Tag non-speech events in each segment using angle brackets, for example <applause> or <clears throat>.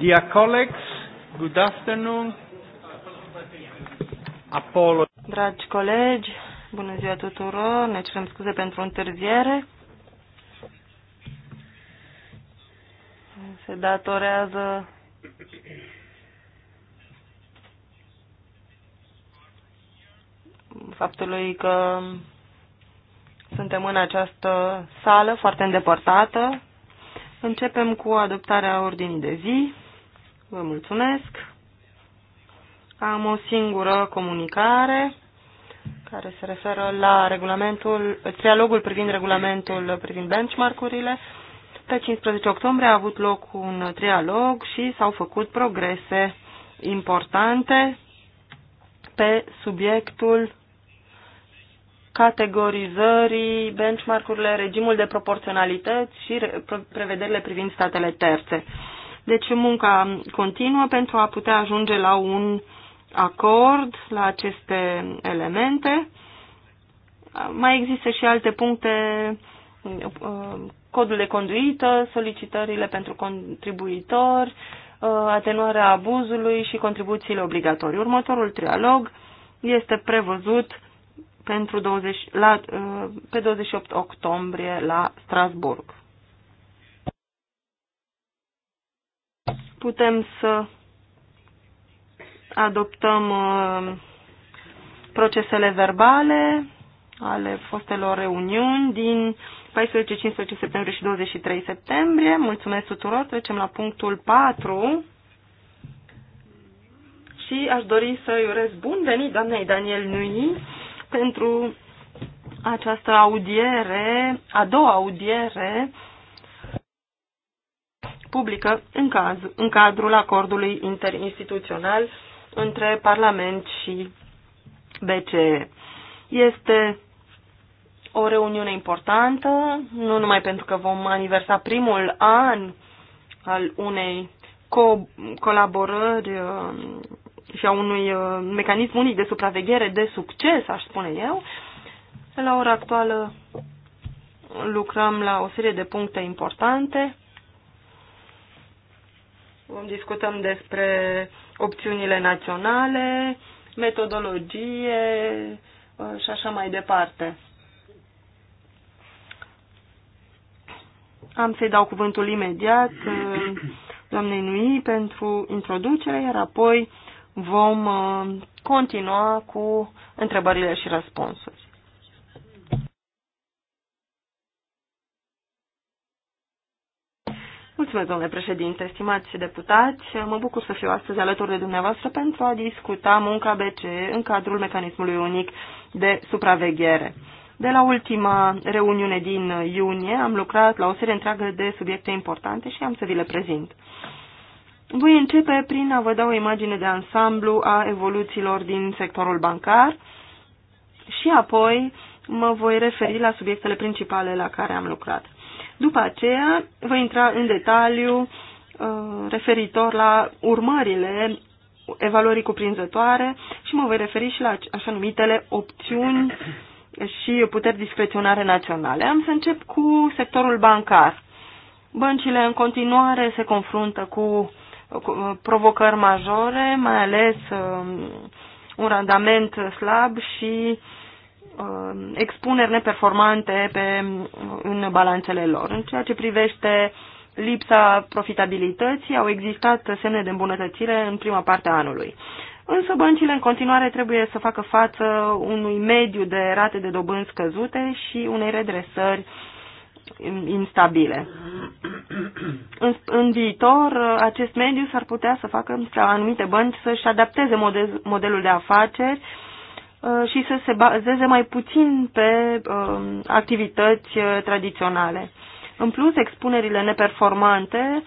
Dear colleagues, good afternoon. Apollo. Dragi colegi, bună ziua tuturor, ne cerem scuze pentru întârziere. Se datorează faptului că suntem în această sală foarte îndepărtată. Începem cu adoptarea ordinii de zi. Vă mulțumesc. Am o singură comunicare care se referă la regulamentul, trialogul privind regulamentul privind benchmark-urile. Pe 15 octombrie a avut loc un trialog și s-au făcut progrese importante pe subiectul categorizării, benchmark-urile, regimul de proporționalități și prevederile privind statele terțe. Deci munca continuă pentru a putea ajunge la un acord la aceste elemente. Mai există și alte puncte, uh, codul de conduită, solicitările pentru contribuitori, uh, atenuarea abuzului și contribuțiile obligatorii. Următorul trialog este prevăzut pentru 20, la, uh, pe 28 octombrie la Strasburg. putem să adoptăm uh, procesele verbale ale fostelor reuniuni din 14, 15 septembrie și 23 septembrie. Mulțumesc tuturor. Trecem la punctul 4. Și aș dori să-i urez bun venit doamnei Daniel Nui pentru această audiere, a doua audiere publică în, caz, în cadrul acordului interinstituțional între Parlament și BCE. Este o reuniune importantă, nu numai pentru că vom aniversa primul an al unei co- colaborări uh, și a unui uh, mecanism unic de supraveghere de succes, aș spune eu. La ora actuală lucrăm la o serie de puncte importante. Vom discutăm despre opțiunile naționale, metodologie uh, și așa mai departe. Am să-i dau cuvântul imediat uh, doamnei Nui pentru introducere, iar apoi vom uh, continua cu întrebările și răspunsuri. Mulțumesc, domnule președinte, stimați deputați. Mă bucur să fiu astăzi alături de dumneavoastră pentru a discuta munca BCE în cadrul mecanismului unic de supraveghere. De la ultima reuniune din iunie am lucrat la o serie întreagă de subiecte importante și am să vi le prezint. Voi începe prin a vă da o imagine de ansamblu a evoluțiilor din sectorul bancar și apoi mă voi referi la subiectele principale la care am lucrat. După aceea voi intra în detaliu uh, referitor la urmările evaluării cuprinzătoare și mă voi referi și la așa numitele opțiuni și puteri discreționare naționale. Am să încep cu sectorul bancar. Băncile în continuare se confruntă cu uh, provocări majore, mai ales um, un randament slab și Um, expuneri neperformante pe, în balanțele lor. În ceea ce privește lipsa profitabilității, au existat semne de îmbunătățire în prima parte a anului. Însă băncile în continuare trebuie să facă față unui mediu de rate de dobânzi scăzute și unei redresări instabile. În, în viitor, acest mediu s-ar putea să facă ca anumite bănci să-și adapteze model, modelul de afaceri uh, Uh, și să se bazeze mai puțin pe um, activități uh, tradiționale. În plus, expunerile neperformante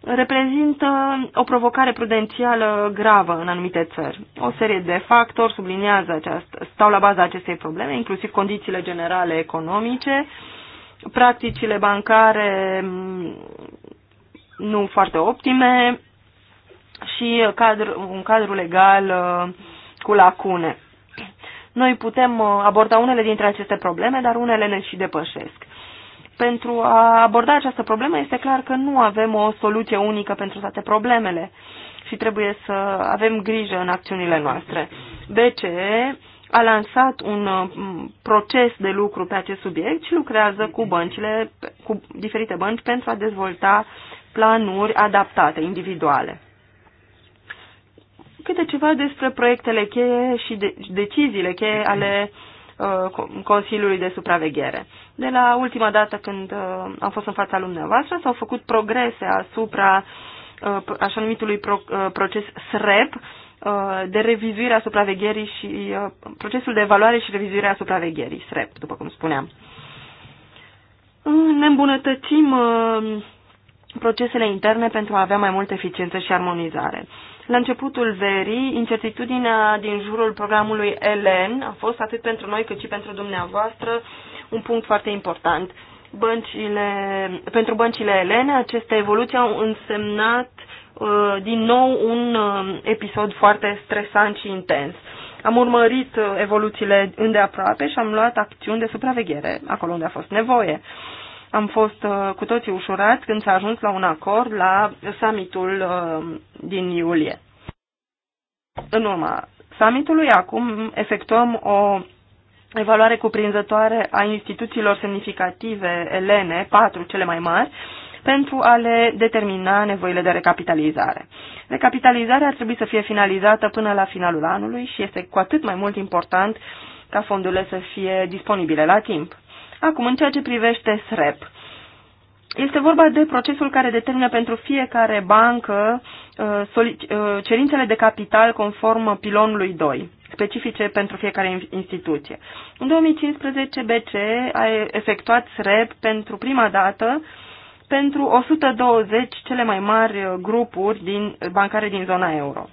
reprezintă o provocare prudențială gravă în anumite țări. O serie de factori subliniază această, stau la baza acestei probleme, inclusiv condițiile generale economice, practicile bancare mm, nu foarte optime și un cadru legal uh, cu lacune. Noi putem uh, aborda unele dintre aceste probleme, dar unele le și depășesc. Pentru a aborda această problemă este clar că nu avem o soluție unică pentru toate problemele și trebuie să avem grijă în acțiunile noastre. BCE a lansat un uh, proces de lucru pe acest subiect și lucrează cu băncile, cu diferite bănci pentru a dezvolta planuri adaptate, individuale câte ceva despre proiectele cheie și de, deciziile cheie ale uh, Consiliului de Supraveghere. De la ultima dată când uh, am fost în fața dumneavoastră, s-au făcut progrese asupra uh, așa numitului pro, uh, proces SREP, uh, de revizuire a supravegherii și uh, procesul de evaluare și revizuire a supravegherii, SREP, după cum spuneam. Ne îmbunătățim uh, procesele interne pentru a avea mai multă eficiență și armonizare. La începutul verii, incertitudinea din jurul programului ELEN a fost atât pentru noi cât și pentru dumneavoastră un punct foarte important. Băncile, pentru băncile L.N. aceste evoluții au însemnat uh, din nou un uh, episod foarte stresant și intens. Am urmărit uh, evoluțiile îndeaproape și am luat acțiuni de supraveghere acolo unde a fost nevoie. Am fost uh, cu toții ușurați când s-a ajuns la un acord la summitul uh, din iulie. În urma summitului, acum efectuăm o evaluare cuprinzătoare a instituțiilor semnificative elene, patru cele mai mari, pentru a le determina nevoile de recapitalizare. Recapitalizarea ar trebui să fie finalizată până la finalul anului și este cu atât mai mult important ca fondurile să fie disponibile la timp. Acum, în ceea ce privește SREP, este vorba de procesul care determină pentru fiecare bancă uh, uh, cerințele de capital conform pilonului 2, specifice pentru fiecare instituție. În 2015, BCE a efectuat SREP pentru prima dată pentru 120 cele mai mari grupuri din, bancare din zona euro.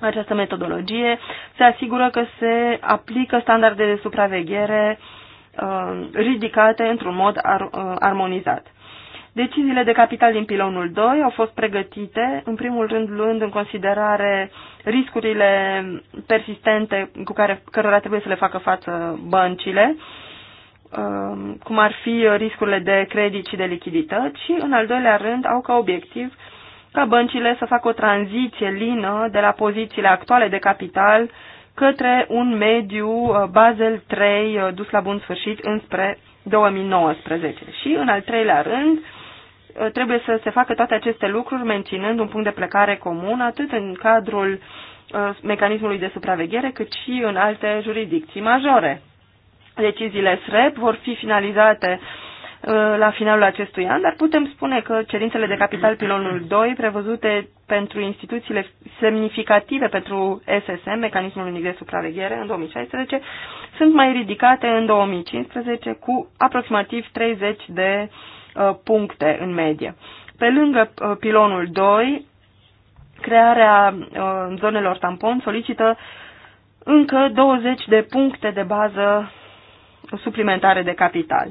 Această metodologie se asigură că se aplică standarde de supraveghere uh, Uh, ridicate într-un mod ar, uh, armonizat. Deciziile de capital din pilonul 2 au fost pregătite, în primul rând luând în considerare riscurile persistente cu care cărora trebuie să le facă față băncile, uh, cum ar fi riscurile de credit și de lichidități și, în al doilea rând, au ca obiectiv ca băncile să facă o tranziție lină de la pozițiile actuale de capital către un mediu uh, Basel 3 uh, dus la bun sfârșit înspre 2019. Și, în al treilea rând, uh, trebuie să se facă toate aceste lucruri menținând un punct de plecare comun, atât în cadrul mecanismului de supraveghere, cât și în alte jurisdicții majore. Deciziile SREP vor fi finalizate uh, Uh, la finalul acestui an, dar putem spune că cerințele de capital pilonul 2, prevăzute pentru instituțiile semnificative pentru SSM, Mecanismul Unic de Supraveghere, în 2016, sunt mai ridicate în 2015 cu aproximativ 30 de uh, puncte în medie. Pe lângă uh, pilonul 2, crearea zonelor tampon solicită încă 20 de puncte de bază suplimentare de capital.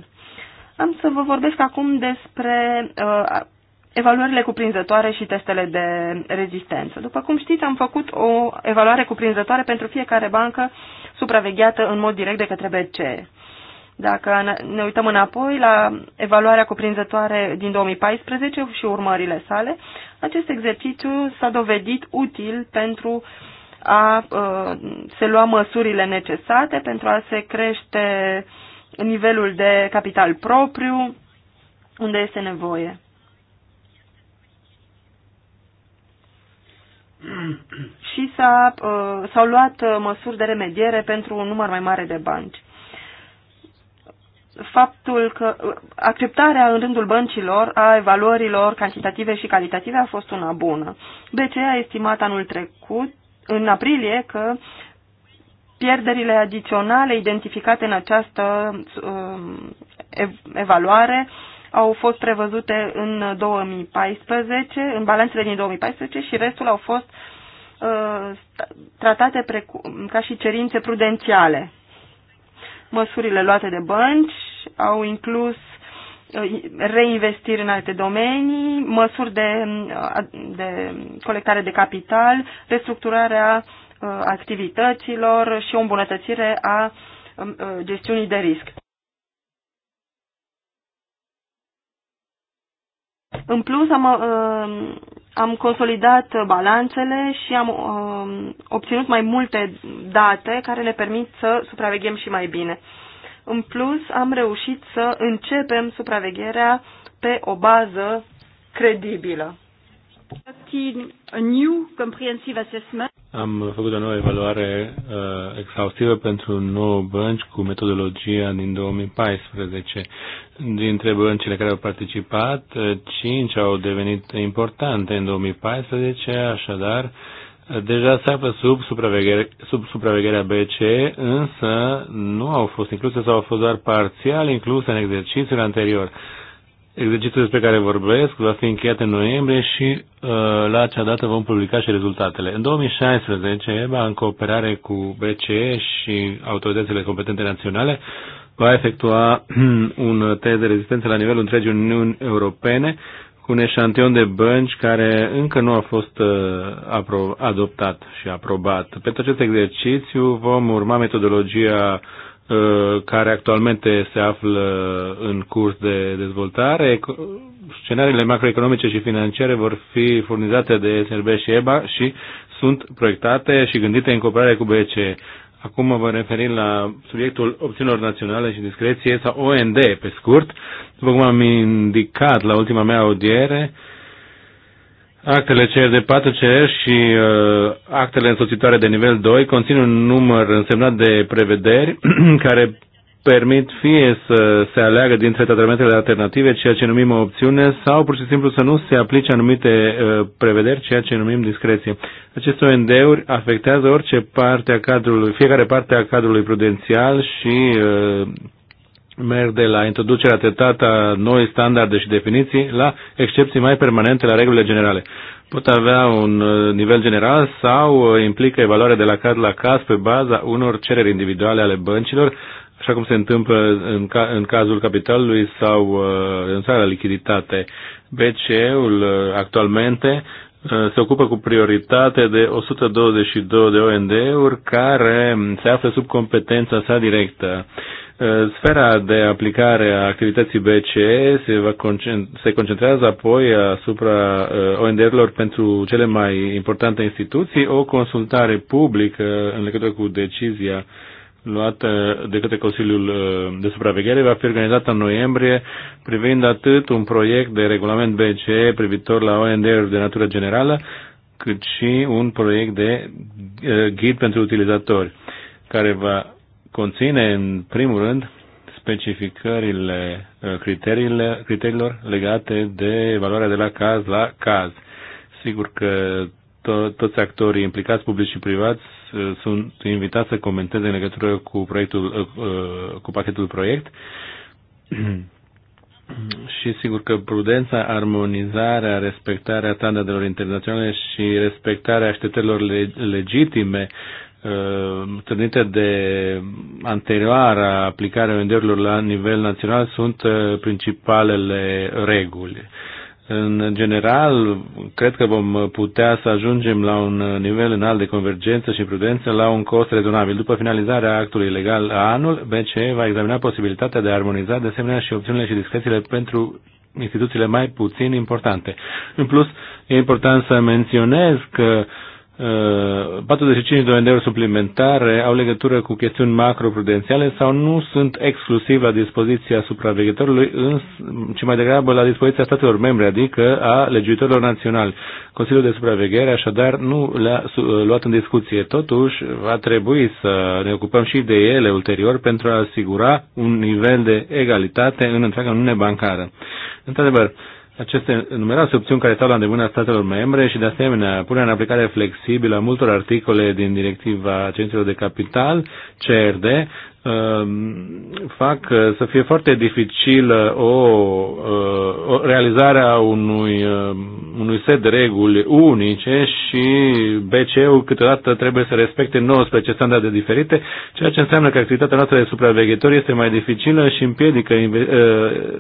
Am să vă vorbesc acum despre uh, evaluările cuprinzătoare și testele de rezistență. După cum știți, am făcut o evaluare cuprinzătoare pentru fiecare bancă supravegheată în mod direct de către BCE. Dacă ne uităm înapoi la evaluarea cuprinzătoare din 2014 și urmările sale, acest exercițiu s-a dovedit util pentru a uh, se lua măsurile necesare, pentru a se crește uh, nivelul de capital propriu, unde este nevoie. <clears throat> și s uh, s-au luat uh, măsuri de remediere pentru un număr mai mare de bănci. Faptul că uh, acceptarea în rândul băncilor a evaluărilor cantitative și calitative a fost una bună. BCE a estimat anul trecut, în aprilie, că pierderile adiționale identificate în această um, evaluare au fost prevăzute în 2014, în balanțele din 2014 și restul au fost uh, tratate ca și cerințe prudențiale. Măsurile luate de bănci au inclus uh, reinvestiri în alte domenii, măsuri de, uh, de colectare de capital, restructurarea uh, Uh, activităților și o îmbunătățire a um, uh, gestiunii de risc. În plus, am, uh, am consolidat balanțele și am um, obținut mai multe date care ne permit să supraveghem și mai bine. În plus, am reușit să începem supravegherea pe o bază credibilă. Am făcut o nouă evaluare uh, exhaustivă pentru nouă bănci cu metodologia din 2014. Dintre băncile care au participat, uh, cinci au devenit importante în 2014, așadar uh, deja se află sub, supraveghere, sub supravegherea BCE, însă nu au fost incluse sau au fost doar parțial incluse în exercițiul anterior. Exercițiul despre care vorbesc va fi încheiat în noiembrie și uh, la acea dată vom publica și rezultatele. În 2016, EBA, în cooperare cu BCE și autoritățile competente naționale, va efectua <clears throat> un test de rezistență la nivelul întregii Uniuni Europene cu un eșantion de bănci care încă nu a fost uh, adoptat și aprobat. Pentru acest exercițiu vom urma metodologia Uh, care actualmente se află în curs de dezvoltare. Scenariile macroeconomice și financiare vor fi furnizate de SRB și EBA și sunt proiectate și gândite în cooperare cu BCE. Acum mă voi referi la subiectul opțiunilor naționale și discreție sau OND pe scurt. După cum am indicat la ultima mea audiere, uh, Actele CR de 4 CR și uh, actele însoțitoare de nivel 2 conțin un număr însemnat de prevederi <clears throat> care permit fie să se aleagă dintre tratamentele alternative, ceea ce numim o opțiune, sau pur și simplu să nu se aplice anumite uh, prevederi, ceea ce numim discreție. Aceste OND-uri afectează orice parte a cadrului, fiecare parte a cadrului prudențial și uh, merg de la introducerea tetată a noi standarde și definiții la excepții mai permanente la regulile generale. Pot avea un uh, nivel general sau uh, implică evaluare de la caz la caz pe baza unor cereri individuale ale băncilor, așa cum se întâmplă în, ca, în cazul capitalului sau uh, renunțarea la lichiditate. BCE-ul uh, actualmente uh, se ocupă cu prioritate de 122 de OND-uri care se află sub competența sa directă. Uh, Uh, sfera de aplicare a activității BCE se, va concent se concentrează apoi asupra uh, ONG-urilor pentru cele mai importante instituții, o consultare publică în legătură cu decizia luată de către Consiliul uh, de Supraveghere va fi organizată în noiembrie privind atât un proiect de regulament BCE privitor la ONG-uri de natură generală, cât și un proiect de ghid pentru utilizatori care va conține, în primul rând, specificările uh, criteriile, criteriilor legate de valoarea de la caz la caz. Sigur că to toți actorii implicați, publici și privați, uh, sunt invitați să comenteze în legătură cu, proiectul, uh, cu pachetul proiect <clears throat> și sigur că prudența, armonizarea, respectarea standardelor internaționale și respectarea așteptărilor legitime Uh, întâlnite de anterioara aplicare a venderilor la nivel național sunt uh, principalele reguli. În general, cred că vom putea să ajungem la un nivel înalt de convergență și prudență la un cost rezonabil. După finalizarea actului legal a anul, BCE va examina posibilitatea de a armoniza de asemenea și opțiunile și discrețiile pentru instituțiile mai puțin importante. În plus, e important să menționez că uh, 45 uh, de euro suplimentare au legătură cu chestiuni macroprudențiale sau nu sunt exclusiv la dispoziția supraveghetorului, ci mai degrabă la dispoziția statelor membre, adică a legiuitorilor naționali. Consiliul de supraveghere așadar nu le-a uh, luat în discuție. Totuși, va trebui să ne ocupăm și de ele ulterior pentru a asigura un nivel de egalitate în întreaga Uniune bancară. Într-adevăr, aceste numeroase opțiuni care stau la îndemâna statelor membre și, de asemenea, punerea în aplicare flexibilă a multor articole din Directiva Centrilor de Capital, CRD, Um, fac uh, să fie foarte dificilă uh, o, uh, o realizarea unui, um, unui set de reguli unice și BCE-ul câteodată trebuie să respecte 19 standarde diferite, ceea ce înseamnă că activitatea noastră de supraveghetori este mai dificilă și împiedică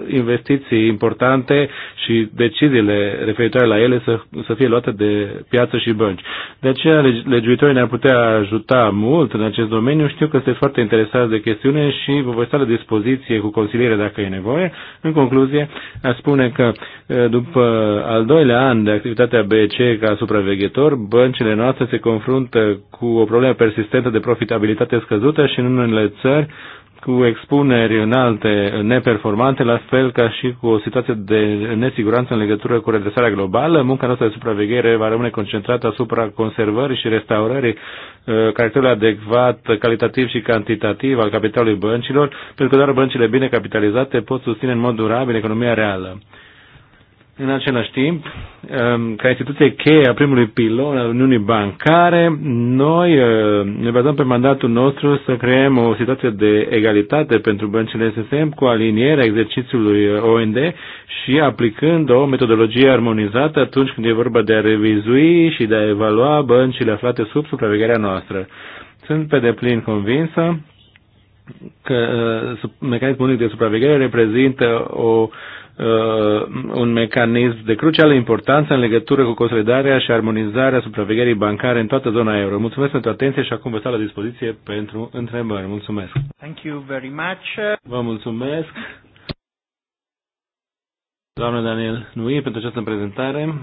investiții importante și deciziile referitoare la ele să, să fie luate de piață și bănci. De aceea legiuitorii ne-ar putea ajuta mult în acest domeniu. Știu că sunteți foarte interesați de chestiune și vă voi sta la dispoziție cu consiliere dacă e nevoie. În concluzie, a spune că după al doilea an de activitatea BC ca supraveghetor, băncile noastre se confruntă cu o problemă persistentă de profitabilitate scăzută și în unele țări cu expuneri înalte neperformante, la fel ca și cu o situație de nesiguranță în legătură cu redresarea globală. Munca noastră de supraveghere va rămâne concentrată asupra conservării și restaurării uh, caracterului adecvat, calitativ și cantitativ al capitalului băncilor, pentru că doar băncile bine capitalizate pot susține în mod durabil economia reală. În același timp, ehm, ca instituție cheie a primului pilon al Uniunii Bancare, noi ehm, ne bazăm pe mandatul nostru să creăm o situație de egalitate pentru băncile SSM cu alinierea exercițiului OND și aplicând o metodologie armonizată atunci când e vorba de a revizui și de a evalua băncile aflate sub supravegherea noastră. Sunt pe deplin convinsă că ehm, mecanismul unic de supraveghere reprezintă o Uh, un mecanism de crucială importanță în legătură cu consolidarea și armonizarea supravegherii bancare în toată zona euro. Mulțumesc pentru atenție și acum vă stau la dispoziție pentru întrebări. Mulțumesc. Thank you very much. Vă mulțumesc. Doamne Daniel Nui, pentru această prezentare.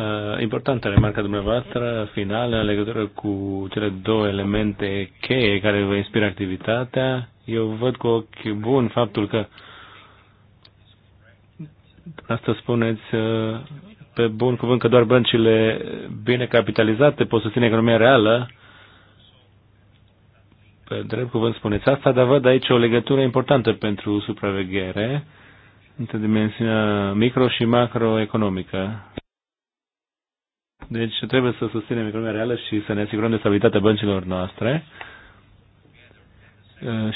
Uh, importantă remarca dumneavoastră finală în legătură cu cele două elemente cheie care vă inspiră activitatea. Eu văd cu ochi bun faptul că asta spuneți uh, pe bun cuvânt că doar băncile bine capitalizate pot susține economia reală. Pe drept cuvânt spuneți asta, dar văd aici o legătură importantă pentru supraveghere între dimensiunea micro și macroeconomică. Deci trebuie să susținem economia reală și să ne asigurăm de stabilitatea băncilor noastre.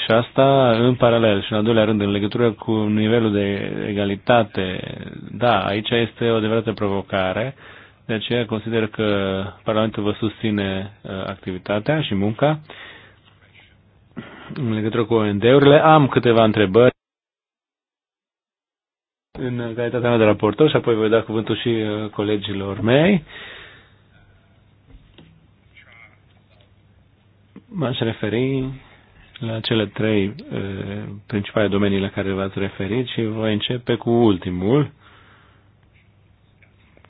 Și asta în paralel și în al doilea rând în legătură cu nivelul de egalitate. Da, aici este o adevărată provocare. De aceea consider că Parlamentul vă susține activitatea și munca. În legătură cu OND-urile am câteva întrebări în calitatea mea de raportor și apoi voi da cuvântul și colegilor mei. M-aș referi la cele trei e, eh, principale domenii la care v-ați referit și voi începe cu ultimul.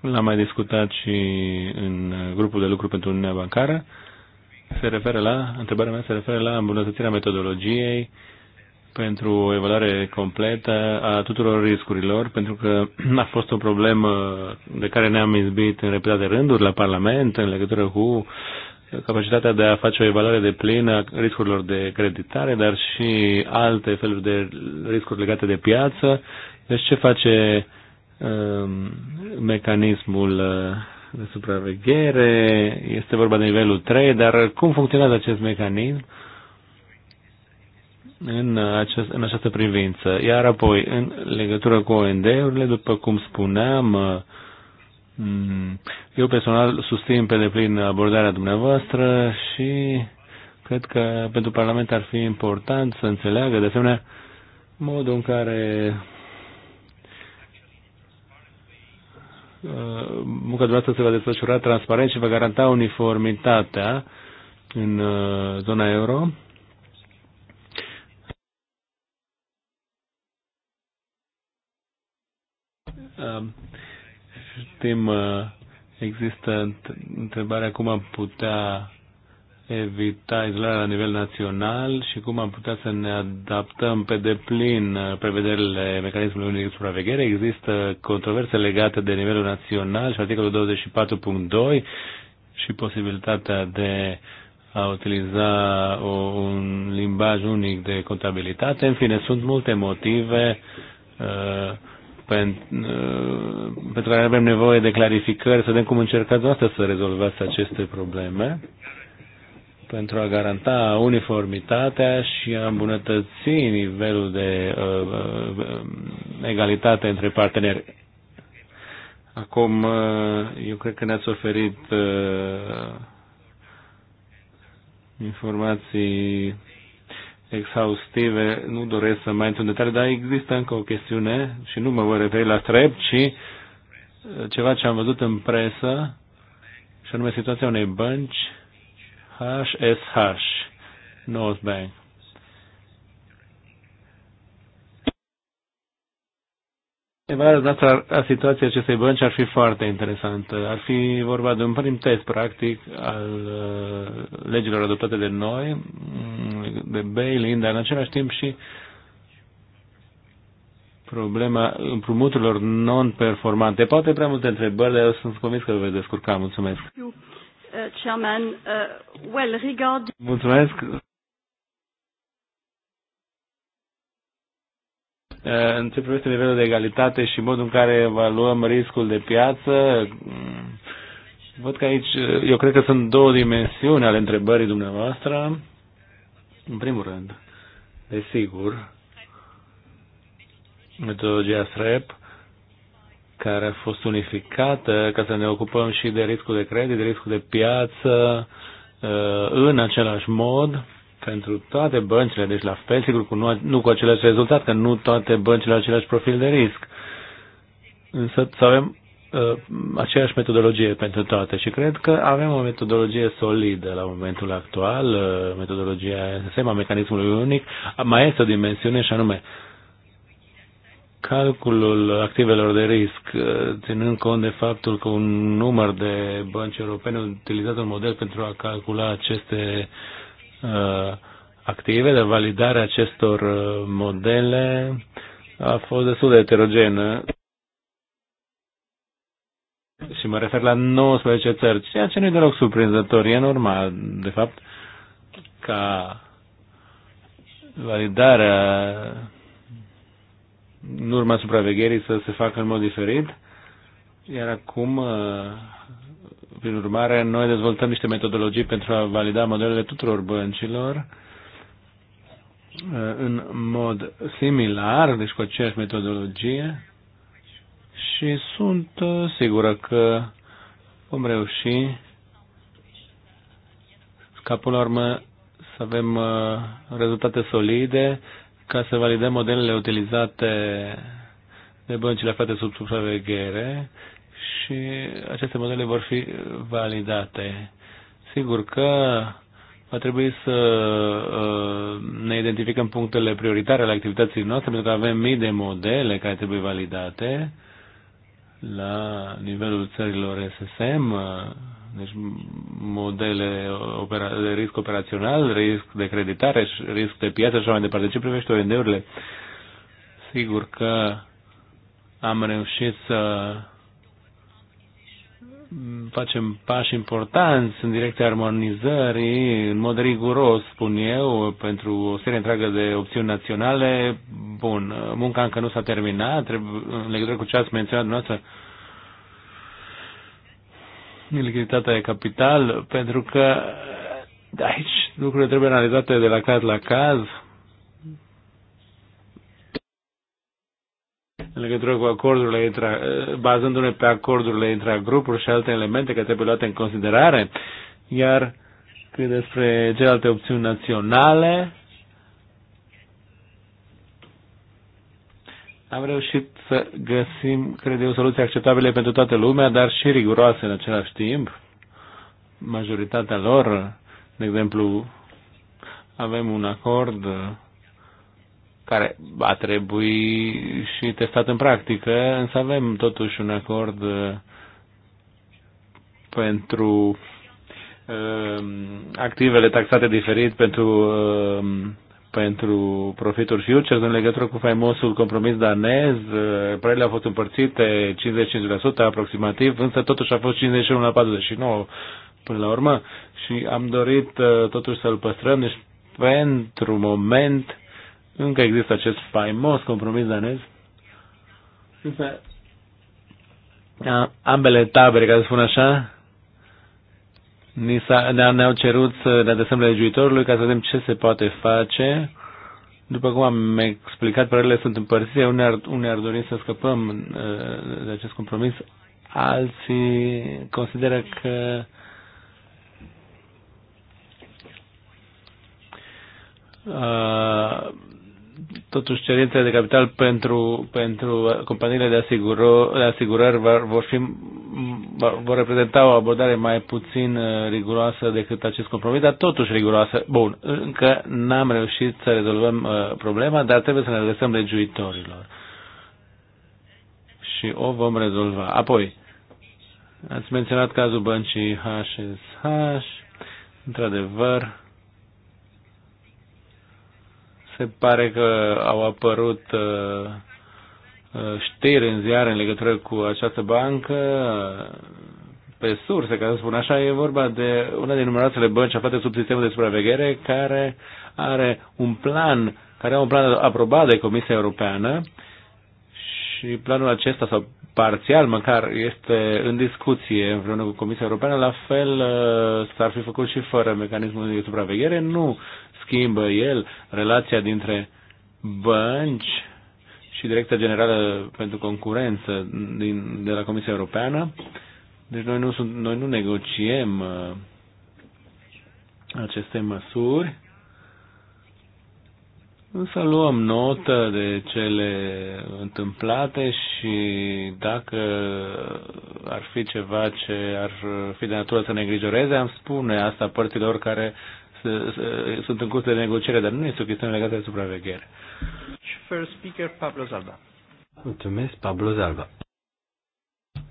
L-am mai discutat și în grupul de lucru pentru Uniunea Bancară. Se referă la, întrebarea mea se referă la îmbunătățirea metodologiei pentru o evaluare completă a tuturor riscurilor, pentru că <clears throat> a fost o problemă de care ne-am izbit în repetate rânduri la Parlament în legătură cu capacitatea de a face o evaluare de plină a riscurilor de creditare, dar și alte feluri de riscuri legate de piață. Deci ce face um, mecanismul uh, de supraveghere? Este vorba de nivelul 3, dar cum funcționează acest mecanism? în, acest, în această privință. Iar apoi, în legătură cu OND-urile, după cum spuneam, uh, Mm. Eu personal susțin pe deplin abordarea dumneavoastră și cred că pentru Parlament ar fi important să înțeleagă, de asemenea, modul în care uh, munca dumneavoastră se va desfășura transparent și va garanta uniformitatea în uh, zona euro. Uh, Știm, uh, există întrebarea cum am putea evita izolarea la nivel național și cum am putea să ne adaptăm pe deplin uh, prevederile mecanismului unic de supraveghere. Există controverse legate de nivelul național și articolul 24.2 și posibilitatea de a utiliza o, un limbaj unic de contabilitate. În fine, sunt multe motive uh, Uh, pentru care avem nevoie de clarificări, să vedem cum încercați noastră să rezolvați aceste probleme pentru a garanta uniformitatea și a îmbunătăți nivelul de uh, uh egalitate între parteneri. Acum, uh, eu cred că ne-ați oferit uh, informații exhaustive, nu doresc să mai intru în detalii, dar există încă o chestiune și nu mă voi referi la trep, ci uh, ceva ce am văzut în presă, și anume situația unei bănci HSH, North Bank. E ales noastră a situației acestei bănci ar fi foarte interesantă. Ar fi vorba de un prim test, practic, al uh, legilor adoptate de noi, mm, de bail-in, dar în același timp și problema împrumuturilor non-performante. Poate prea multe întrebări, dar eu sunt convins că vă veți descurca. Mulțumesc. Uh, uh, Mulțumesc. Eh, în ce privește nivelul de egalitate și modul în care evaluăm riscul de piață, mm, văd că aici, eh, eu cred că sunt două dimensiuni ale întrebării dumneavoastră. În primul rând, desigur, metodologia SREP, care a fost unificată ca să ne ocupăm și de riscul de credit, de riscul de piață, eh, în același mod pentru toate băncile, deci la fel, sigur, cu nu, nu cu același rezultat, că nu toate băncile au același profil de risc. Însă să avem uh, aceeași metodologie pentru toate și cred că avem o metodologie solidă la momentul actual, uh, metodologia SEMA, mecanismului unic, mai este o dimensiune și anume calculul activelor de risc, uh, ținând cont de faptul că un număr de bănci europene utilizează un model pentru a calcula aceste uh, Uh, active, de validare a acestor uh, modele a fost destul de heterogenă. Și mă refer la 19 țări, ceea ce nu e deloc surprinzător. E normal, de fapt, ca validarea în urma supravegherii să se facă în mod diferit. Iar acum uh, prin urmare, noi dezvoltăm niște metodologii pentru a valida modelele tuturor băncilor uh, în mod similar, deci cu aceeași metodologie și sunt uh, sigură că vom reuși ca până la urmă să avem uh, rezultate solide ca să validăm modelele utilizate de băncile aflate sub supraveghere și aceste modele vor fi validate. Sigur că va trebui să uh, ne identificăm punctele prioritare ale activității noastre, pentru că avem mii de modele care trebuie validate la nivelul țărilor SSM, uh, deci modele de risc operațional, risc de creditare, risc de piață și așa mai departe. Ce privește OND-urile? Sigur că am reușit să facem pași importanți în direcția armonizării, în mod riguros, spun eu, pentru o serie întreagă de opțiuni naționale. Bun, munca încă nu s-a terminat, trebuie, în legătură cu ce ați menționat dumneavoastră, lichiditatea de capital, pentru că aici lucrurile trebuie analizate de la caz la caz. în legătură cu acordurile intra, bazându-ne pe acordurile între grupuri și alte elemente care trebuie luate în considerare, iar cât despre celelalte opțiuni naționale, am reușit să găsim, cred eu, soluții acceptabile pentru toată lumea, dar și riguroase în același timp. Majoritatea lor, de exemplu, avem un acord care va trebui și testat în practică, însă avem totuși un acord uh, pentru um, activele taxate diferit pentru, um, pentru profituri futures în legătură cu faimosul compromis danez. Uh, Prele au fost împărțite 55% aproximativ, însă totuși a fost 51 la 49 până la urmă și am dorit uh, totuși să-l păstrăm. Deci pentru moment încă există acest faimos compromis danez. Însă, ambele tabere, ca să spun așa, ne-au cerut să ne adresăm legiuitorului ca să vedem ce se poate face. După cum am explicat, părerile sunt împărțite. Unii ar, unii ar dori să scăpăm uh, de acest compromis, alții consideră că uh, totuși cerințele de capital pentru, pentru companiile de, asiguro, de asigurări vor, vor, fi, vor reprezenta o abordare mai puțin uh, riguroasă decât acest compromis, dar totuși riguroasă. Bun, încă n-am reușit să rezolvăm uh, problema, dar trebuie să ne adresăm legiuitorilor. Și o vom rezolva. Apoi, ați menționat cazul băncii HSH. Într-adevăr, se pare că au apărut uh, uh, știri în ziare în legătură cu această bancă uh, pe surse, ca să spun așa, e vorba de una din numeroasele bănci aflate sub sistemul de supraveghere care are un plan, care are un plan aprobat de Comisia Europeană și planul acesta sau parțial măcar este în discuție împreună cu Comisia Europeană, la fel s-ar fi făcut și fără mecanismul de supraveghere. Nu schimbă el relația dintre bănci și Direcția Generală pentru Concurență din, de la Comisia Europeană. Deci noi nu, sunt, noi nu negociem uh, aceste măsuri, însă luăm notă de cele întâmplate și dacă ar fi ceva ce ar fi de natură să ne îngrijoreze, am spune asta părților care sunt în curs de negociere, dar nu este o chestiune legată de supraveghere. First speaker, Pablo Zalba. Mulțumesc, Pablo Zalba.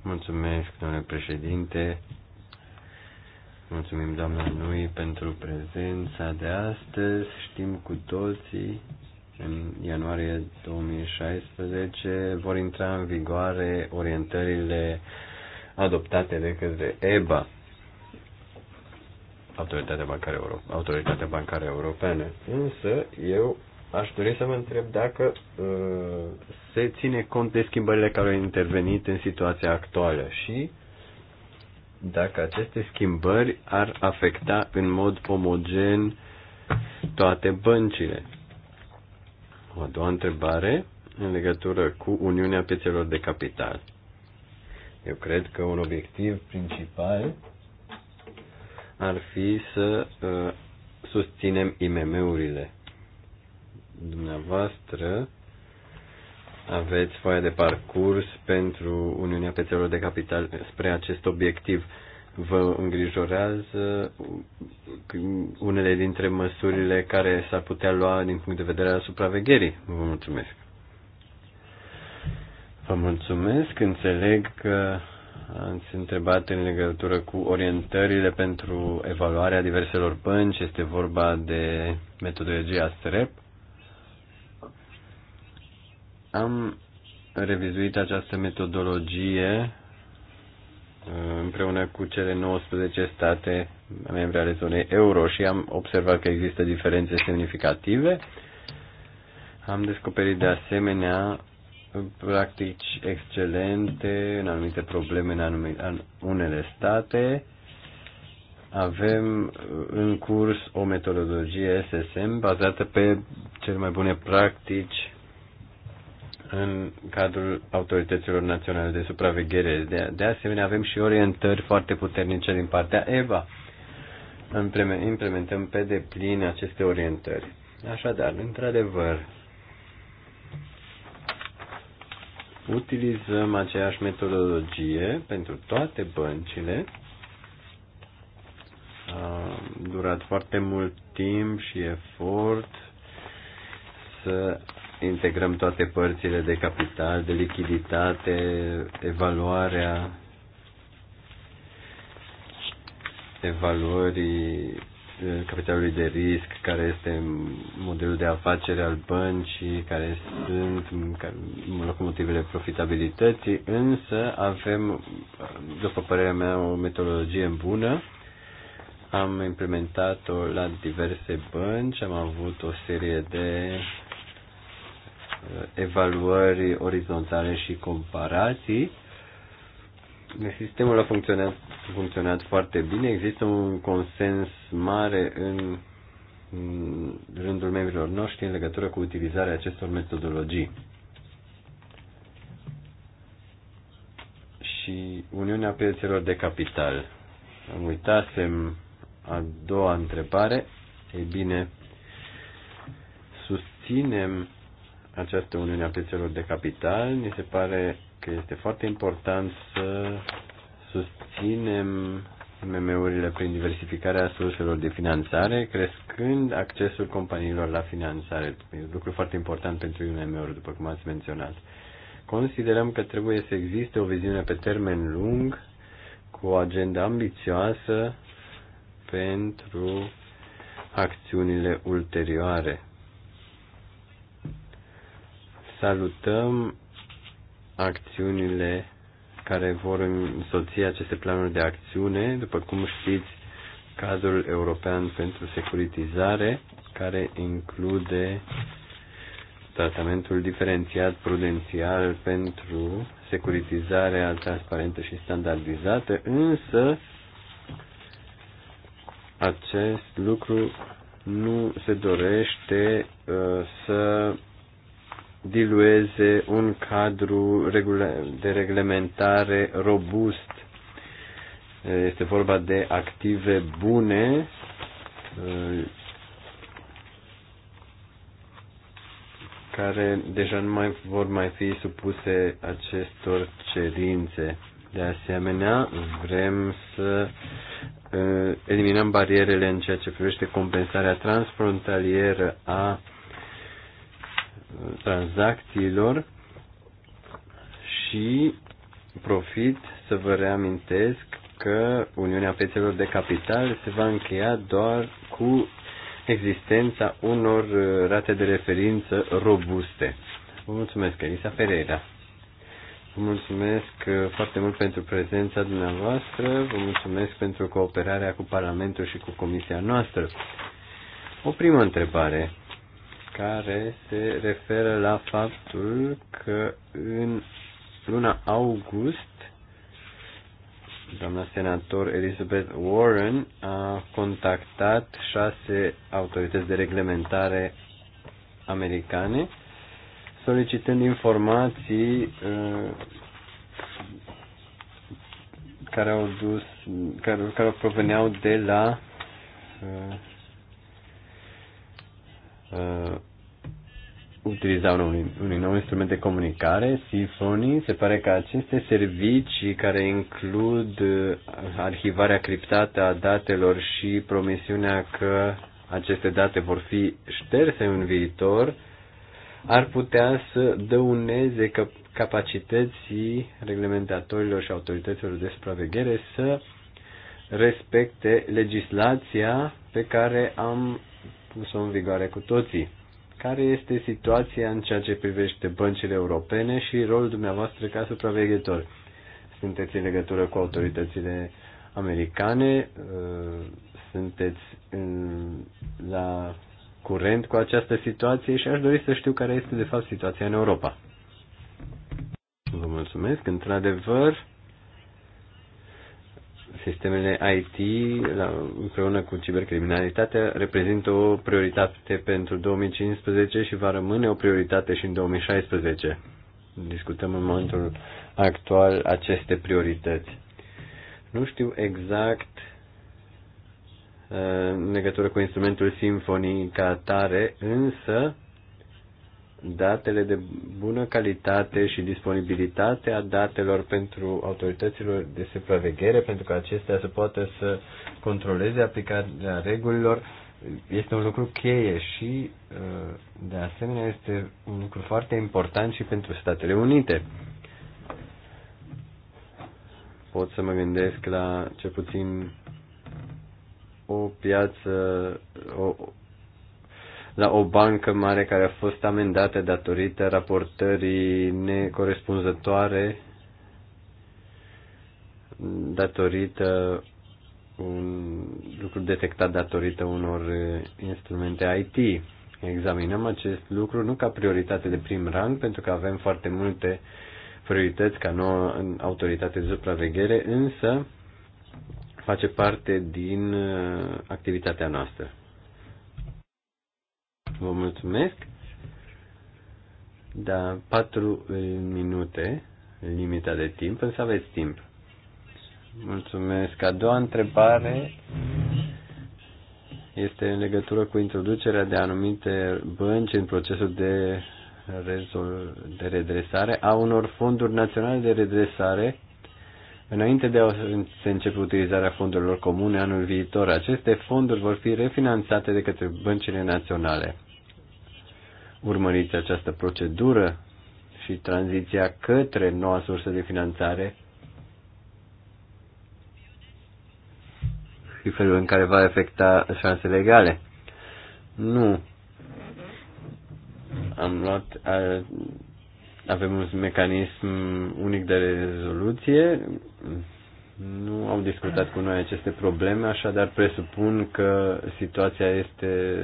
Mulțumesc, domnule președinte. Mulțumim, doamna Nui, pentru prezența de astăzi. Știm cu toții, în ianuarie 2016 vor intra în vigoare orientările adoptate de către EBA Autoritatea Bancară, Euro- Autoritatea Bancară Europeană. Însă, eu aș dori să mă întreb dacă uh, se ține cont de schimbările care au intervenit în situația actuală și dacă aceste schimbări ar afecta în mod omogen toate băncile. O a doua întrebare în legătură cu Uniunea Piețelor de Capital. Eu cred că un obiectiv principal ar fi să uh, susținem IMM-urile. Dumneavoastră aveți foaia de parcurs pentru Uniunea Pețelor de Capital spre acest obiectiv. Vă îngrijorează unele dintre măsurile care s-ar putea lua din punct de vedere al supravegherii. Vă mulțumesc. Vă mulțumesc. Înțeleg că ați întrebat în legătură cu orientările pentru evaluarea diverselor pânci. Este vorba de metodologia SREP. Am revizuit această metodologie uh, împreună cu cele 19 state membre ale zonei euro și am observat că există diferențe semnificative. Am descoperit de asemenea practici excelente în anumite probleme în, anumite, în unele state. Avem în curs o metodologie SSM bazată pe cele mai bune practici în cadrul autorităților naționale de supraveghere. De, de asemenea, avem și orientări foarte puternice din partea EBA. Implementăm pe deplin aceste orientări. Așadar, într-adevăr, utilizăm aceeași metodologie pentru toate băncile. A durat foarte mult timp și efort să integrăm toate părțile de capital, de lichiditate, evaluarea evaluării capitalului de risc, care este modelul de afacere al băncii, care sunt locomotivele profitabilității, însă avem, după părerea mea, o metodologie bună. Am implementat-o la diverse bănci, am avut o serie de uh, evaluări orizontale și comparații sistemul a funcționat, funcționat foarte bine. Există un consens mare în, în rândul membrilor noștri în legătură cu utilizarea acestor metodologii. Și Uniunea Piețelor de Capital. Am uitasem a doua întrebare. Ei bine, susținem această Uniune a Piețelor de Capital. Mi se pare că este foarte important să susținem MM-urile prin diversificarea surselor de finanțare, crescând accesul companiilor la finanțare. E un lucru foarte important pentru MM-uri, după cum ați menționat. Considerăm că trebuie să existe o viziune pe termen lung, cu o agenda ambițioasă pentru acțiunile ulterioare. Salutăm acțiunile care vor însoți aceste planuri de acțiune. După cum știți, cadrul european pentru securitizare, care include tratamentul diferențiat prudențial pentru securitizarea transparentă și standardizată, însă acest lucru nu se dorește uh, să dilueze un cadru de reglementare robust. Este vorba de active bune care deja nu mai vor mai fi supuse acestor cerințe. De asemenea, vrem să eh, eliminăm barierele în ceea ce privește compensarea transfrontalieră a tranzacțiilor și profit să vă reamintesc că Uniunea Piețelor de Capital se va încheia doar cu existența unor uh, rate de referință robuste. Vă mulțumesc, Elisa Pereira. Vă mulțumesc uh, foarte mult pentru prezența dumneavoastră, vă mulțumesc pentru cooperarea cu Parlamentul și cu Comisia noastră. O primă întrebare care se referă la faptul că în luna august doamna senator Elizabeth Warren a contactat șase autorități de reglementare americane solicitând informații uh, care au dus care, care proveneau de la uh, uh, utiliza un, un nou instrument de comunicare, Symfony. Se pare că aceste servicii care includ uh, arhivarea criptată a datelor și promisiunea că aceste date vor fi șterse în viitor, ar putea să dăuneze că capacității reglementatorilor și autorităților de supraveghere să respecte legislația pe care am pus-o în vigoare cu toții. Care este situația în ceea ce privește băncile europene și rolul dumneavoastră ca supraveghetor? Sunteți în legătură cu autoritățile americane? Uh, sunteți în, la curent cu această situație și aș dori să știu care este de fapt situația în Europa. Vă mulțumesc. Într-adevăr, Sistemele IT, la, împreună cu cibercriminalitatea, reprezintă o prioritate pentru 2015 și va rămâne o prioritate și în 2016. Discutăm în momentul actual aceste priorități. Nu știu exact uh, în legătură cu instrumentul Symfony ca tare, însă datele de bună calitate și disponibilitatea datelor pentru autorităților de supraveghere, pentru că acestea să poată să controleze aplicarea regulilor, este un lucru cheie și, uh, de asemenea, este un lucru foarte important și pentru Statele Unite. Pot să mă gândesc la, ce puțin, o piață, o, la o bancă mare care a fost amendată datorită raportării necorespunzătoare datorită un lucru detectat datorită unor uh, instrumente IT. Examinăm acest lucru nu ca prioritate de prim rang, pentru că avem foarte multe priorități ca nouă autoritate de supraveghere, însă face parte din uh, activitatea noastră. Vă mulțumesc. Da, patru eh, minute, limita de timp, însă aveți timp. Mulțumesc. A doua întrebare este în legătură cu introducerea de anumite bănci în procesul de, rezol- de redresare a unor fonduri naționale de redresare înainte de a se începe utilizarea fondurilor comune anul viitor. Aceste fonduri vor fi refinanțate de către băncile naționale. Urmăriți această procedură și tranziția către noua sursă de finanțare și felul în care va afecta șanse legale. Nu. Am luat avem un mecanism unic de rezoluție. Nu au discutat cu noi aceste probleme, așadar presupun că situația este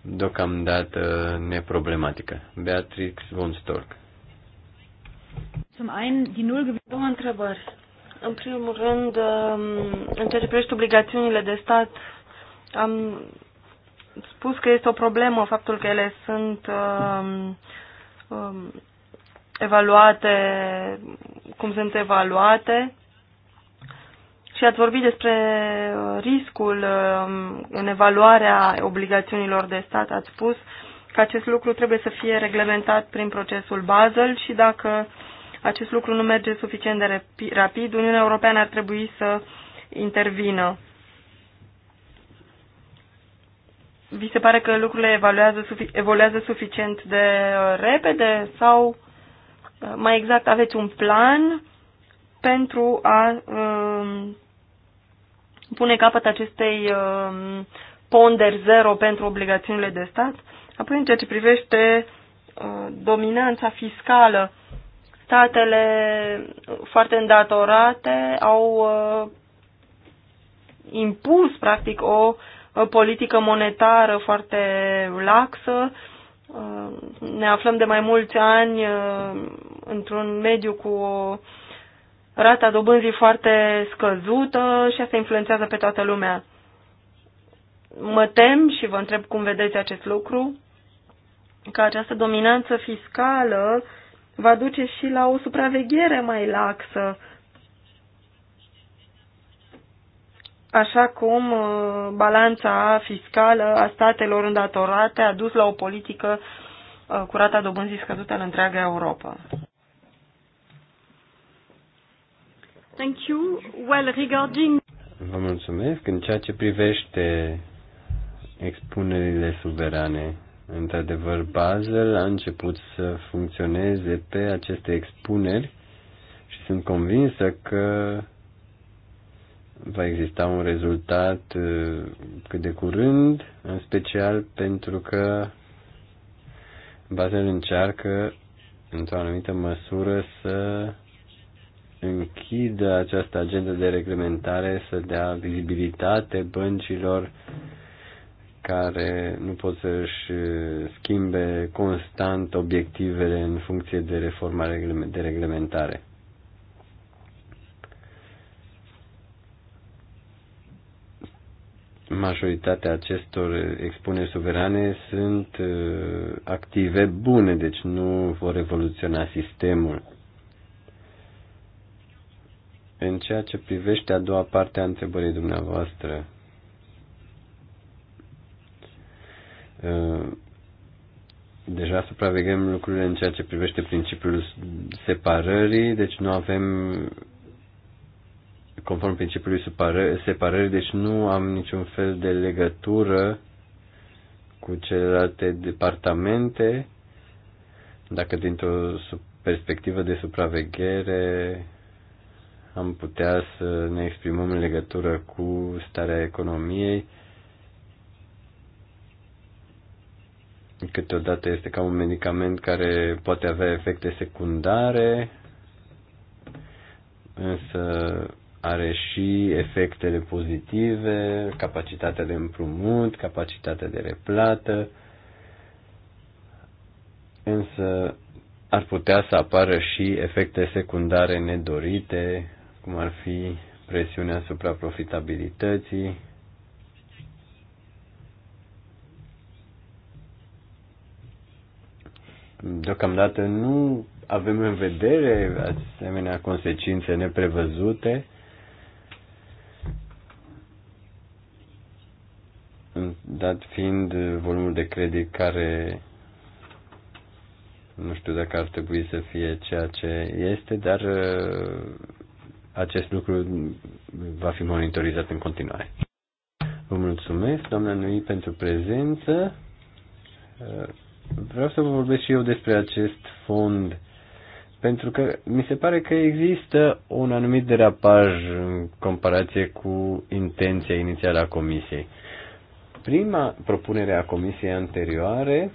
deocamdată neproblematică. Beatrix von Stork. Zum einen, die întrebări. În primul rând, um, în ceea ce privește obligațiunile de stat, am spus că este o problemă faptul că ele sunt um, um, evaluate, cum sunt evaluate. Și ați vorbit despre uh, riscul um, în evaluarea obligațiunilor de stat. Ați spus că acest lucru trebuie să fie reglementat prin procesul Basel și dacă acest lucru nu merge suficient de rapid, Uniunea Europeană ar trebui să intervină. vi se pare că lucrurile evaluează, evoluează suficient de uh, repede sau uh, mai exact aveți un plan pentru a um, pune capăt acestei um, ponderi zero pentru obligațiunile de stat? Apoi, în ceea ce privește uh, dominanța fiscală, statele foarte îndatorate au uh, impus, practic, o uh, politică monetară foarte laxă. Uh, ne aflăm de mai mulți ani uh, într-un mediu cu o rata dobânzii foarte scăzută și asta influențează pe toată lumea. Mă tem și vă întreb cum vedeți acest lucru, că această dominanță fiscală va duce și la o supraveghere mai laxă așa cum uh, balanța fiscală a statelor îndatorate a dus la o politică uh, cu rata dobânzii scăzută în întreaga Europa. Thank you. Well, regarding... Vă mulțumesc. În ceea ce privește expunerile suverane, într-adevăr, Basel a început să funcționeze pe aceste expuneri și sunt convinsă că va exista un rezultat uh, cât de curând, în special pentru că Basel încearcă, într-o anumită măsură, să închidă această agendă de reglementare, să dea vizibilitate băncilor care nu pot să-și uh, schimbe constant obiectivele în funcție de reforma de reglementare. majoritatea acestor expuneri suverane sunt uh, active bune, deci nu vor revoluționa sistemul. În ceea ce privește a doua parte a întrebării dumneavoastră, uh, deja supraveghem lucrurile în ceea ce privește principiul separării, deci nu avem conform principiului separării, deci nu am niciun fel de legătură cu celelalte departamente. Dacă dintr-o perspectivă de supraveghere am putea să ne exprimăm în legătură cu starea economiei, câteodată este ca un medicament care poate avea efecte secundare, însă are și efectele pozitive, capacitatea de împrumut, capacitatea de replată, însă ar putea să apară și efecte secundare nedorite, cum ar fi presiunea asupra profitabilității, Deocamdată nu avem în vedere asemenea consecințe neprevăzute, dat fiind volumul de credit care nu știu dacă ar trebui să fie ceea ce este, dar uh, acest lucru va fi monitorizat în continuare. Vă mulțumesc, doamna Nui, pentru prezență. Uh, vreau să vă vorbesc și eu despre acest fond, pentru că mi se pare că există un anumit derapaj în comparație cu intenția inițială a Comisiei. Prima propunere a comisiei anterioare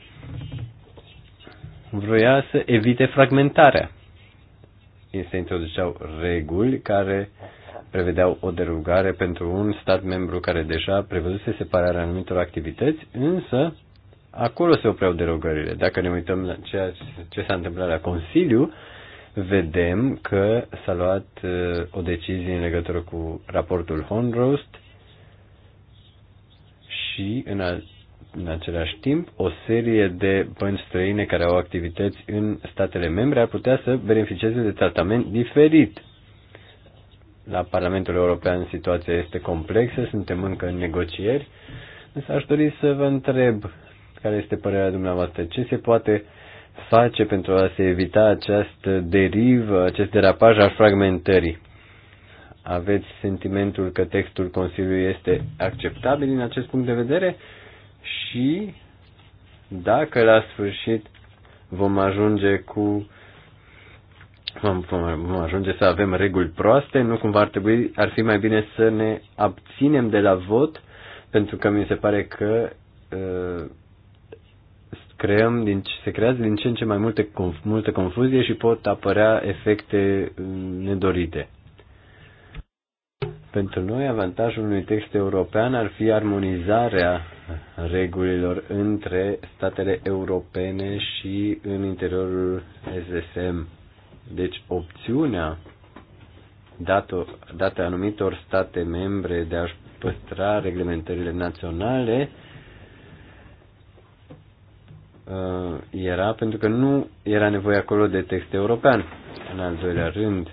vroia să evite fragmentarea. Ei se introduceau reguli care prevedeau o derogare pentru un stat membru care deja prevăzuse separarea anumitor activități, însă acolo se opreau derogările. Dacă ne uităm la ceea ce s-a întâmplat la Consiliu, vedem că s-a luat uh, o decizie în legătură cu raportul Honrost, și în, a, în același timp o serie de bănci străine care au activități în statele membre ar putea să beneficieze de tratament diferit. La Parlamentul European situația este complexă, suntem încă în negocieri, însă aș dori să vă întreb care este părerea dumneavoastră, ce se poate face pentru a se evita această derivă, acest derapaj al fragmentării. Aveți sentimentul că textul Consiliului este acceptabil din acest punct de vedere și dacă la sfârșit vom ajunge cu vom, vom ajunge să avem reguli proaste, nu cumva ar trebui, ar fi mai bine să ne abținem de la vot, pentru că mi se pare că uh, creăm din, se creează din ce în ce mai multe, conf, multă confuzie și pot apărea efecte uh, nedorite. Pentru noi, avantajul unui text european ar fi armonizarea regulilor între statele europene și în interiorul SSM. Deci, opțiunea dată, anumitor state membre de a-și păstra reglementările naționale uh, era pentru că nu era nevoie acolo de text european. În al doilea rând,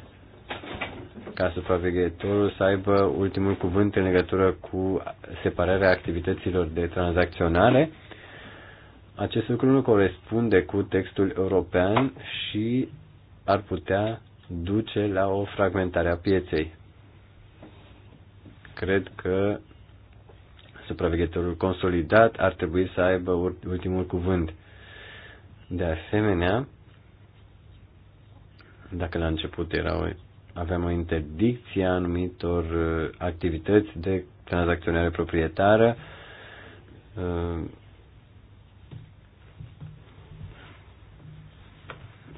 ca supraveghetorul să aibă ultimul cuvânt în legătură cu separarea activităților de tranzacționare. Acest lucru nu corespunde cu textul european și ar putea duce la o fragmentare a pieței. Cred că supraveghetorul consolidat ar trebui să aibă ultimul cuvânt. De asemenea, dacă la început era o avem o interdicție a anumitor uh, activități de tranzacționare proprietară. Uh,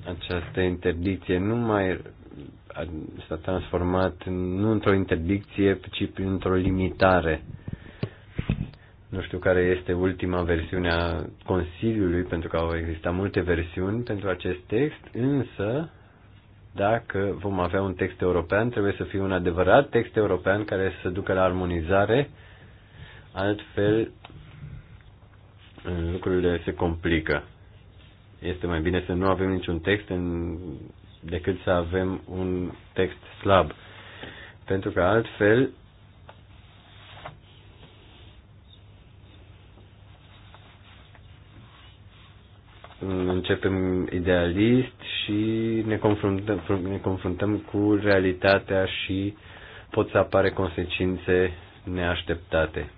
această interdicție nu mai s-a transformat nu într-o interdicție, ci într-o limitare. Nu știu care este ultima versiune a Consiliului, pentru că au existat multe versiuni pentru acest text, însă dacă vom avea un text european, trebuie să fie un adevărat text european care să ducă la armonizare, altfel lucrurile se complică. Este mai bine să nu avem niciun text în, decât să avem un text slab. Pentru că altfel începem idealist și ne confruntăm, ne confruntăm cu realitatea și pot să apare consecințe neașteptate.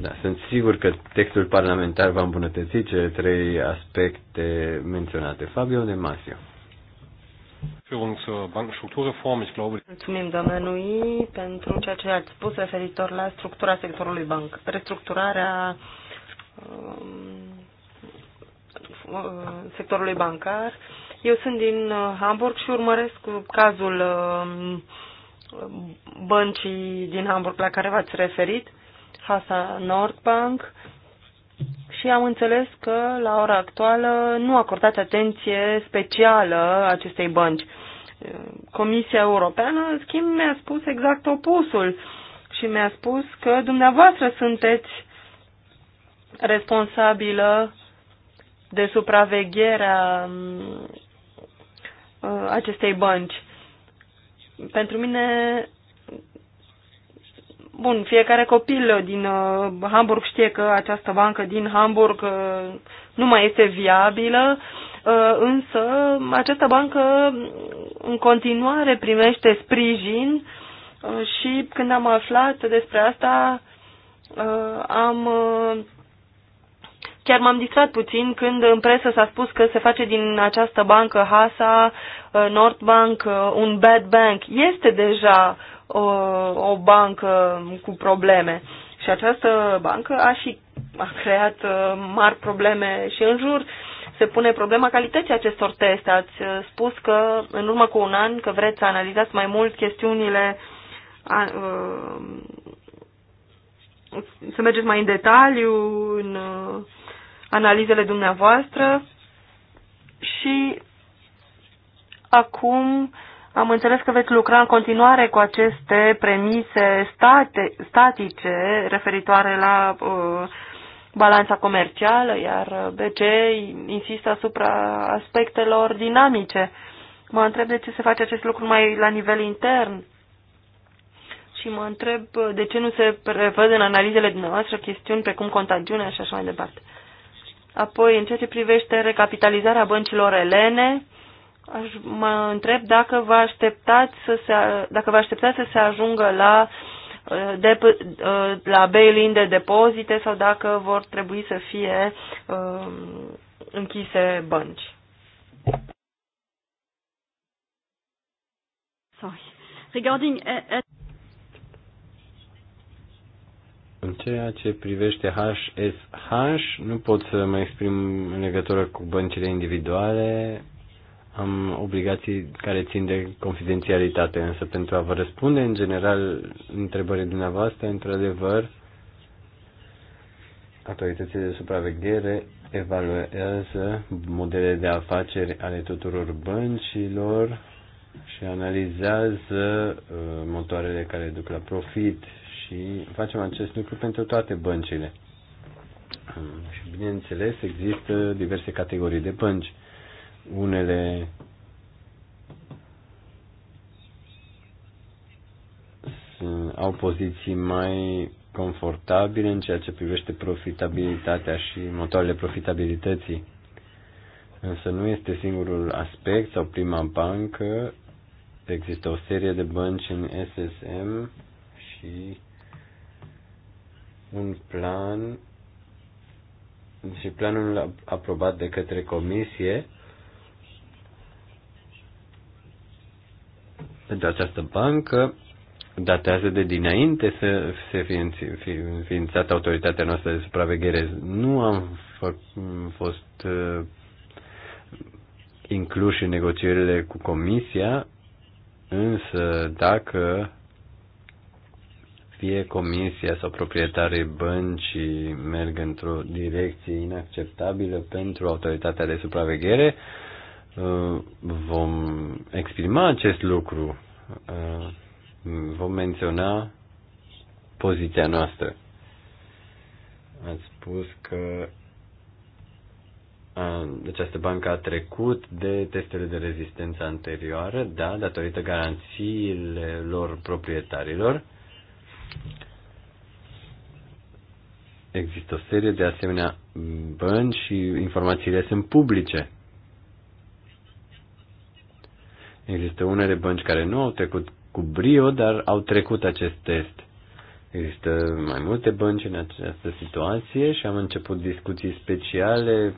Da, sunt sigur că textul parlamentar va îmbunătăți cele trei aspecte menționate. Fabio de Masio. Mulțumim, doamna Nui, pentru ceea ce ați spus referitor la structura sectorului banc. Restructurarea um, Uh, sectorului bancar. Eu sunt din uh, Hamburg și urmăresc cazul uh, băncii din Hamburg la care v-ați referit, Hasa Nordbank, și am înțeles că la ora actuală nu acordați atenție specială acestei bănci. Comisia Europeană, în schimb, mi-a spus exact opusul și mi-a spus că dumneavoastră sunteți responsabilă de supraveghere a acestei bănci. Pentru mine, bun, fiecare copil din Hamburg știe că această bancă din Hamburg nu mai este viabilă, însă această bancă în continuare primește sprijin și când am aflat despre asta, am Chiar m-am distrat puțin când în presă s-a spus că se face din această bancă HASA, uh, Nordbank, uh, un bad bank. Este deja o, uh, o bancă cu probleme și această bancă a și a creat mari probleme și în jur. Se pune problema calității acestor teste. Ați spus că în urmă cu un an că vreți să analizați mai mult chestiunile a, să mergeți mai în detaliu în analizele dumneavoastră și acum am înțeles că veți lucra în continuare cu aceste premise state, statice referitoare la uh, balanța comercială, iar BC insistă asupra aspectelor dinamice. Mă întreb de ce se face acest lucru mai la nivel intern și mă întreb de ce nu se prevăd în analizele dumneavoastră chestiuni precum contagiunea și așa mai departe. Apoi, în ceea ce privește recapitalizarea băncilor elene, aș, mă întreb dacă vă așteptați să se, dacă vă așteptați să se ajungă la, uh, de, uh, la bail-in de depozite sau dacă vor trebui să fie um, închise bănci. Sorry. Regarding, uh, uh... În ceea ce privește HSH, nu pot să mă exprim în legătură cu băncile individuale. Am obligații care țin de confidențialitate, însă pentru a vă răspunde în general întrebările dumneavoastră, într-adevăr, autoritățile de supraveghere evaluează modele de afaceri ale tuturor băncilor și analizează uh, motoarele care duc la profit și facem acest lucru pentru toate băncile. Și bineînțeles, există diverse categorii de bănci. Unele au poziții mai confortabile în ceea ce privește profitabilitatea și motoarele profitabilității. Însă nu este singurul aspect sau prima bancă. Există o serie de bănci în SSM și un plan și planul aprobat de către comisie pentru această bancă datează de dinainte să se fi înființată autoritatea noastră de supraveghere. Nu am fost uh, incluși în negocierile cu comisia, însă dacă fie comisia sau proprietarii băncii merg într-o direcție inacceptabilă pentru autoritatea de supraveghere, uh, vom exprima acest lucru, uh, vom menționa poziția noastră. Ați spus că această bancă a trecut de testele de rezistență anterioară, da, datorită garanțiilor proprietarilor, Există o serie de asemenea bănci și informațiile sunt publice. Există unele bănci care nu au trecut cu brio, dar au trecut acest test. Există mai multe bănci în această situație și am început discuții speciale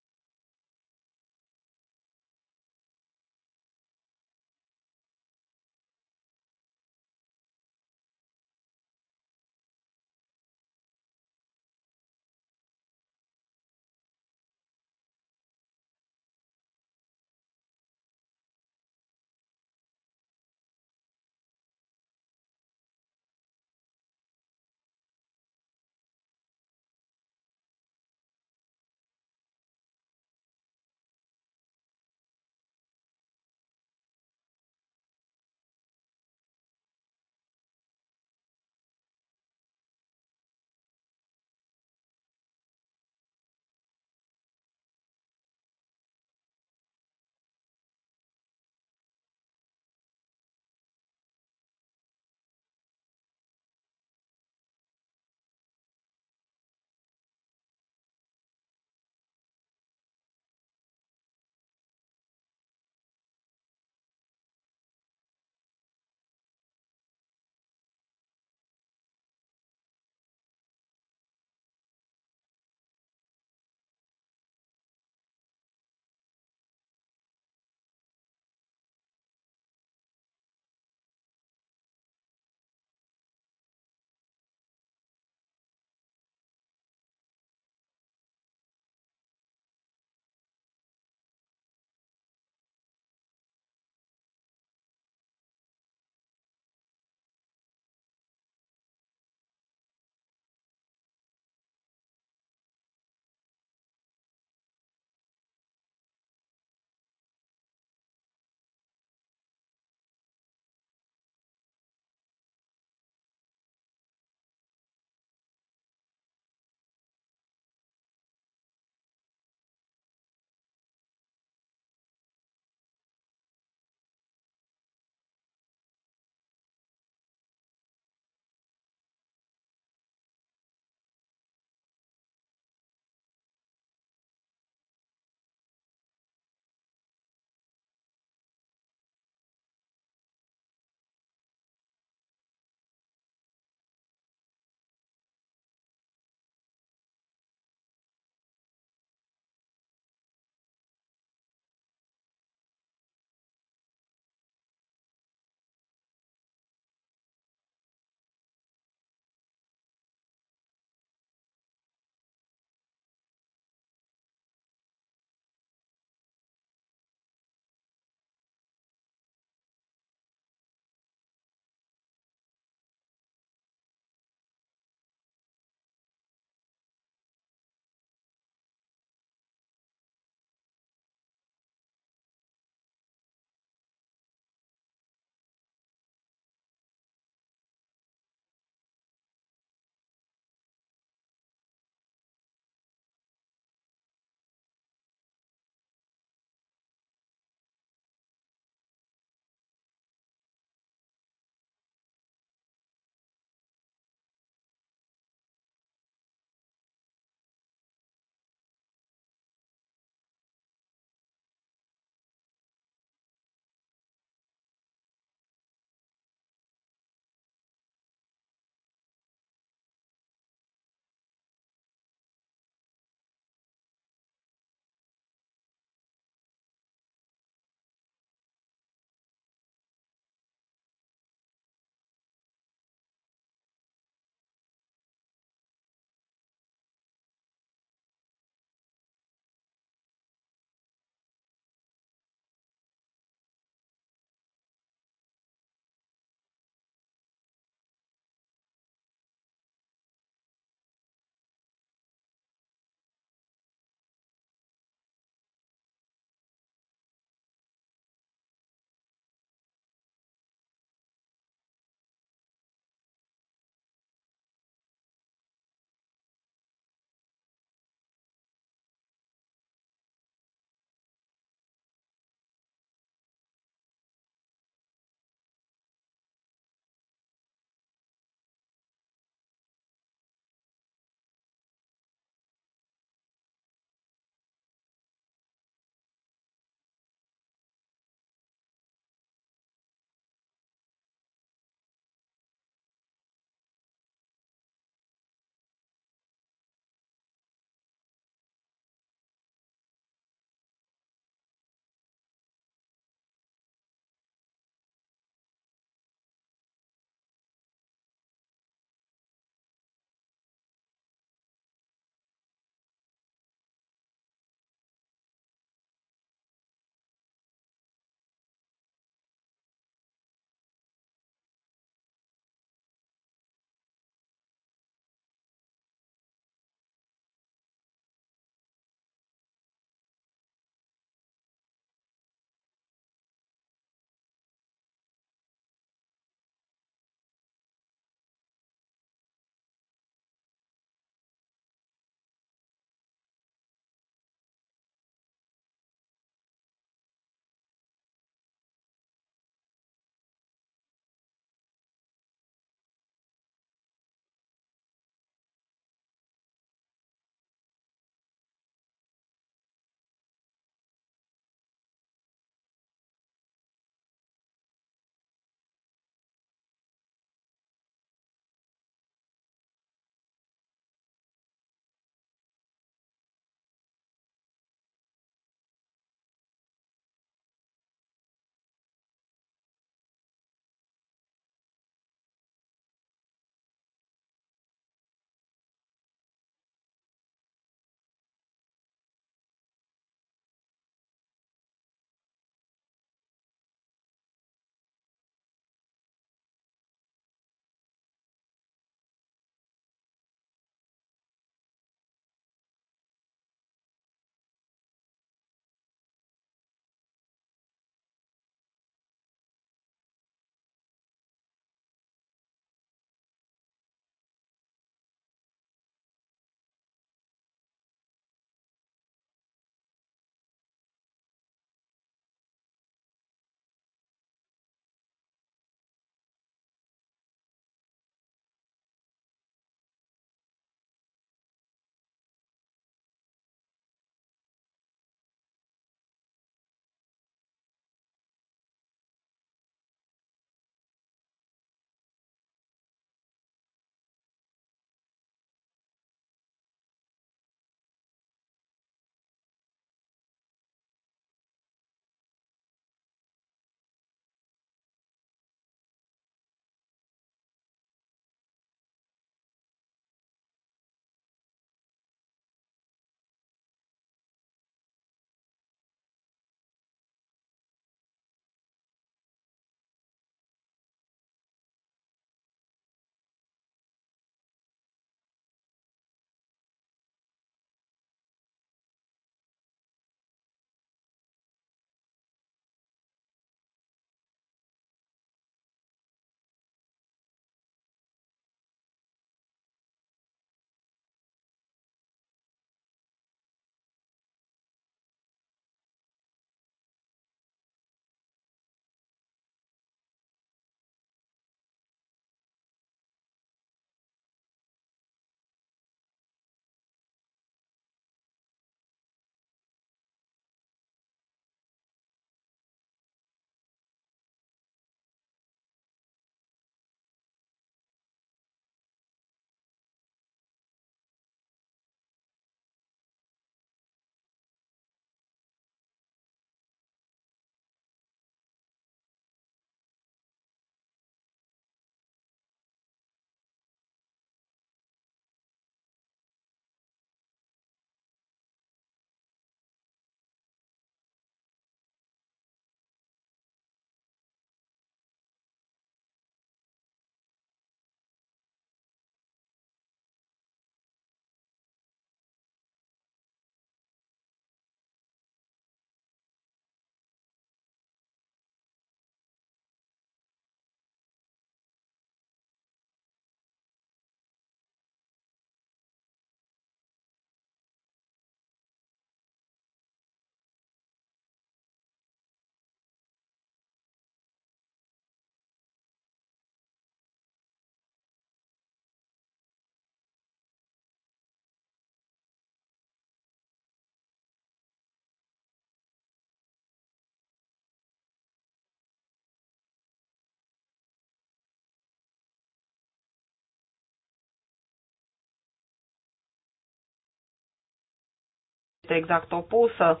este exact opusă.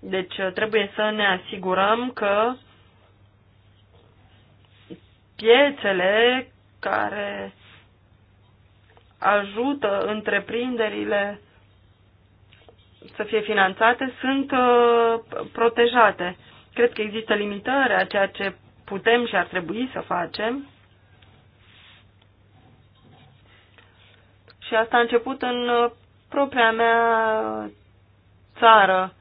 Deci uh, trebuie să ne asigurăm că piețele care ajută întreprinderile să fie finanțate sunt uh, protejate. Cred că există limitări a ceea ce putem și ar trebui să facem. Și asta a început în uh, propria mea țară.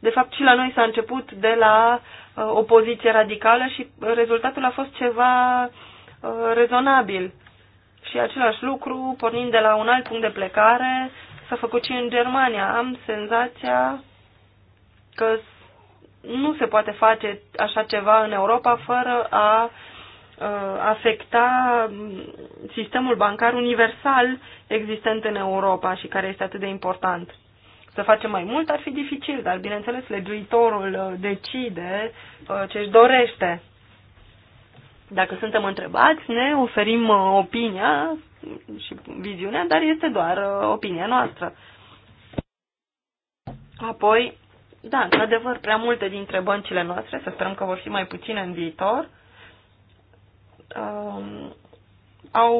De fapt, și la noi s-a început de la uh, opoziție radicală și rezultatul a fost ceva uh, rezonabil. Și același lucru, pornind de la un alt punct de plecare, s-a făcut și în Germania. Am senzația că nu se poate face așa ceva în Europa fără a uh, Uh, afecta sistemul bancar universal existent în Europa și care este atât de important. Să facem mai mult ar fi dificil, dar bineînțeles legiuitorul uh, decide uh, ce își dorește. Dacă suntem întrebați, ne oferim opinia și viziunea, dar este doar opinia noastră. Apoi, da, într-adevăr, prea multe dintre băncile noastre, să sperăm că vor fi mai puține în viitor, uh, au,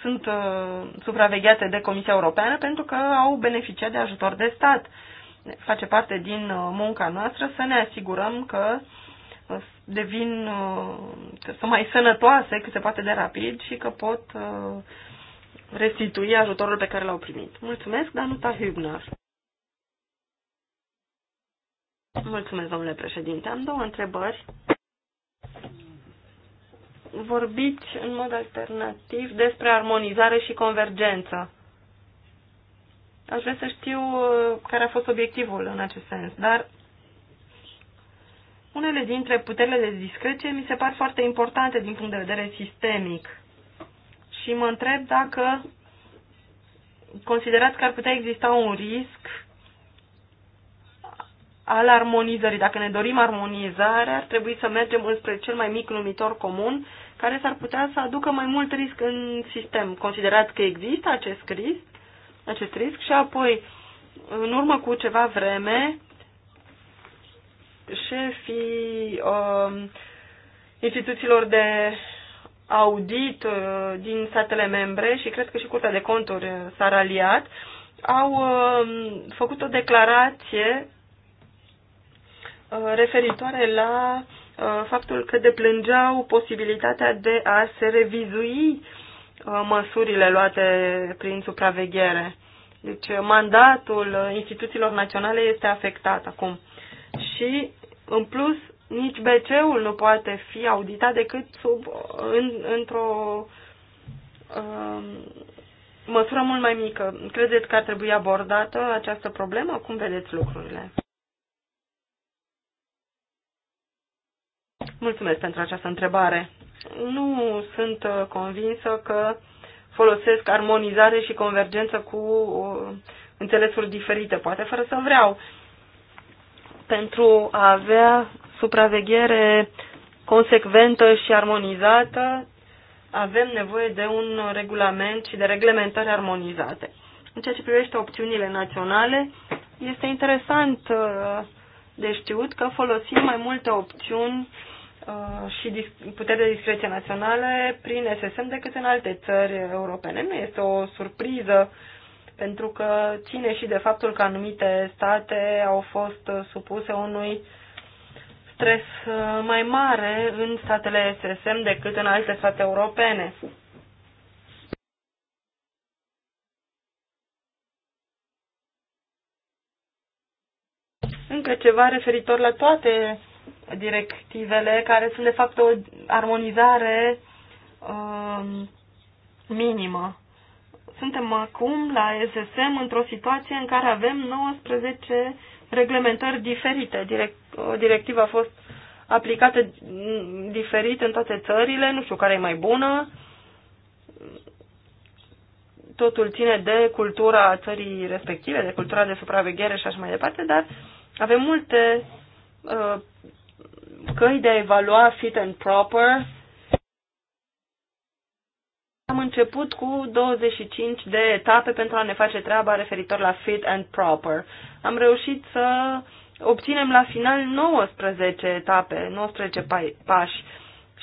sunt uh, supravegheate de Comisia Europeană pentru că au beneficiat de ajutor de stat. Face parte din uh, munca noastră să ne asigurăm că uh, devin uh, să mai sănătoase cât se poate de rapid și că pot uh, restitui ajutorul pe care l-au primit. Mulțumesc, Danuta Hübner. Mulțumesc, domnule președinte. Am două întrebări vorbiți în mod alternativ despre armonizare și convergență. Aș vrea să știu uh, care a fost obiectivul în acest sens, dar unele dintre puterile de discreție mi se par foarte importante din punct de vedere sistemic. Și mă întreb dacă considerați că ar putea exista un risc al armonizării. Dacă ne dorim armonizare, ar trebui să mergem înspre cel mai mic numitor comun, care s-ar putea să aducă mai mult risc în sistem. Considerați că există acest risc, acest risc și apoi, în urmă cu ceva vreme, șefii uh, instituțiilor de audit uh, din statele membre și cred că și Curtea de Conturi uh, s-a raliat, au uh, făcut o declarație Uh, referitoare la uh, faptul că deplângeau posibilitatea de a se revizui uh, măsurile luate prin supraveghere. Deci mandatul instituțiilor naționale este afectat acum. Și, în plus, nici BC-ul nu poate fi auditat decât sub, în, într-o um, măsură mult mai mică. Credeți că ar trebui abordată această problemă? Cum vedeți lucrurile? Mulțumesc pentru această întrebare. Nu sunt uh, convinsă că folosesc armonizare și convergență cu uh, înțelesuri diferite, poate fără să vreau, pentru a avea supraveghere consecventă și armonizată, avem nevoie de un regulament și de reglementări armonizate. În ceea ce privește opțiunile naționale, este interesant uh, de știut că folosim mai multe opțiuni uh, Uh, și putere de discreție naționale prin SSM decât în alte țări europene. Nu este o surpriză pentru că ține și de faptul că anumite state au fost supuse unui stres uh, mai mare în statele SSM decât în alte state europene. Încă ceva referitor la toate directivele care sunt de fapt o armonizare uh, minimă. Suntem acum la SSM într-o situație în care avem 19 reglementări diferite. Direct, o directivă a fost aplicată diferit în toate țările, nu știu care e mai bună. Totul ține de cultura țării respective, de cultura de supraveghere și așa mai departe, dar avem multe uh, căi de a evalua fit and proper. Am început cu 25 de etape pentru a ne face treaba referitor la fit and proper. Am reușit să obținem la final 19 etape, 19 pași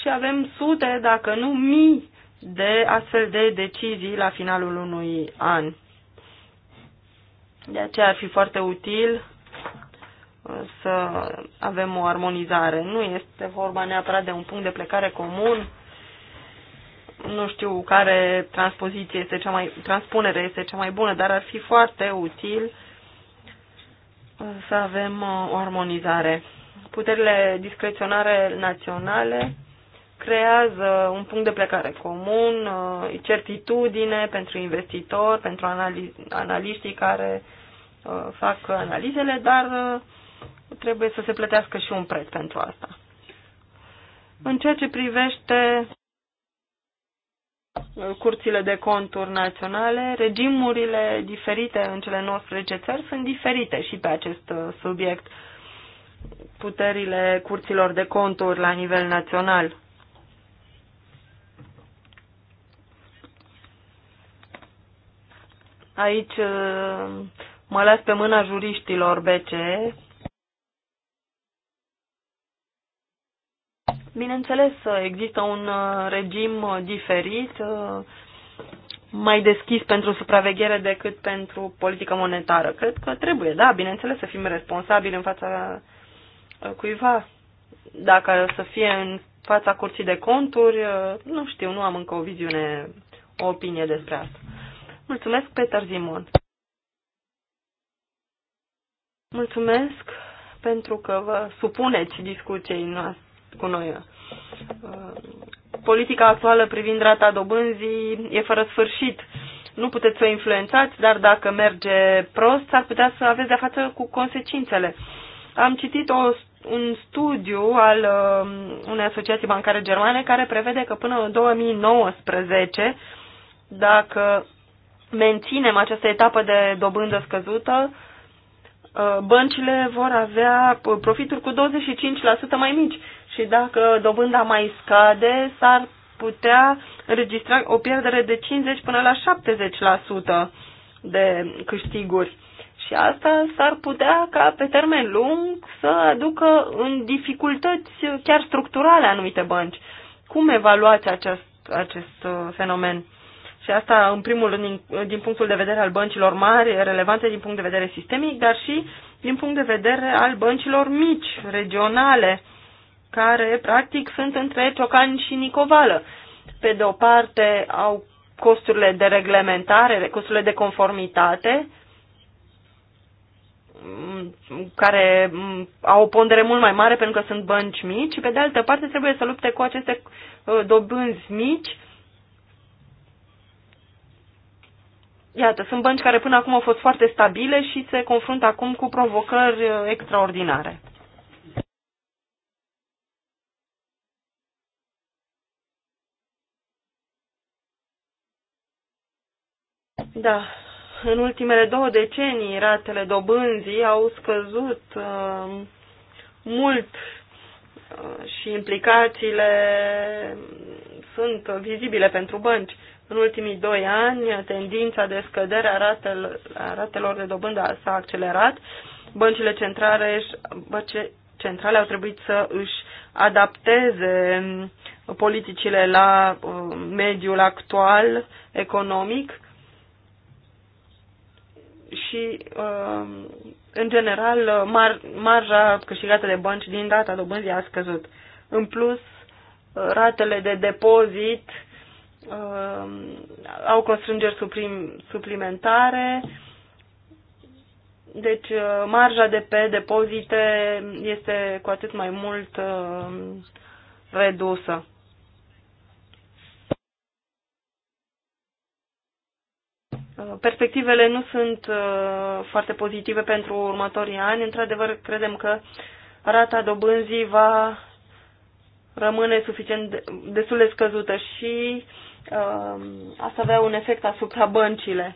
și avem sute, dacă nu mii, de astfel de decizii la finalul unui an. De aceea ar fi foarte util să avem o armonizare. Nu este vorba neapărat de un punct de plecare comun. Nu știu care transpoziție este cea mai, transpunere este cea mai bună, dar ar fi foarte util să avem uh, o armonizare. Puterile discreționare naționale creează un punct de plecare comun, uh, certitudine pentru investitori, pentru analiștii care uh, fac analizele, dar trebuie să se plătească și un preț pentru asta. În ceea ce privește uh, curțile de conturi naționale, regimurile diferite în cele 19 țări sunt diferite și pe acest uh, subiect puterile curților de conturi la nivel național. Aici uh, mă las pe mâna juriștilor BCE, Bineînțeles, există un uh, regim uh, diferit, uh, mai deschis pentru supraveghere decât pentru politică monetară. Cred că trebuie, da, bineînțeles, să fim responsabili în fața cuiva. Dacă să fie în fața curții de conturi, nu știu, nu am încă o viziune, o opinie despre asta. Mulțumesc, Peter Zimon. Mulțumesc pentru că vă supuneți discuției noastre cu noi. Uh, politica actuală privind rata dobânzii e fără sfârșit. Nu puteți să o influențați, dar dacă merge prost, ar putea să aveți de-a față cu consecințele. Am citit o, un studiu al uh, unei asociații bancare germane care prevede că până în 2019, dacă menținem această etapă de dobândă scăzută, uh, băncile vor avea uh, profituri cu 25% mai mici și dacă dobânda mai scade, s-ar putea înregistra o pierdere de 50 până la 70% de câștiguri. Și asta s-ar putea ca pe termen lung să aducă în dificultăți chiar structurale anumite bănci. Cum evaluați acest, acest uh, fenomen? Și asta, în primul rând, din, din punctul de vedere al băncilor mari, relevante din punct de vedere sistemic, dar și din punct de vedere al băncilor mici, regionale, uh, care practic sunt între Ciocani și Nicovală. Pe de o parte au costurile de reglementare, costurile de conformitate, mm, care mm, au o pondere mult mai mare pentru că sunt bănci mici și pe de altă parte trebuie să lupte cu aceste uh, dobânzi mici. Iată, sunt bănci care până acum au fost foarte stabile și se confruntă acum cu provocări uh, extraordinare. Da, în ultimele două decenii ratele dobânzii au scăzut uh, mult uh, și implicațiile sunt vizibile pentru bănci. În ultimii doi ani, tendința de scădere a, ratel, a ratelor de dobândă s-a accelerat. Băncile centrale, băce, centrale au trebuit să își adapteze politicile la uh, mediul actual economic și, um, în general, mar marja câștigată de bănci din data dobânzii a scăzut. În plus, ratele de depozit um, au constrângeri suprim, suplimentare, deci uh, marja de pe depozite este cu atât mai mult um, redusă. Uh, perspectivele nu sunt uh, foarte pozitive pentru următorii ani. Într-adevăr, credem că rata dobânzii va rămâne suficient destul de scăzută și uh, asta avea un efect asupra băncile.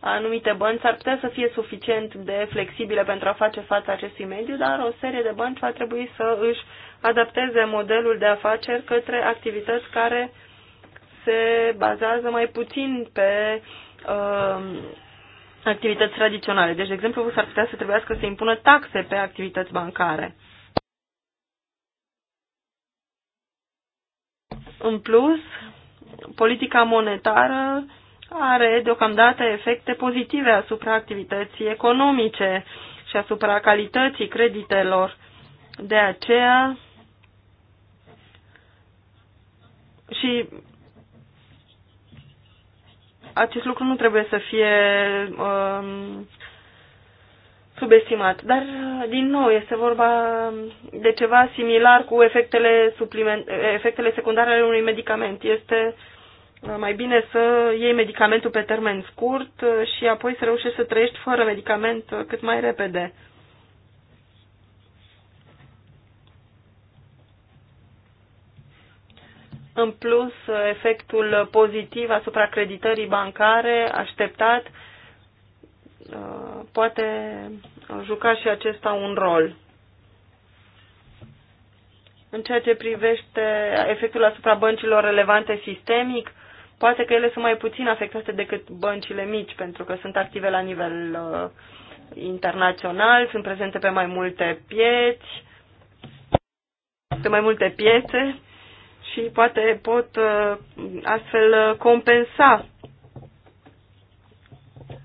Anumite bănci ar putea să fie suficient de flexibile pentru a face față acestui mediu, dar o serie de bănci va trebui să își adapteze modelul de afaceri către activități care se bazează mai puțin pe uh, uh, activități tradiționale. Deci, de exemplu, s-ar putea să trebuiască să impună taxe pe activități bancare. În plus, politica monetară are deocamdată efecte pozitive asupra activității economice și asupra calității creditelor. De aceea și acest lucru nu trebuie să fie um, subestimat. Dar, din nou, este vorba de ceva similar cu efectele, supliment, efectele secundare ale unui medicament. Este uh, mai bine să iei medicamentul pe termen scurt uh, și apoi să reușești să trăiești fără medicament uh, cât mai repede. În plus, efectul pozitiv asupra creditării bancare așteptat uh, poate juca și acesta un rol. În ceea ce privește efectul asupra băncilor relevante sistemic, poate că ele sunt mai puțin afectate decât băncile mici, pentru că sunt active la nivel uh, internațional, sunt prezente pe mai multe pieți, pe mai multe piețe și poate pot uh, astfel uh, compensa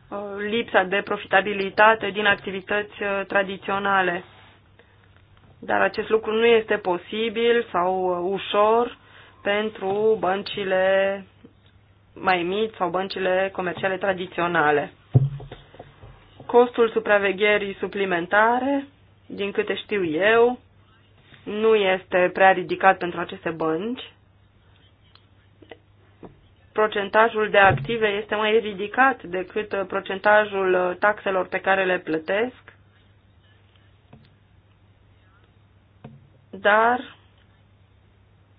uh, lipsa de profitabilitate din activități tradiționale. Dar acest lucru nu este posibil sau ușor pentru băncile mai mici sau băncile comerciale tradiționale. Costul supravegherii suplimentare, din câte știu eu, nu este prea ridicat pentru aceste bănci. Procentajul de active este mai ridicat decât procentajul taxelor pe care le plătesc. Dar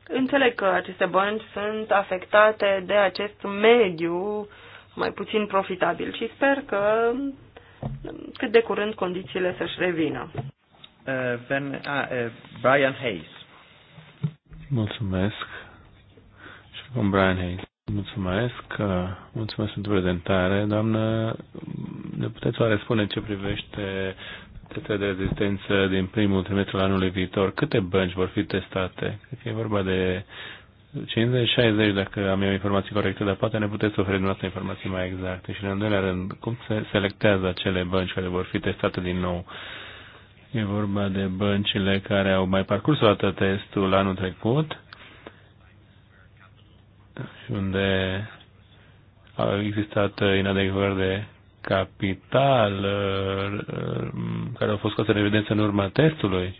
înțeleg că aceste bănci sunt afectate de acest mediu mai puțin profitabil și sper că cât de curând condițiile să-și revină. Uh, ben, a, uh, uh, Brian Hayes. Mulțumesc. Și acum Brian Hayes. Mulțumesc. Mulțumesc pentru prezentare. Doamnă, ne puteți oare spune ce privește teste de rezistență din primul trimestru al anului viitor? Câte bănci vor fi testate? Cred că e vorba de 50-60, dacă am eu informații corecte, dar poate ne puteți oferi dumneavoastră informații mai exacte. Și în al doilea rând, cum se selectează acele bănci care vor fi testate din nou? Uh, E vorba de băncile care au mai parcurs o dată testul anul trecut și unde au existat inadecvări de capital uh, uh, care au fost scoase în evidență în urma testului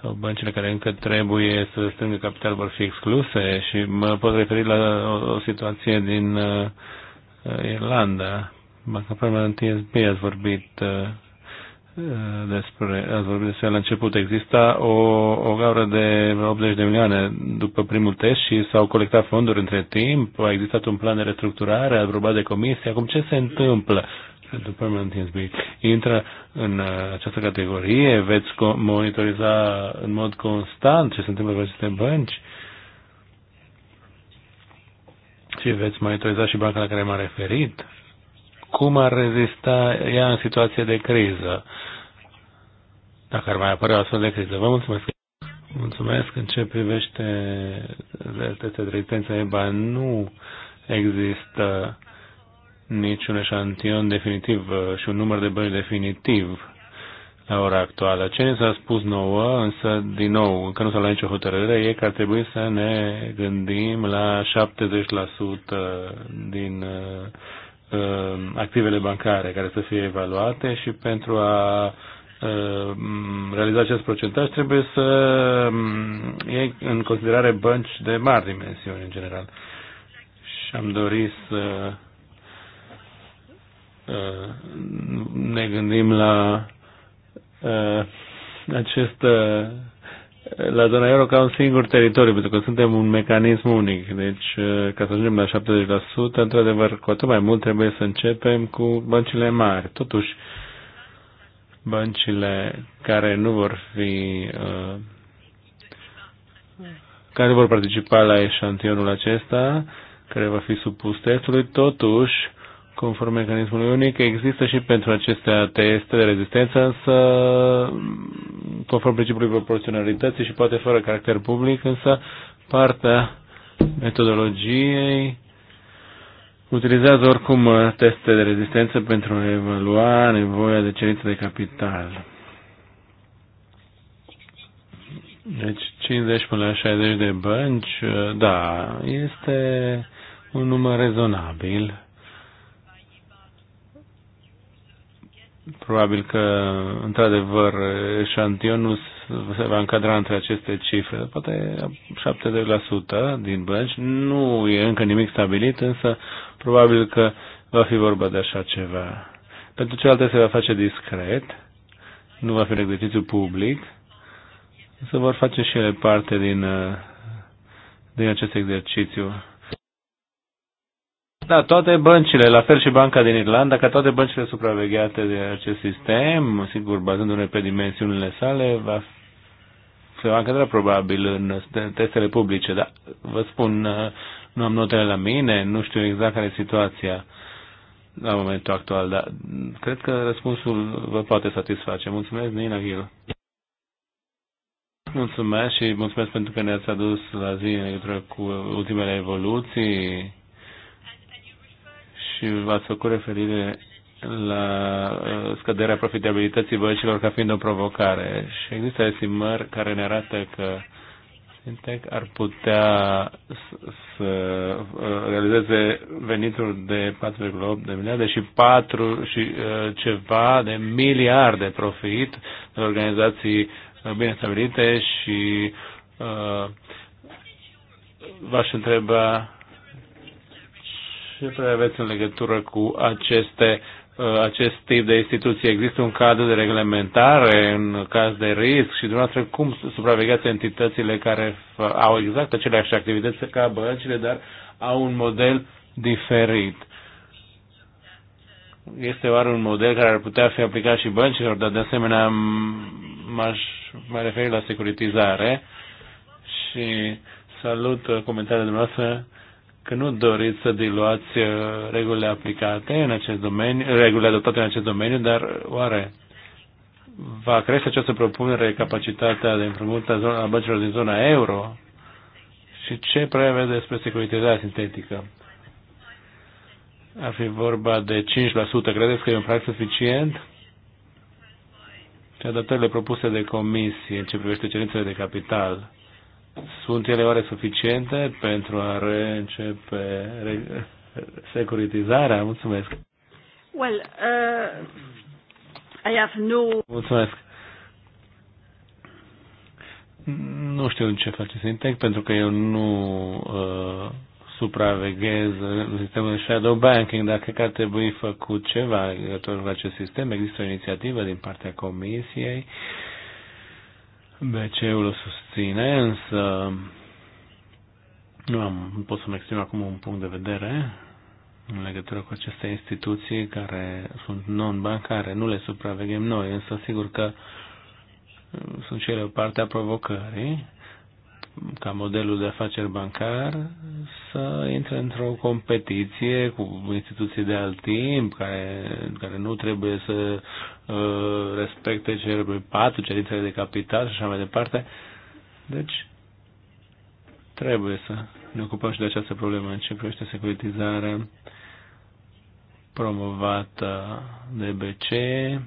sau băncile care încă trebuie să strângă capital vor fi excluse și mă pot referi la o, o situație din uh, Irlanda. Banca Permanent TSB ați vorbit uh, despre, ați vorbit despre la început, exista o, o gaură de 80 de milioane după primul test și s-au colectat fonduri între timp, a existat un plan de restructurare aprobat de comisie, acum ce se întâmplă? după Mantinsby, intră în uh, această categorie, veți monitoriza în mod constant ce se întâmplă cu aceste bănci și veți monitoriza și banca la care m-am referit cum ar rezista ea în situație de criză, dacă ar mai apărea o astfel de criză. Vă mulțumesc! Mulțumesc. În ce privește realitatea de rezistență EBA, nu există niciun eșantion definitiv și un număr de bănci definitiv la ora actuală. Ce ne s-a spus nouă, însă, din nou, încă nu s-a luat nicio hotărâre, e că ar trebui să ne gândim la 70% din Uh, activele bancare care să fie evaluate și pentru a uh, realiza acest procentaj trebuie să um, iei în considerare bănci de mari dimensiuni în general. Și am dorit să uh, ne gândim la acest la zona euro ca un singur teritoriu, pentru că suntem un mecanism unic. Deci, uh, ca să ajungem la 70%, într-adevăr, cu atât mai mult trebuie să începem cu băncile mari. Totuși, băncile care nu vor fi uh, care vor participa la eșantionul acesta, care va fi supus testului, totuși conform mecanismului unic, există și pentru aceste teste de rezistență, însă conform principiului proporționalității și poate fără caracter public, însă partea metodologiei utilizează oricum teste de rezistență pentru a evalua nevoia de cerință de capital. Deci 50 până la 60 de bănci, da, este un număr rezonabil Probabil că, într-adevăr, eșantionul se va încadra între aceste cifre. Poate 70% din bănci. Nu e încă nimic stabilit, însă probabil că va fi vorba de așa ceva. Pentru cealaltă se va face discret, nu va fi un exercițiu public, însă vor face și ele parte din, uh, din acest exercițiu da, toate băncile, la fel și Banca din Irlanda, ca toate băncile supravegheate de acest sistem, sigur, bazându-ne pe dimensiunile sale, va, se va încadra probabil în testele publice, dar vă spun, uh, nu am notele la mine, nu știu exact care e situația la momentul actual, dar cred că răspunsul vă poate satisface. Mulțumesc, Nina Ghil. Mulțumesc și mulțumesc pentru că ne-ați adus la zi în legătură cu ultimele evoluții și v-ați făcut referire la uh, scăderea profitabilității băncilor ca fiind o provocare. Și există estimări care ne arată că Sintec ar putea să uh, realizeze venituri de 4,8 de miliarde și 4 și uh, ceva de miliarde profit de organizații bine stabilite și uh, v-aș întreba ce părere aveți în legătură cu aceste, uh, acest tip de instituții? Există un cadru de reglementare în caz de risc și dumneavoastră cum supravegheați entitățile care au exact aceleași activități ca băncile, dar au un model diferit? Este oare un model care ar putea fi aplicat și băncilor, dar de asemenea m-aș mai referi la securitizare și salut comentariile dumneavoastră că nu doriți să diluați uh, regulile aplicate în acest domeniu, regulile adoptate în acest domeniu, dar oare va crește această propunere capacitatea de împrumut a, a băncilor din zona euro? Și ce prevede despre securitizarea sintetică? Ar fi vorba de 5%. Credeți că e un prag suficient? Și adaptările propuse de comisie în ce privește cerințele de capital sunt ele oare suficiente pentru a reîncepe re, securitizarea? Mulțumesc. Well, uh, I have no... Mulțumesc. Nu știu în ce face Sintec, pentru că eu nu uh, supraveghez sistemul shadow banking, dar că ar trebui făcut ceva legător cu acest sistem. Există o inițiativă din partea Comisiei uh, bc ul o susține, însă nu am, nu pot să-mi exprim acum un punct de vedere în legătură cu aceste instituții care sunt non-bancare, nu le supraveghem noi, însă sigur că sunt cele o parte a provocării ca modelul de afaceri bancar să intre într-o competiție cu instituții de alt timp care, care nu trebuie să uh, respecte cele patru cerințele de capital și așa mai departe. Deci, trebuie să ne ocupăm și de această problemă în ce privește securitizarea promovată de BCE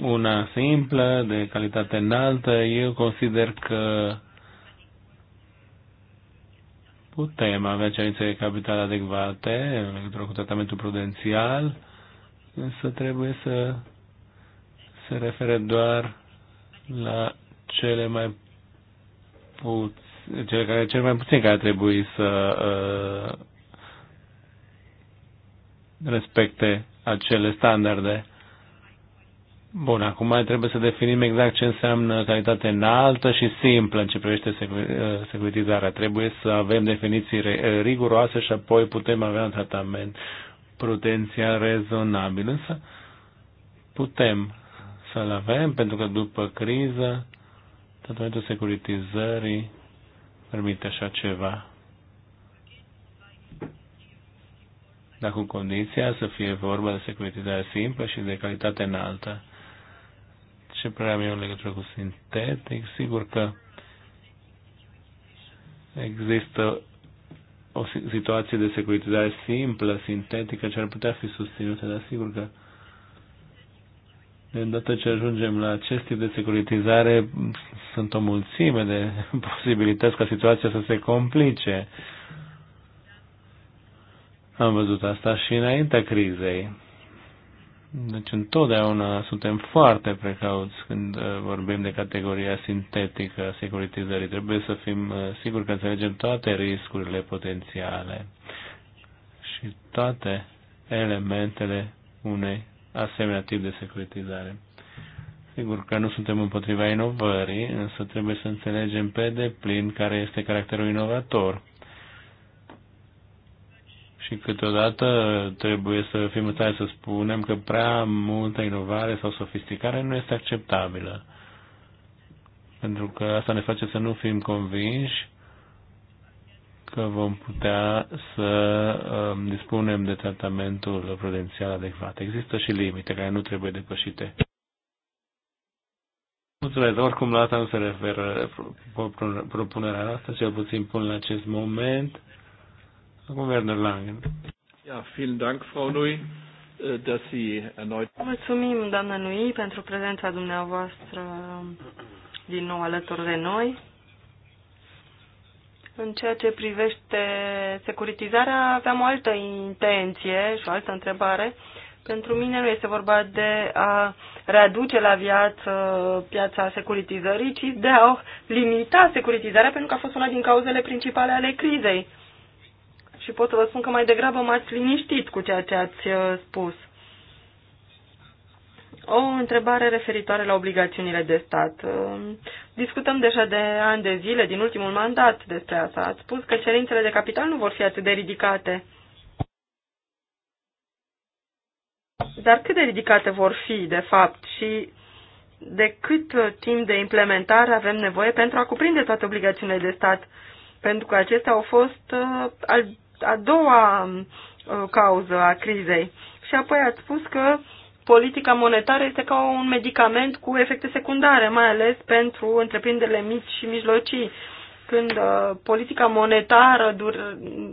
una simplă, de calitate înaltă, eu consider că putem avea cerințe de capital adecvate pentru cu tratamentul prudențial, însă trebuie să se refere doar la cele mai puțin, cele care cel mai puțin care trebuie să uh, respecte acele standarde. Bun, acum mai trebuie să definim exact ce înseamnă calitate înaltă și simplă în ce privește uh, securitizarea. Trebuie să avem definiții riguroase și apoi putem avea un tratament prudențial rezonabil. Însă putem să-l avem pentru că după criză tratamentul securitizării permite așa ceva. dar cu condiția să fie vorba de securitizare simplă și de calitate înaltă ce părere am eu în legătură cu sintetic? Sigur că există o situație de securitizare simplă, sintetică, ce ar putea fi susținută, dar sigur că de îndată ce ajungem la acest tip de securitizare, sunt o mulțime de <laughs> posibilități ca situația să se complice. Am văzut asta și înaintea crizei. Deci întotdeauna suntem foarte precauți când uh, vorbim de categoria sintetică a securitizării. Trebuie să fim uh, siguri că înțelegem toate riscurile potențiale și toate elementele unei asemenea tip de securitizare. Sigur că nu suntem împotriva inovării, însă trebuie să înțelegem pe deplin care este caracterul inovator și câteodată trebuie să fim în să spunem că prea multă inovare sau sofisticare nu este acceptabilă. Pentru că asta ne face să nu fim convinși că vom putea să um, dispunem de tratamentul prudențial adecvat. Există și limite care nu trebuie depășite. Mulțumesc. Oricum, la asta nu se referă propunerea asta, cel puțin până la acest moment. Acum Langen. Ja, vielen Dank, Frau Nui, äh, dass Sie erneut... Mulțumim, doamnă Nui, pentru prezența dumneavoastră din nou alături de noi. În ceea ce privește securitizarea, aveam o altă intenție și o altă întrebare. Pentru mine nu este vorba de a readuce la viață piața securitizării, ci de a limita securitizarea, pentru că a fost una din cauzele principale ale crizei și pot să vă spun că mai degrabă m-ați liniștit cu ceea ce ați uh, spus. O întrebare referitoare la obligațiunile de stat. Uh, discutăm deja de ani de zile, din ultimul mandat, despre asta. Ați spus că cerințele de capital nu vor fi atât de ridicate. Dar cât de ridicate vor fi, de fapt, și de cât timp de implementare avem nevoie pentru a cuprinde toate obligațiunile de stat? Pentru că acestea au fost uh, al a doua uh, cauză a crizei. Și apoi ați spus că politica monetară este ca un medicament cu efecte secundare, mai ales pentru întreprinderile mici și mijlocii. Când uh, politica monetară dur,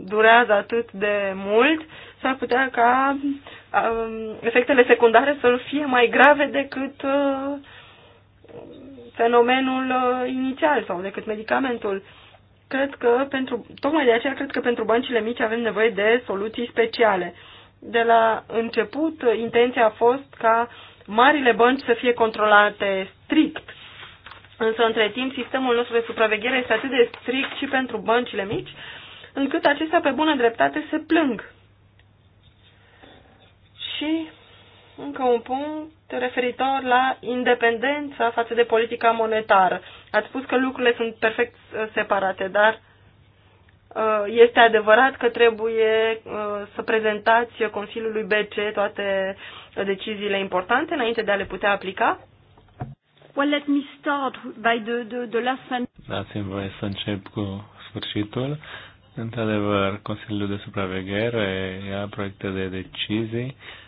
durează atât de mult, s-ar putea ca uh, efectele secundare să fie mai grave decât uh, fenomenul uh, inițial sau decât medicamentul. Uh, cred că pentru, tocmai de aceea cred că pentru băncile mici avem nevoie de soluții speciale. De la început, intenția a fost ca marile bănci să fie controlate strict, însă între timp sistemul nostru de supraveghere este atât de strict și pentru băncile mici, încât acestea pe bună dreptate se plâng. Și încă un punct referitor la independența față de politica monetară. Ați spus că lucrurile sunt perfect uh, separate, dar uh, este adevărat că trebuie uh, să prezentați Consiliului BC toate deciziile importante înainte de a le putea aplica? Well, let me start by the, the, the last sentence. Dați-mi voie să încep cu sfârșitul. Într-adevăr, Consiliul de Supraveghere ia proiecte de decizii uh,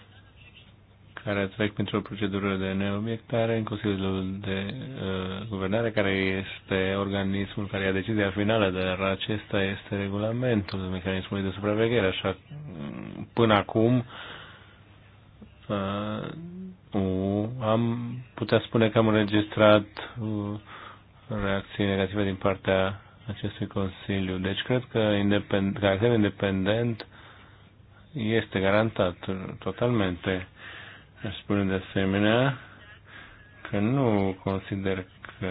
care trec printr-o procedură de neobiectare în Consiliul de uh, Guvernare, care este organismul care ia decizia finală, dar acesta este regulamentul mecanismului de supraveghere. Așa, până acum, uh, uh, am putea spune că am înregistrat uh, reacții negative din partea acestui Consiliu. Deci cred că independ, caracterul independent este garantat totalmente. Aș spune de asemenea că nu consider că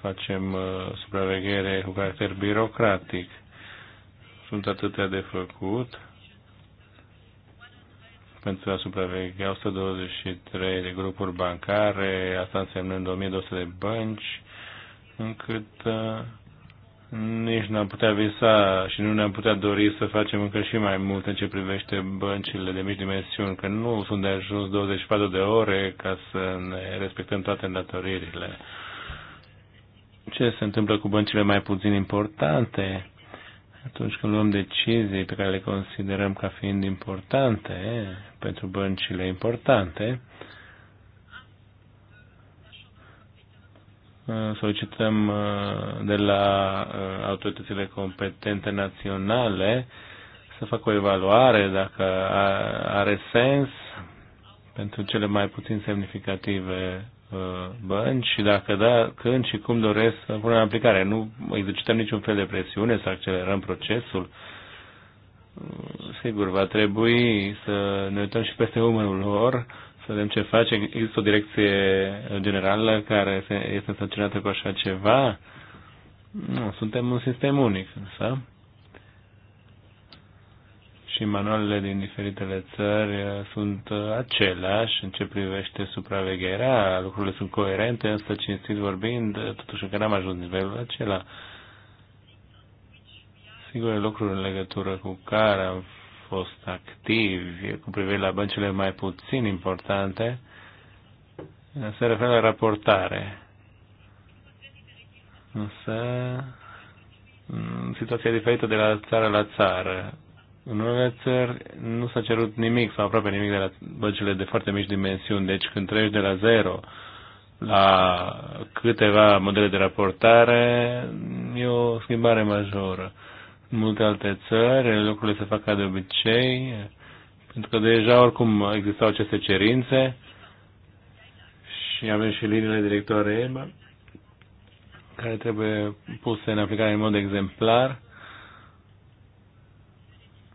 facem uh, supraveghere cu caracter birocratic. Sunt atâtea de făcut pentru a supraveghea 123 de grupuri bancare, asta însemnând 1200 de bănci, încât uh, nici nu am putea visa și nu ne-am putea dori să facem încă și mai mult în ce privește băncile de mici dimensiuni, că nu sunt de ajuns 24 de ore ca să ne respectăm toate îndatoririle. Ce se întâmplă cu băncile mai puțin importante? Atunci când luăm decizii pe care le considerăm ca fiind importante pentru băncile importante, uh, solicităm uh, de la uh, autoritățile competente naționale să facă o evaluare dacă are sens pentru cele mai puțin semnificative uh, bănci și dacă da, când și cum doresc să punem în aplicare. Nu exercităm niciun fel de presiune să accelerăm procesul. Sigur, va trebui să ne uităm și peste umărul lor să vedem ce face. Există o direcție generală care este însărcinată cu așa ceva? Nu, suntem un sistem unic, însă. Și manualele din diferitele țări uh, sunt uh, aceleași în ce privește supravegherea, lucrurile sunt coerente, însă cinstit vorbind, uh, totuși încă n-am ajuns nivelul acela. Sigur, lucruri în legătură cu care am fost activi cu privire la băncile mai puțin importante se referă la raportare. Însă situația e diferită de la țară la țară. În unele țări nu s-a cerut nimic sau aproape nimic de la băncile de foarte mici dimensiuni. Deci când treci de la zero la câteva modele de raportare, e o schimbare majoră multe alte țări, lucrurile se fac ca de obicei, pentru că deja oricum existau aceste cerințe și avem și liniile directoare EMA care trebuie puse în aplicare în mod exemplar.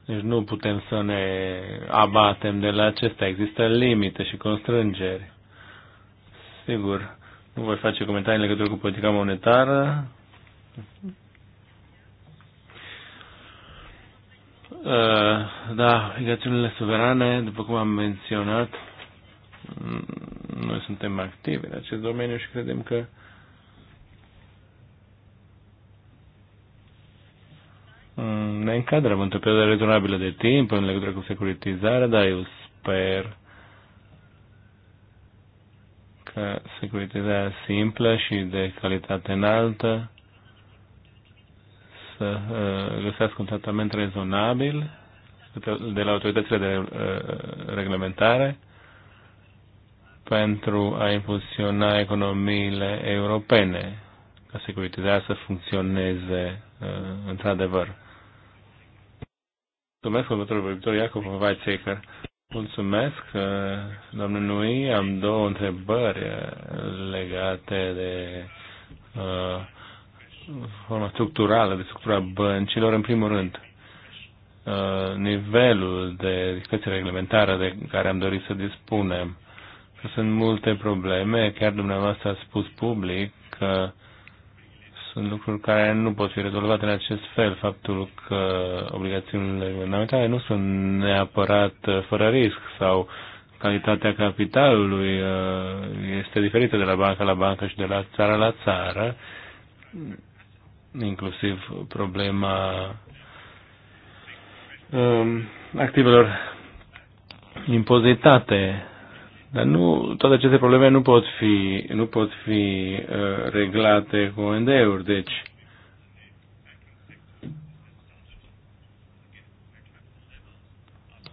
Deci nu putem să ne abatem de la acestea. Există limite și constrângeri. Sigur, nu voi face comentarii în legătură cu politica monetară. Uh, da, legațiunile suverane, după cum am menționat, mm, noi suntem activi în acest domeniu și credem că mm, ne încadrăm într-o perioadă rezonabilă de timp în legătură cu securitizarea, dar eu sper că securitizarea simplă și de calitate înaltă să uh, găsească un tratament rezonabil de la autoritățile de uh, reglementare pentru a impulsiona economiile europene ca securitizarea să funcționeze uh, într-adevăr. Mulțumesc, următorul vorbitor, Iacob Weizsäcker. Mulțumesc, domnul Nui. Am două întrebări legate de uh, forma structurală, de structura băncilor, în primul rând, uh, nivelul de discuție reglementară de care am dorit să dispunem. Sunt multe probleme, chiar dumneavoastră a spus public că sunt lucruri care nu pot fi rezolvate în acest fel. Faptul că obligațiunile reglementare nu sunt neapărat uh, fără risc sau calitatea capitalului uh, este diferită de la bancă la bancă și de la țară la țară inclusiv problema um, activelor impozitate. Dar nu, toate aceste probleme nu pot fi, nu pot fi uh, reglate cu OND-uri, deci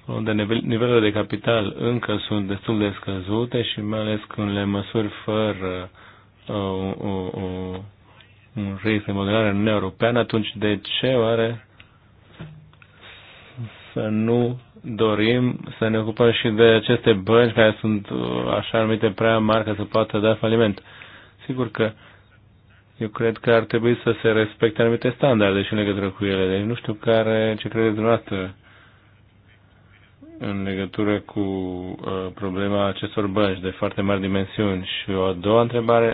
unde nivelurile de capital încă sunt destul de scăzute și mai ales când le măsuri fără uh, o, o, o un risc de modelare în Uniunea Europeană, atunci de ce oare să nu dorim să ne ocupăm și de aceste bănci care sunt uh, așa numite prea mari ca să poată da faliment? Sigur că eu cred că ar trebui să se respecte anumite standarde și în legătură cu ele. Deci nu știu care, ce credeți dumneavoastră în legătură cu uh, problema acestor bănci de foarte mari dimensiuni. Și o a doua întrebare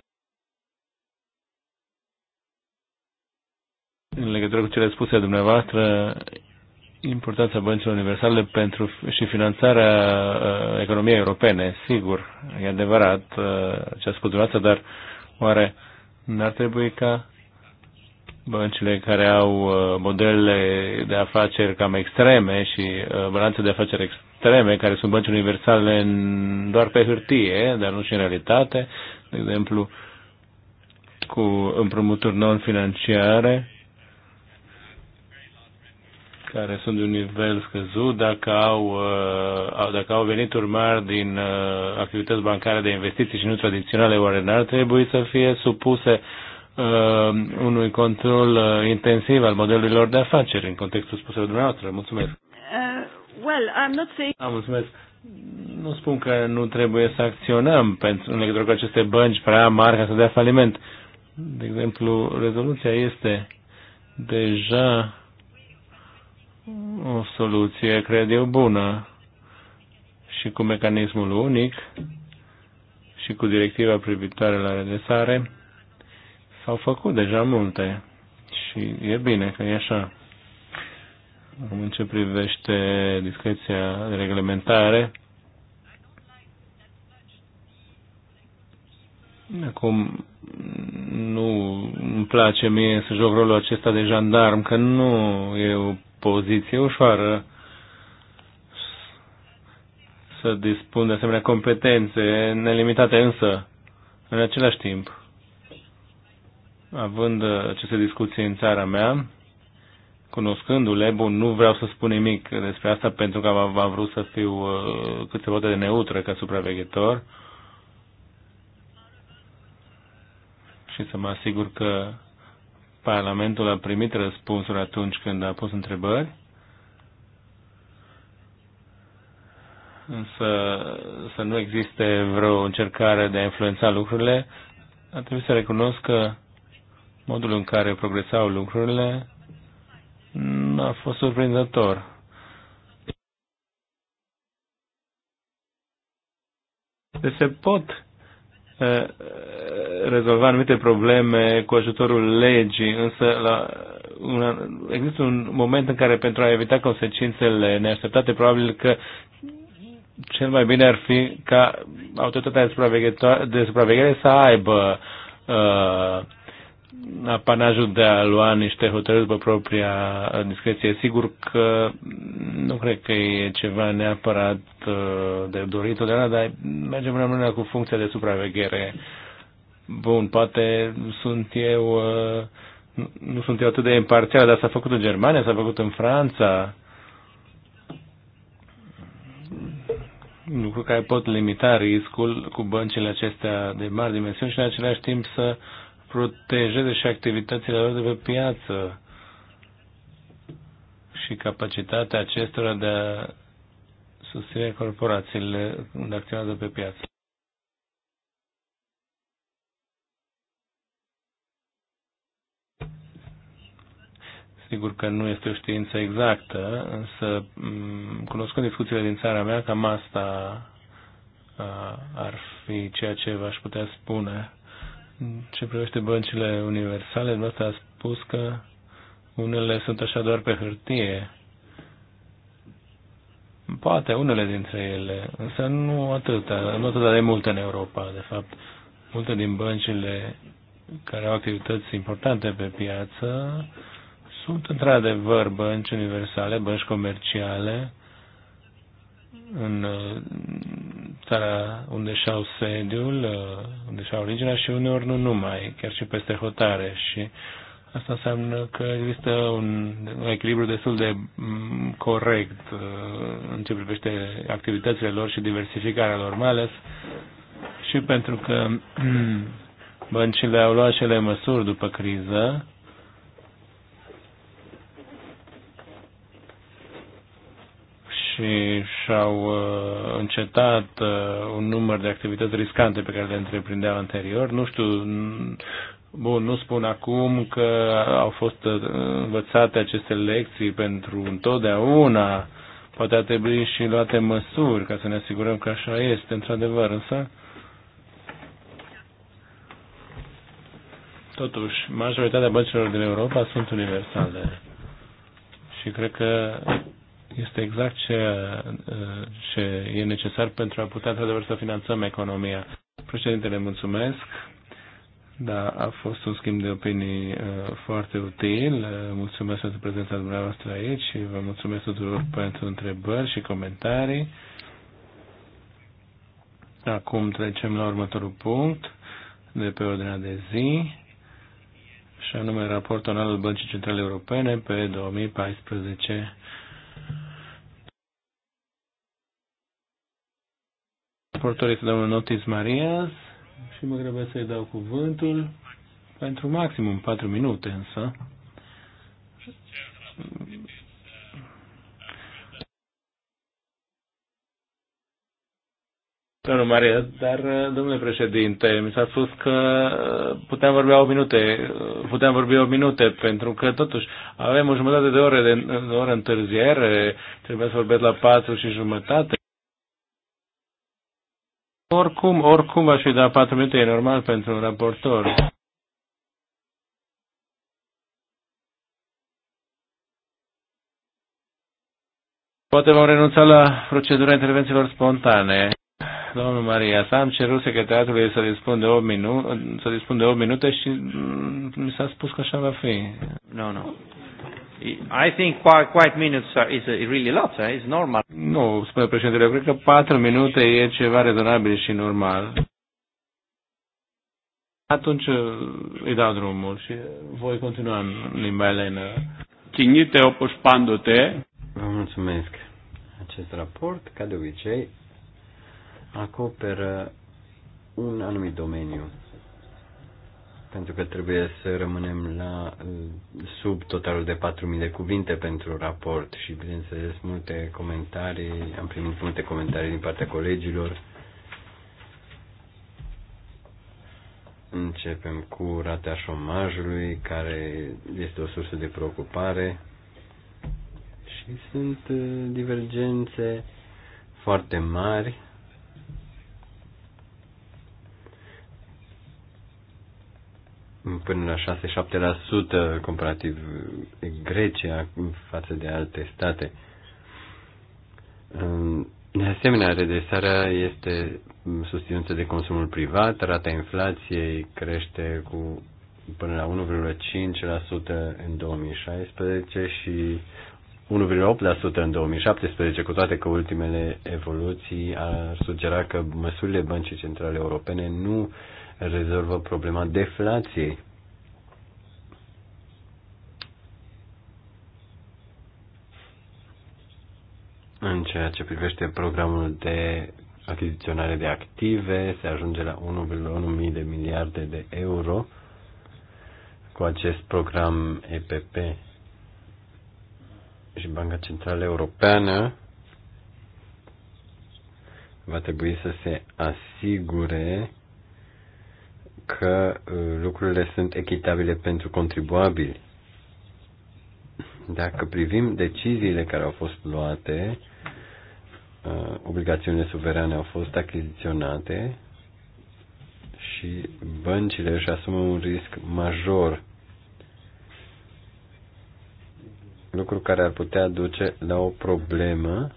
legătură cu cele spuse dumneavoastră, importanța băncilor universale pentru și finanțarea uh, economiei europene. Sigur, e adevărat uh, ce a spus dumneavoastră, dar oare n-ar trebui ca băncile care au uh, modele de afaceri cam extreme și uh, balanțe de afaceri extreme, care sunt bănci universale în, doar pe hârtie, dar nu și în realitate, de exemplu, cu împrumuturi non-financiare, care sunt de un nivel scăzut dacă au, uh, dacă au venituri mari din uh, activități bancare de investiții și nu tradiționale, oare n-ar trebui să fie supuse uh, unui control uh, intensiv al modelurilor de afaceri în contextul spus dumneavoastră? Mulțumesc! Uh, well, I'm not saying... Ah, mulțumesc! Nu spun că nu trebuie să acționăm pentru, în legătură cu aceste bănci prea mari ca să dea faliment. De exemplu, rezoluția este deja o soluție, cred eu, bună și cu mecanismul unic și cu directiva privitoare la redesare, s-au făcut deja multe și e bine că e așa. În ce privește discreția de reglementare, acum nu îmi place mie să joc rolul acesta de jandarm, că nu e o poziție ușoară să dispun de asemenea competențe nelimitate, însă, în același timp, având aceste discuții în țara mea, cunoscându-le, bun, nu vreau să spun nimic despre asta pentru că am vrut să fiu uh, cât se poate de neutră ca supraveghetor și să mă asigur că Parlamentul a primit răspunsuri atunci când a pus întrebări, însă să nu existe vreo încercare de a influența lucrurile, a trebuit să recunosc că modul în care progresau lucrurile a fost surprinzător. Deci se pot Eh, rezolva anumite probleme cu ajutorul legii, însă la un, există un moment în care pentru a evita consecințele neașteptate, probabil că cel mai bine ar fi ca autoritatea de supraveghere, de să aibă uh, apanajul de a lua niște hotărâri după propria discreție. Sigur că nu cred că e ceva neapărat uh, de dorit totdeauna, dar mergem în rămânerea cu funcția de supraveghere. Bun, poate sunt eu, uh, nu sunt eu atât de imparțial, dar s-a făcut în Germania, s-a făcut în Franța. lucru care pot limita riscul cu băncile acestea de mari dimensiuni și în același timp să uh, protejeze și activitățile lor de pe piață și capacitatea acestora de a susține corporațiile unde acționează pe piață. Sigur că nu este o știință exactă, însă mm, cunoscând discuțiile din țara mea, cam asta ar fi ceea ce v-aș putea spune ce privește băncile universale, dumneavoastră a spus că unele sunt așa doar pe hârtie. Poate unele dintre ele, însă nu atâta, nu atâta de multe în Europa, de fapt. Multe din băncile care au activități importante pe piață sunt într-adevăr bănci universale, bănci comerciale, în uh, țara unde și-au sediul, uh, unde și-au originea și uneori nu numai, chiar și peste hotare. Și asta înseamnă că există un, un echilibru destul de mm, corect uh, în ce privește activitățile lor și diversificarea lor, mai ales și pentru că <clears throat> băncile au luat cele măsuri după criză, și și-au uh, încetat uh, un număr de activități riscante pe care le întreprindeau anterior. Nu știu, Bun, nu spun acum că au fost uh, învățate aceste lecții pentru întotdeauna. Poate a trebui și luate măsuri ca să ne asigurăm că așa este, într-adevăr, însă. Totuși, majoritatea băncilor din Europa sunt universale. Și cred că este exact ce, ce e necesar pentru a putea, într-adevăr, să finanțăm economia. Președintele, mulțumesc. Da, a fost un schimb de opinii uh, foarte util. Uh, mulțumesc pentru prezența dumneavoastră aici și vă mulțumesc tuturor pentru întrebări și comentarii. Acum trecem la următorul punct de pe ordinea de zi și anume raportul anual al Băncii Centrale Europene pe 2014. Raportor este domnul Notis Marias și mă grăbesc să-i dau cuvântul pentru maximum 4 minute însă. Domnul Maria, dar, domnule președinte, mi s-a spus că puteam vorbi o minute, puteam vorbi o minute, pentru că, totuși, avem o jumătate de oră de, de oră întârziere, trebuia să vorbesc la patru și jumătate. Oricum, oricum aș fi dat 4 minute, e normal pentru un raportor. Poate vom renunța la procedura intervențiilor spontane. Domnul Maria, s am cerut secretarului să dispun de 8 minute, să dispun de 8 minute și mm, mi s-a spus că așa va fi. Nu, no, nu. No. I think quite minutes are, is really lot, eh? is normal. Nu, spune președintele, eu cred că patru minute e ceva rezonabil și normal. Atunci uh, îi dau drumul și voi continua în limba elenă. Ținite opus pandote. Vă mulțumesc. Acest raport, ca de obicei, acoperă un anumit domeniu pentru că trebuie să rămânem la sub totalul de 4.000 de cuvinte pentru raport și, bineînțeles, multe comentarii, am primit multe comentarii din partea colegilor. Începem cu ratea șomajului, care este o sursă de preocupare și sunt uh, divergențe foarte mari până la 6-7% comparativ Grecia în față de alte state. De asemenea, redresarea este susținută de consumul privat, rata inflației crește cu până la 1,5% în 2016 și 1,8% în 2017, cu toate că ultimele evoluții ar sugera că măsurile băncii centrale europene nu rezolvă problema deflației. În ceea ce privește programul de achiziționare de active, se ajunge la 1,1 de miliarde de euro cu acest program EPP și Banca Centrală Europeană va trebui să se asigure că uh, lucrurile sunt echitabile pentru contribuabili. Dacă privim deciziile care au fost luate, uh, obligațiunile suverane au fost achiziționate și băncile își asumă un risc major, lucru care ar putea duce la o problemă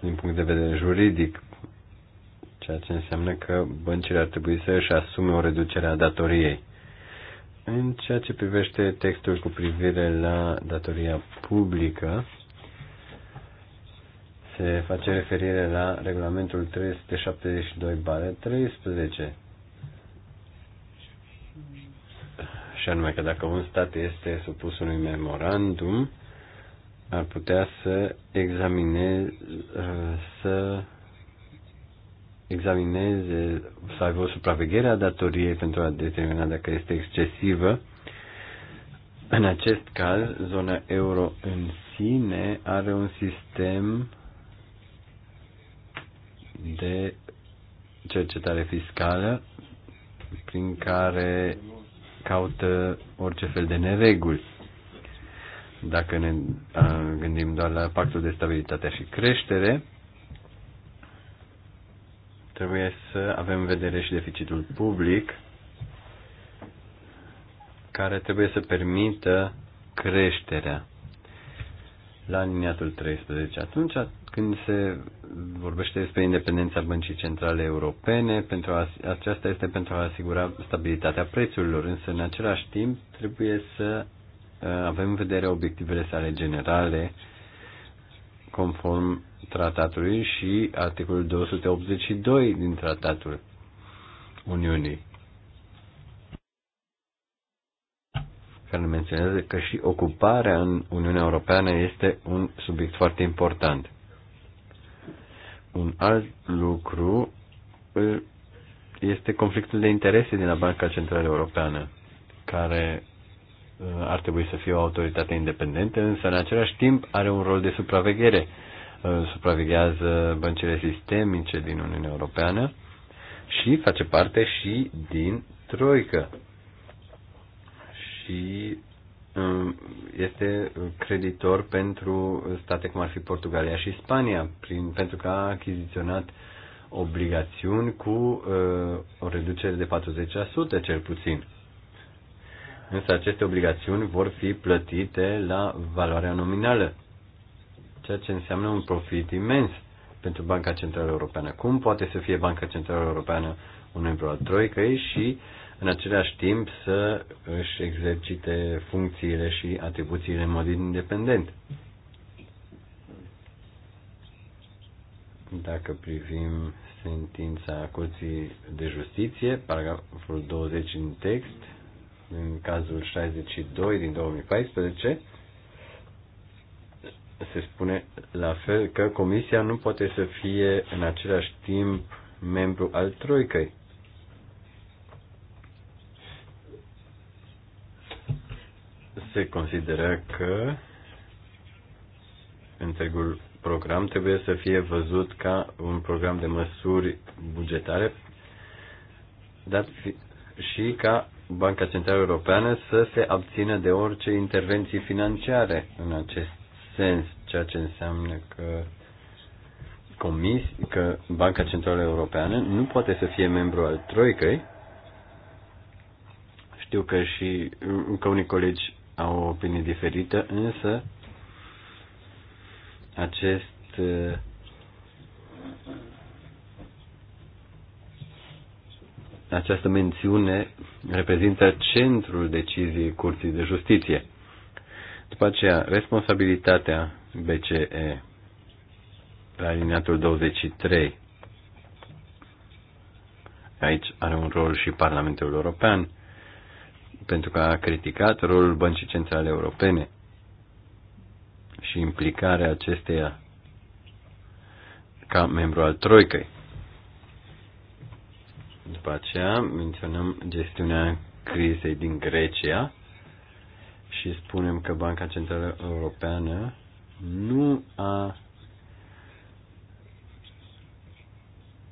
din punct de vedere juridic ceea ce înseamnă că băncile ar trebui să își asume o reducere a datoriei. În ceea ce privește textul cu privire la datoria publică, se face referire la regulamentul 372-13, și anume că dacă un stat este supus unui memorandum, ar putea să examineze, să examineze, să aibă o supraveghere a datoriei pentru a determina dacă este excesivă. În acest caz, zona euro în sine are un sistem de cercetare fiscală prin care caută orice fel de nereguli. Dacă ne gândim doar la pactul de stabilitate și creștere, Trebuie să avem în vedere și deficitul public, care trebuie să permită creșterea la liniatul 13. Atunci când se vorbește despre independența băncii centrale europene, pentru a, aceasta este pentru a asigura stabilitatea prețurilor, însă în același timp trebuie să uh, avem în vedere obiectivele sale generale conform tratatului și articolul 282 din tratatul Uniunii, care menționează că și ocuparea în Uniunea Europeană este un subiect foarte important. Un alt lucru este conflictul de interese din la Banca Centrală Europeană, care uh, ar trebui să fie o autoritate independentă, însă în același timp are un rol de supraveghere Uh, supraveghează băncile sistemice din Uniunea Europeană și face parte și din Troică. Și um, este creditor pentru state cum ar fi Portugalia și Spania, prin, pentru că a achiziționat obligațiuni cu uh, o reducere de 40% cel puțin. Însă aceste obligațiuni vor fi plătite la valoarea nominală ceea ce înseamnă un profit imens pentru Banca Centrală Europeană. Cum poate să fie Banca Centrală Europeană un membru al Troicăi și în același timp să își exercite funcțiile și atribuțiile în mod independent? Dacă privim sentința Curții de Justiție, paragraful 20 în text, în cazul 62 din 2014, se spune la fel că Comisia nu poate să fie în același timp membru al Troicăi. Se consideră că întregul program trebuie să fie văzut ca un program de măsuri bugetare dar și ca Banca Centrală Europeană să se abțină de orice intervenții financiare în acest sens, ceea ce înseamnă că comis, că Banca Centrală Europeană nu poate să fie membru al Troicăi. Știu că și că unii colegi au o opinie diferită, însă acest această mențiune reprezintă centrul deciziei Curții de Justiție. După aceea, responsabilitatea BCE la alineatul 23. Aici are un rol și Parlamentul European, pentru că a criticat rolul Băncii Centrale Europene și implicarea acesteia ca membru al Troicăi. După aceea menționăm gestiunea crizei din Grecia și spunem că Banca Centrală Europeană nu a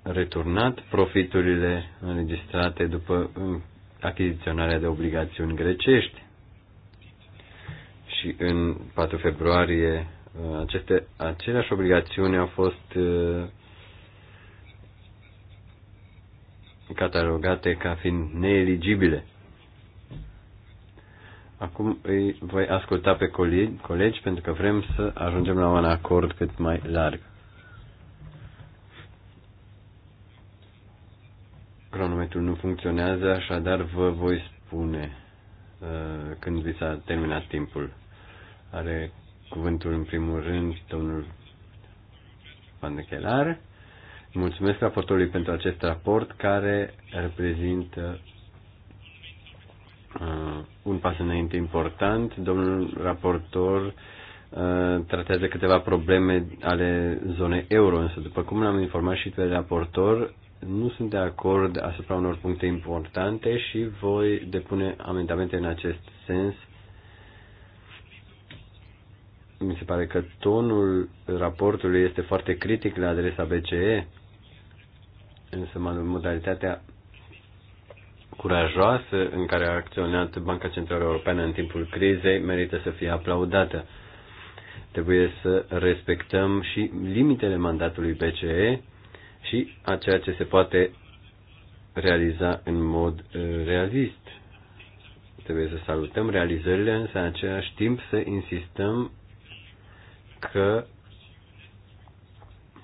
returnat profiturile înregistrate după achiziționarea de obligațiuni grecești. Și în 4 februarie aceste aceleași obligațiuni au fost eh, catalogate ca fiind neeligibile. Acum îi voi asculta pe colegi, colegi pentru că vrem să ajungem la un acord cât mai larg. Cronometrul nu funcționează, așadar vă voi spune uh, când vi s-a terminat timpul. Are cuvântul în primul rând domnul Pandechelar. Mulțumesc raportului pentru acest raport care reprezintă un pas înainte important. Domnul raportor uh, tratează câteva probleme ale zonei euro, însă după cum l-am informat și pe raportor, nu sunt de acord asupra unor puncte importante și voi depune amendamente în acest sens. Mi se pare că tonul raportului este foarte critic la adresa BCE, însă modalitatea curajoasă în care a acționat Banca Centrală Europeană în timpul crizei merită să fie aplaudată. Trebuie să respectăm și limitele mandatului BCE și a ceea ce se poate realiza în mod uh, realist. Trebuie să salutăm realizările, însă în același timp să insistăm că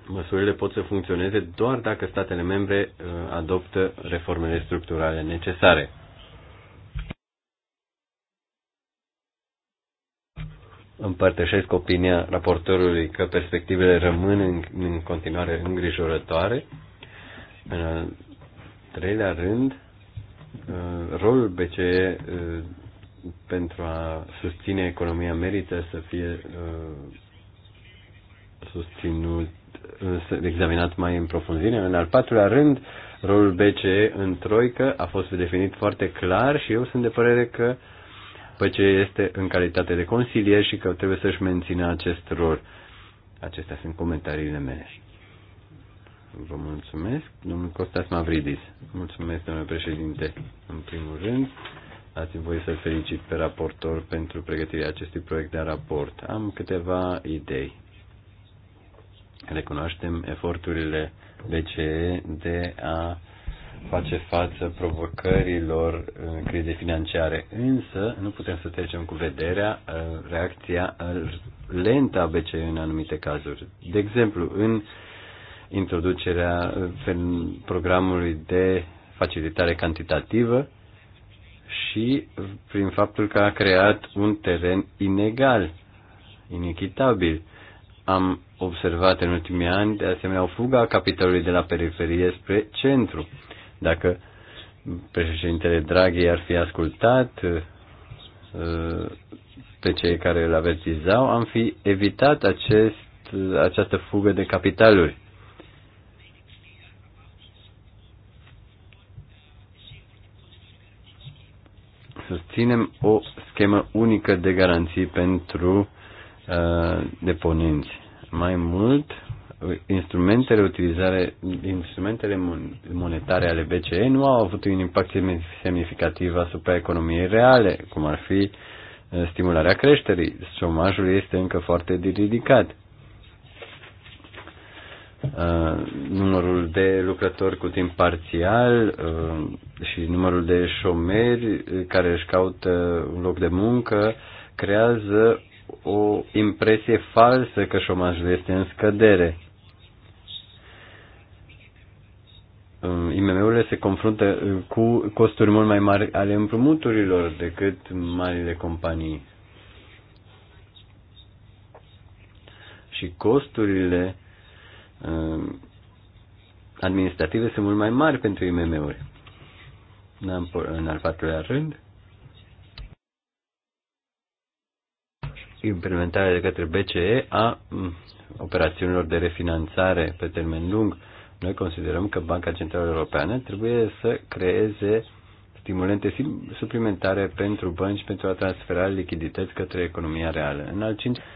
Măsurile pot să funcționeze doar dacă statele membre uh, adoptă reformele structurale necesare. Împărtășesc opinia raportorului că perspectivele rămân în, în continuare îngrijorătoare. În al treilea rând, uh, rolul BCE uh, pentru a susține economia merită să fie susținut examinat mai în profunzime. În al patrulea rând, rolul BCE în troică a fost definit foarte clar și eu sunt de părere că BCE este în calitate de consilier și că trebuie să-și mențină acest rol. Acestea sunt comentariile mele. Vă mulțumesc. Domnul Costas Mavridis. Mulțumesc, domnule președinte, în primul rând. Ați voie să-l felicit pe raportor pentru pregătirea acestui proiect de raport. Am câteva idei. Recunoaștem eforturile BCE de a face față provocărilor uh, crize financiare, însă nu putem să trecem cu vederea uh, reacția uh, lentă a BCE în anumite cazuri. De exemplu, în introducerea programului de facilitare cantitativă și prin faptul că a creat un teren inegal, inechitabil. Am Observate în ultimii ani, de asemenea, o fugă a capitolului de la periferie spre centru. Dacă președintele Draghi ar fi ascultat uh, pe cei care îl avertizau, am fi evitat acest, această fugă de capitaluri. Susținem o schemă unică de garanții pentru uh, deponenți mai mult, instrumentele utilizare, instrumentele monetare ale BCE nu au avut un impact semnificativ asupra economiei reale, cum ar fi uh, stimularea creșterii. Șomajul este încă foarte ridicat. Uh, numărul de lucrători cu timp parțial uh, și numărul de șomeri care își caută un loc de muncă creează o impresie falsă că șomajul este în scădere. IMM-urile se confruntă uh, cu costuri mult mai mari ale împrumuturilor decât marile companii. Și costurile uh, administrative sunt mult mai mari pentru IMM-uri. În al patrulea rând, implementarea de către BCE a mm, operațiunilor de refinanțare pe termen lung. Noi considerăm că Banca Centrală Europeană trebuie să creeze stimulente suplimentare pentru bănci pentru a transfera lichidități către economia reală. În al cincilea,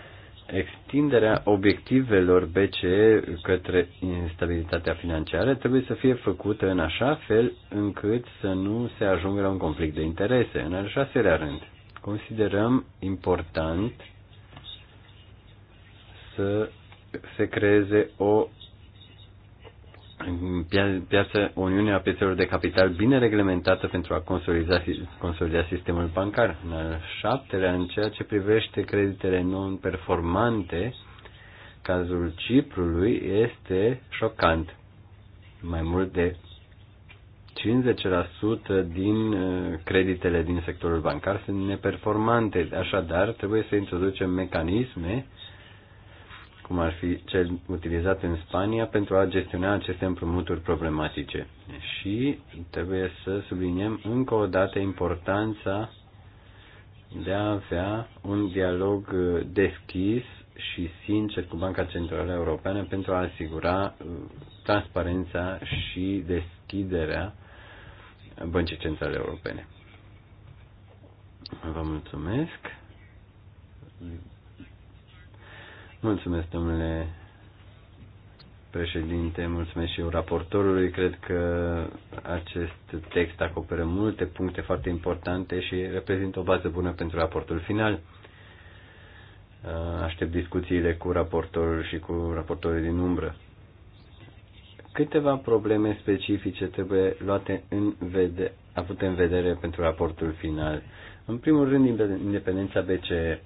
extinderea obiectivelor BCE către instabilitatea financiară trebuie să fie făcută în așa fel încât să nu se ajungă la un conflict de interese. În al șaselea rând, considerăm important să se creeze o piață, Uniunea Piețelor de Capital bine reglementată pentru a consolida, consolida sistemul bancar. În al șaptelea, în ceea ce privește creditele non-performante, cazul Ciprului este șocant. Mai mult de 50% din uh, creditele din sectorul bancar sunt neperformante, așadar trebuie să introducem mecanisme cum ar fi cel utilizat în Spania pentru a gestiona aceste împrumuturi problematice. Și trebuie să subliniem încă o dată importanța de a avea un dialog uh, deschis și sincer cu Banca Centrală Europeană pentru a asigura uh, transparența și deschiderea Băncii Centrale Europene. Vă mulțumesc. Mulțumesc, domnule președinte, mulțumesc și eu raportorului. Cred că acest text acoperă multe puncte foarte importante și reprezintă o bază bună pentru raportul final. Uh, aștept discuțiile cu raportorul și cu raportorii din umbră. Câteva probleme specifice trebuie luate în vede, avute în vedere pentru raportul final. În primul rând, independența BCE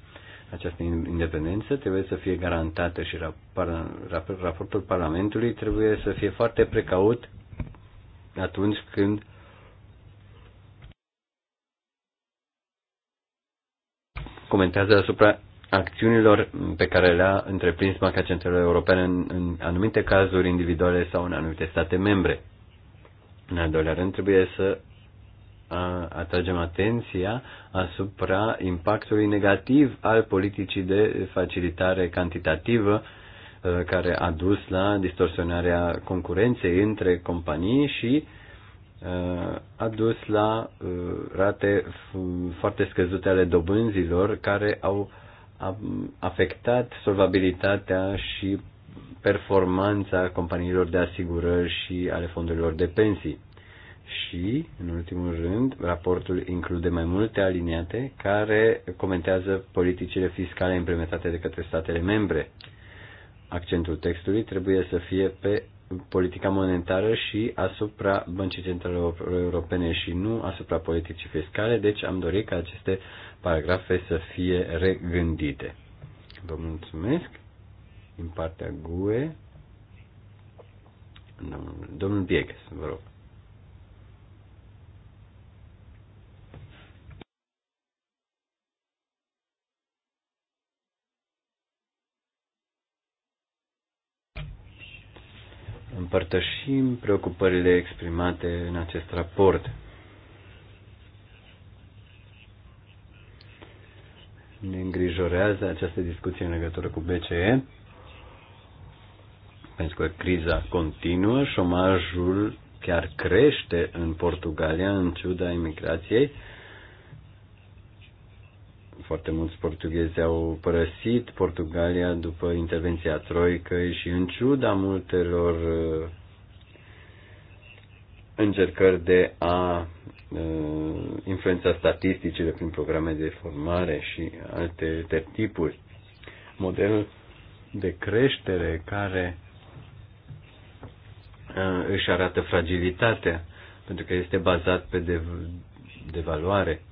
această independență trebuie să fie garantată și raportul Parlamentului trebuie să fie foarte precaut atunci când comentează asupra acțiunilor pe care le-a întreprins Banca Centrală Europeană în, în anumite cazuri individuale sau în anumite state membre. În al doilea rând, trebuie să atragem atenția asupra impactului negativ al politicii de facilitare cantitativă care a dus la distorsionarea concurenței între companii și a dus la rate foarte scăzute ale dobânzilor care au afectat solvabilitatea și performanța companiilor de asigurări și ale fondurilor de pensii și, în ultimul rând, raportul include mai multe aliniate care comentează politicile fiscale implementate de către statele membre. Accentul textului trebuie să fie pe politica monetară și asupra Băncii Centrale Europene și nu asupra politicii fiscale, deci am dorit ca aceste paragrafe să fie regândite. Vă mulțumesc din partea GUE. Domnul Bieges, vă rog. Împărtășim preocupările exprimate în acest raport. Ne îngrijorează această discuție în legătură cu BCE, pentru că criza continuă, șomajul chiar crește în Portugalia în ciuda imigrației foarte mulți portughezi au părăsit Portugalia după intervenția Troicăi și în ciuda multelor uh, încercări de a uh, influența statisticile prin programe de formare și alte de tipuri. Model de creștere care uh, își arată fragilitatea, pentru că este bazat pe devaluare.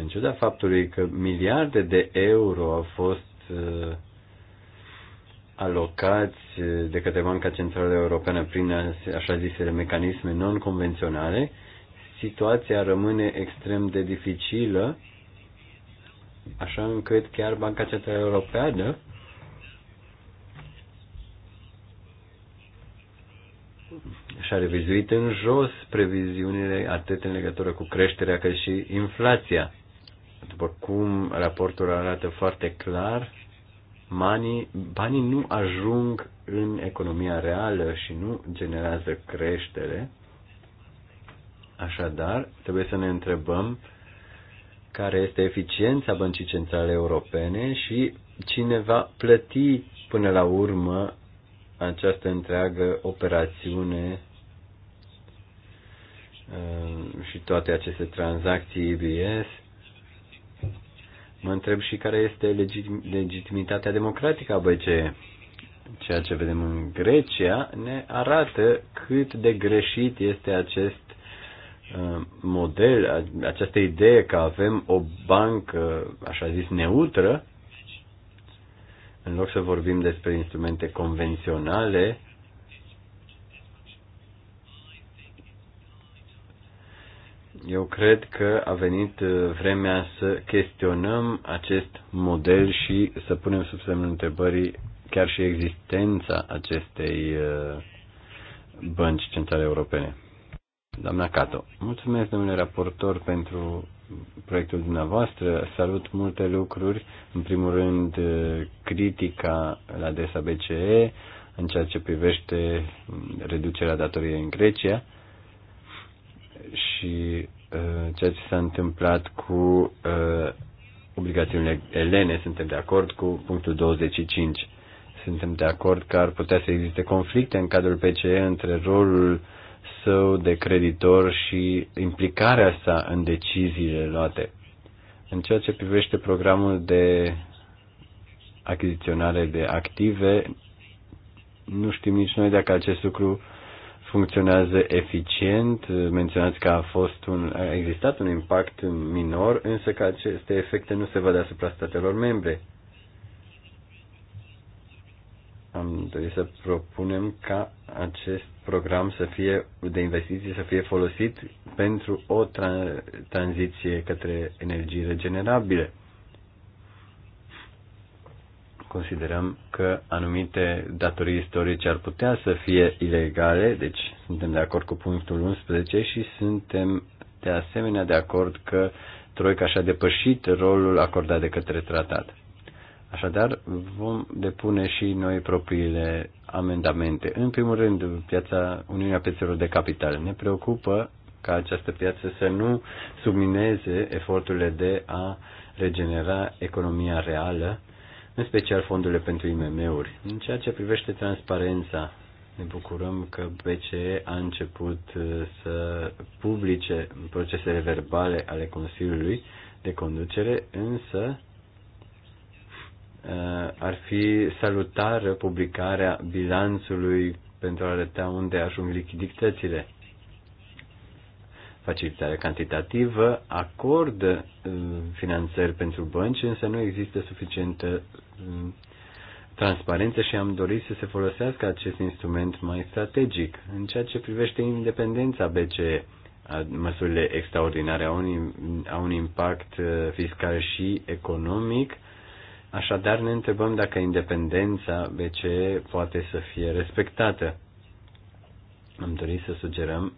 În ciuda faptului că miliarde de euro au fost uh, alocați de către Banca Centrală Europeană prin așa zisele mecanisme non-convenționale, situația rămâne extrem de dificilă, așa încât chiar Banca Centrală Europeană și-a revizuit în jos previziunile atât în legătură cu creșterea cât și inflația. După cum raportul arată foarte clar, banii, banii nu ajung în economia reală și nu generează creștere. Așadar, trebuie să ne întrebăm care este eficiența băncii centrale europene și cine va plăti până la urmă această întreagă operațiune uh, și toate aceste tranzacții IBS Mă întreb și care este legitim- legitimitatea democratică a BCE. Ceea ce vedem în Grecia ne arată cât de greșit este acest uh, model, această idee că avem o bancă, așa zis, neutră, în loc să vorbim despre instrumente convenționale, Eu cred că a venit uh, vremea să chestionăm acest model și să punem sub semnul întrebării chiar și existența acestei uh, bănci centrale europene. Doamna Cato, mulțumesc, domnule raportor, pentru proiectul dumneavoastră. Salut multe lucruri. În primul rând, uh, critica la adresa BCE în ceea ce privește reducerea datoriei în Grecia și Uh, ceea ce s-a întâmplat cu uh, obligațiunile elene, suntem de acord cu punctul 25. Suntem de acord că ar putea să existe conflicte în cadrul PCE între rolul său de creditor și implicarea sa în deciziile luate. În ceea ce privește programul de achiziționare de active, nu știm nici noi dacă acest lucru funcționează eficient. Menționați că a, fost un, a existat un impact minor, însă că aceste efecte nu se văd asupra statelor membre. Am dorit să propunem ca acest program să fie de investiții să fie folosit pentru o tra- tranziție către energii regenerabile considerăm că anumite datorii istorice ar putea să fie ilegale, deci suntem de acord cu punctul 11 și suntem de asemenea de acord că Troica și-a depășit rolul acordat de către tratat. Așadar, vom depune și noi propriile amendamente. În primul rând, piața, Uniunea Piețelor de Capital. Ne preocupă ca această piață să nu submineze eforturile de a regenera economia reală în special fondurile pentru IMM-uri. În ceea ce privește transparența, ne bucurăm că BCE a început uh, să publice procesele verbale ale Consiliului de conducere, însă uh, ar fi salutară publicarea bilanțului pentru a arăta unde ajung lichiditățile facilitare cantitativă acordă uh, finanțări pentru bănci, însă nu există suficientă um, transparență și am dorit să se folosească acest instrument mai strategic. În ceea ce privește independența BCE, măsurile extraordinare au un, au un impact uh, fiscal și economic, așadar ne întrebăm dacă independența BCE poate să fie respectată. Am dorit să sugerăm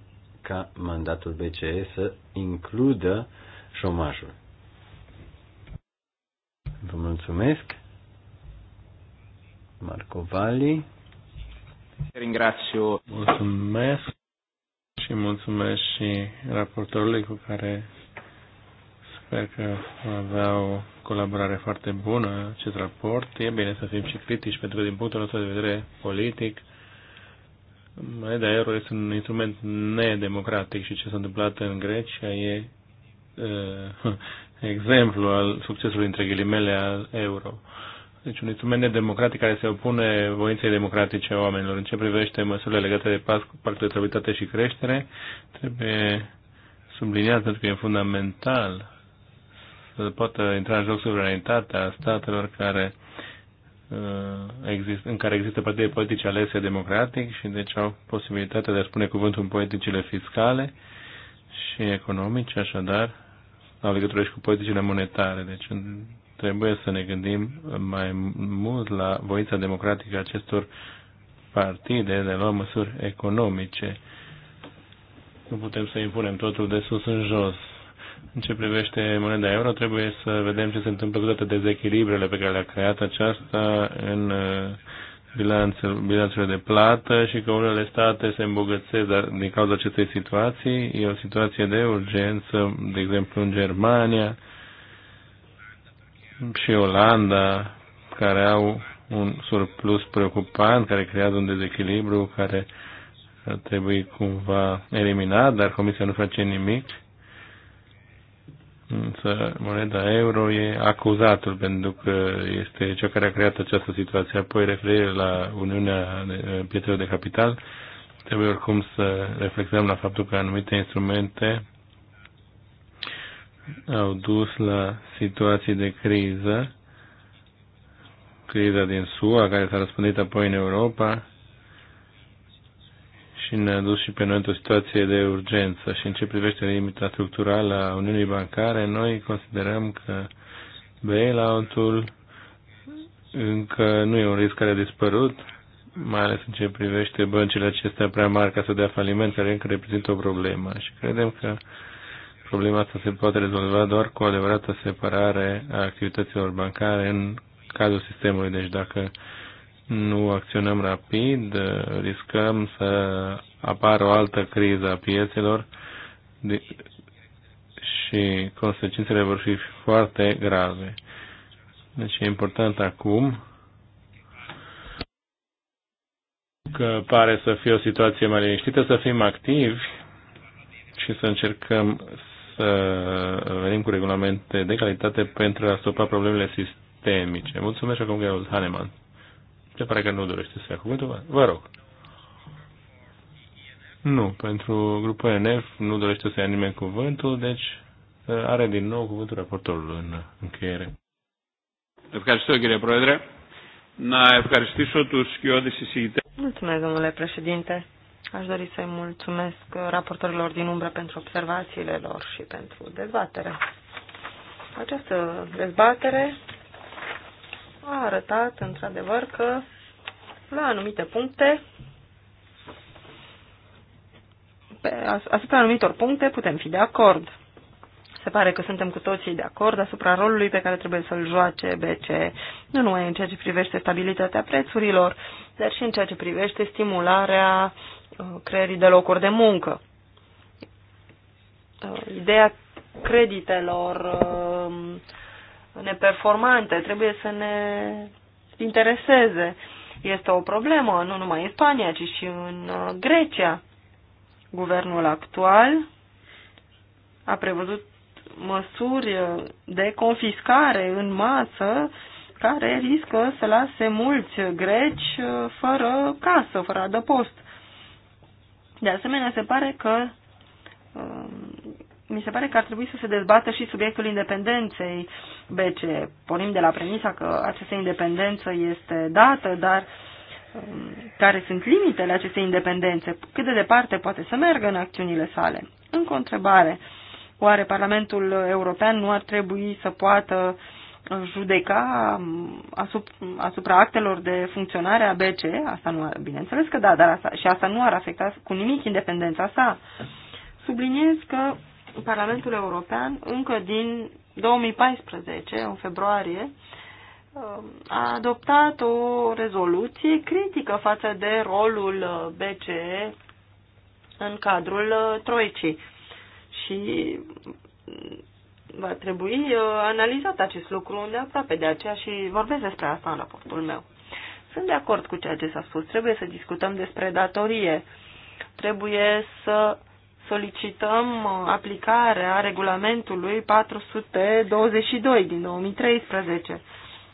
ca mandatul BCE să includă șomajul. Vă mulțumesc. Marco Valli. Ringrazio. Mulțumesc și mulțumesc și raportorului cu care sper că avea o colaborare foarte bună acest raport. E bine să fim și critici pentru că din punctul nostru de vedere politic moneda euro este un instrument nedemocratic și ce s-a întâmplat în Grecia e uh, <laughs> exemplu al succesului între ghilimele al euro. Deci un instrument nedemocratic care se opune voinței democratice a oamenilor. În ce privește măsurile legate de pas pactul de stabilitate și creștere, trebuie subliniat pentru că e fundamental să poată intra în joc suveranitatea statelor care uh, Uh, în care există partide politice alese democratic și deci au posibilitatea de a spune cuvântul în politicile fiscale și economice, așadar, au legătură și cu politicile monetare. Deci trebuie să ne gândim mai mult la voința democratică a acestor partide de la măsuri economice. Nu putem să impunem totul de sus în jos. În ce privește moneda euro, trebuie să vedem ce se întâmplă cu toate dezechilibrele pe care le-a creat aceasta în uh, bilanțele de plată și că unele state se îmbogățesc dar din cauza acestei situații. E o situație de urgență, de exemplu în Germania și Olanda, care au un surplus preocupant, care creează un dezechilibru care ar trebui cumva eliminat, dar Comisia nu face nimic Însă moneda euro e acuzatul pentru că este cea care a creat această situație. Apoi referire la Uniunea eh, Pietrelor de Capital, trebuie oricum să reflectăm la faptul că anumite instrumente au dus la situații de criză, criza din SUA care s-a răspândit apoi în Europa, și ne-a dus și pe noi într-o situație de urgență. Și în ce privește limita structurală a Uniunii Bancare, noi considerăm că bailout-ul încă nu e un risc care a dispărut, mai ales în ce privește băncile acestea prea mari ca să dea faliment, care încă reprezintă o problemă. Și credem că problema asta se poate rezolva doar cu o adevărată separare a activităților bancare în cadrul sistemului. Deci dacă nu acționăm rapid, riscăm să apară o altă criză a piețelor și consecințele vor fi foarte grave. Deci e important acum că pare să fie o situație mai liniștită, să fim activi și să încercăm să venim cu regulamente de calitate pentru a stopa problemele sistemice. Mulțumesc acum, Gheorghe Haneman. Se pare că nu dorește să ia cuvântul. Vă rog. Nu, pentru grupul NF nu dorește să ia nimeni cuvântul, deci uh, are din nou cuvântul raportorul în încheiere. Mulțumesc, domnule președinte. Aș dori să-i mulțumesc raportorilor din umbră pentru observațiile lor și pentru dezbatere. Această dezbatere a arătat într-adevăr că la anumite puncte, pe, asupra anumitor puncte putem fi de acord. Se pare că suntem cu toții de acord asupra rolului pe care trebuie să-l joace BCE, nu numai în ceea ce privește stabilitatea prețurilor, dar și în ceea ce privește stimularea uh, creierii de locuri de muncă. Uh, ideea creditelor uh, neperformante, trebuie să ne intereseze. Este o problemă, nu numai în Spania, ci și în uh, Grecia. Guvernul actual a prevăzut măsuri uh, de confiscare în masă care riscă să lase mulți greci uh, fără casă, fără adăpost. De asemenea, se pare că um, mi se pare că ar trebui să se dezbată și subiectul independenței BC. Pornim de la premisa că această independență este dată, dar um, care sunt limitele acestei independențe, cât de departe poate să meargă în acțiunile sale. Încă o întrebare. Oare Parlamentul European nu ar trebui să poată judeca um, asupra actelor de funcționare a BC? Asta nu, bineînțeles că da, dar asta, și asta nu ar afecta cu nimic independența sa. Subliniez că Parlamentul European încă din 2014, în februarie, um, a adoptat o rezoluție critică față de rolul uh, BCE în cadrul uh, Troicii. Și mm, va trebui uh, analizat acest lucru îndeaproape, de aceea și vorbesc despre asta în raportul meu. Sunt de acord cu ceea ce s-a spus. Trebuie să discutăm despre datorie. Trebuie să solicităm uh, aplicarea regulamentului 422 din 2013.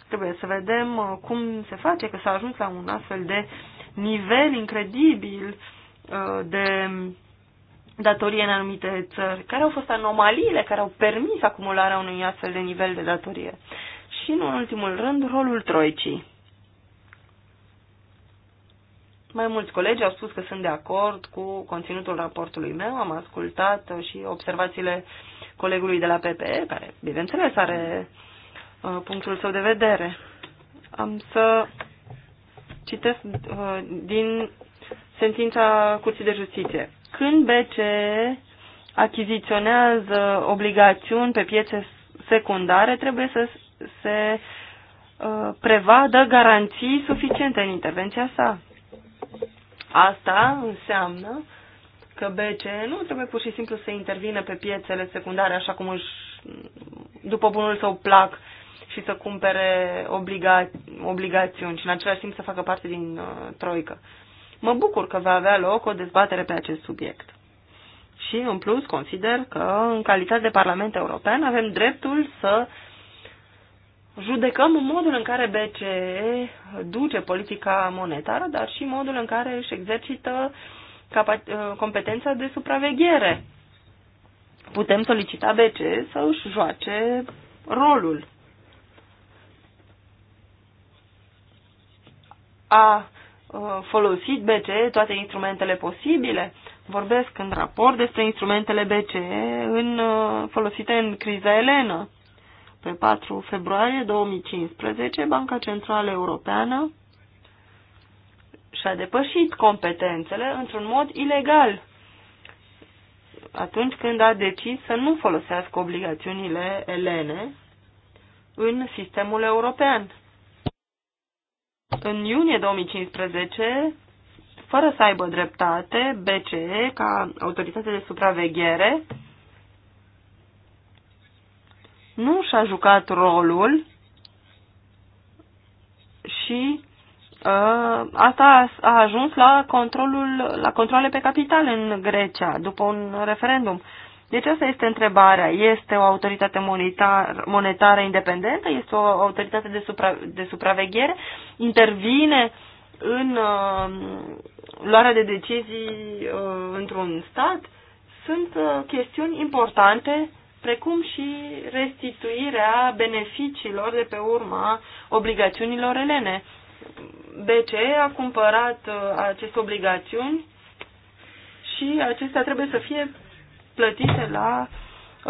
Trebuie să vedem uh, cum se face că s-a ajuns la un astfel de nivel incredibil uh, de datorie în anumite țări, care au fost anomaliile care au permis acumularea unui astfel de nivel de datorie. Și, în ultimul rând, rolul troicii. Mai mulți colegi au spus că sunt de acord cu conținutul raportului meu, am ascultat și observațiile colegului de la PPE, care, bineînțeles, are uh, punctul său de vedere. Am să citesc uh, din sentința Curții de Justiție. Când BCE achiziționează obligațiuni pe piețe secundare, trebuie să se uh, prevadă garanții suficiente în intervenția sa. Asta înseamnă că BCE nu trebuie pur și simplu să intervină pe piețele secundare așa cum își, după bunul său plac și să cumpere obliga, obligațiuni și în același timp să facă parte din uh, troică. Mă bucur că va avea loc o dezbatere pe acest subiect. Și, în plus, consider că, în calitate de Parlament European, avem dreptul să uh, judecăm modul în care BCE duce politica monetară, dar și modul în care își exercită ă, competența de supraveghere. Putem solicita BCE să își joace rolul. A ă, folosit BCE toate instrumentele posibile. Vorbesc în raport despre instrumentele BCE în, ă, folosite în criza Elena. Pe 4 februarie 2015, Banca Centrală Europeană și-a depășit competențele într-un mod ilegal atunci când a decis să nu folosească obligațiunile elene în sistemul european. În iunie 2015, fără să aibă dreptate, BCE, ca autoritate de supraveghere, nu și-a jucat rolul și uh, asta a, a ajuns la controlul, la controle pe capital în Grecia, după un referendum. Deci asta este întrebarea. Este o autoritate monetar, monetară independentă? Este o autoritate de, supra, de supraveghere? Intervine în uh, luarea de decizii uh, într-un stat? Sunt uh, chestiuni importante uh, precum și restituirea beneficiilor de pe urma obligațiunilor elene. BCE a cumpărat uh, aceste obligațiuni și acestea trebuie să fie plătite la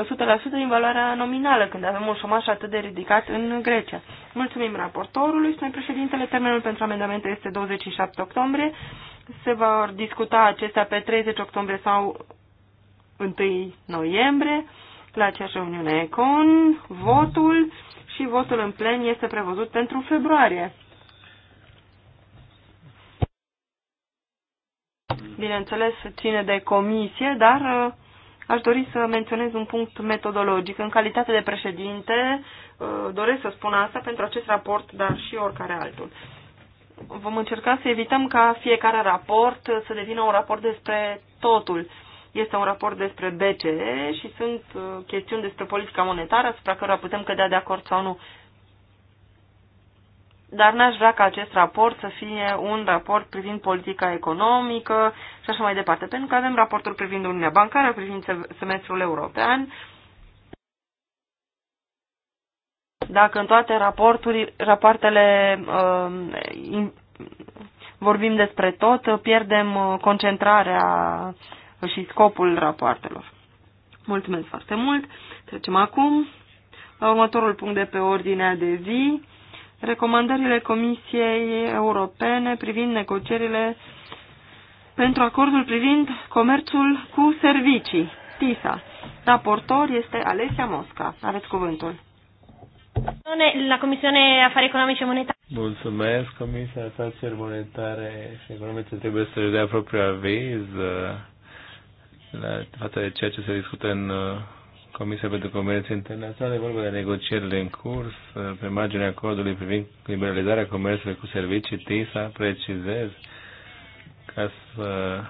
100% din valoarea nominală, când avem un șomaș atât de ridicat în Grecia. Mulțumim raportorului, spune președintele, termenul pentru amendamente este 27 octombrie. Se va discuta acestea pe 30 octombrie sau 1 noiembrie la aceeași reuniune Econ, votul și votul în plen este prevăzut pentru februarie. Bineînțeles, ține de comisie, dar uh, aș dori să menționez un punct metodologic. În calitate de președinte, uh, doresc să spun asta pentru acest raport, dar și oricare altul. Vom încerca să evităm ca fiecare raport să devină un raport despre totul este un raport despre BCE și sunt uh, chestiuni despre politica monetară asupra cărora putem cădea de acord sau nu. Dar n-aș vrea ca acest raport să fie un raport privind politica economică și așa mai departe, pentru că avem raportul privind Uniunea Bancară, privind semestrul european, dacă în toate raporturi, rapoartele uh, vorbim despre tot, pierdem uh, concentrarea și scopul rapoartelor. Mulțumesc foarte mult. Trecem acum la următorul punct de pe ordinea de zi. Recomandările Comisiei Europene privind negocierile pentru acordul privind comerțul cu servicii, TISA. Raportor este Alessia Mosca. Aveți cuvântul. La Comisiune Afare Economice Monetare. Mulțumesc, Comisia Afaceri Monetare și Economice trebuie să-și dea propriul aviz la față de ceea ce se discută în uh, Comisia pentru Comerț Internațional, e vorba de negocierile în curs uh, pe marginea acordului privind liberalizarea comerțului cu servicii TISA, precizez ca să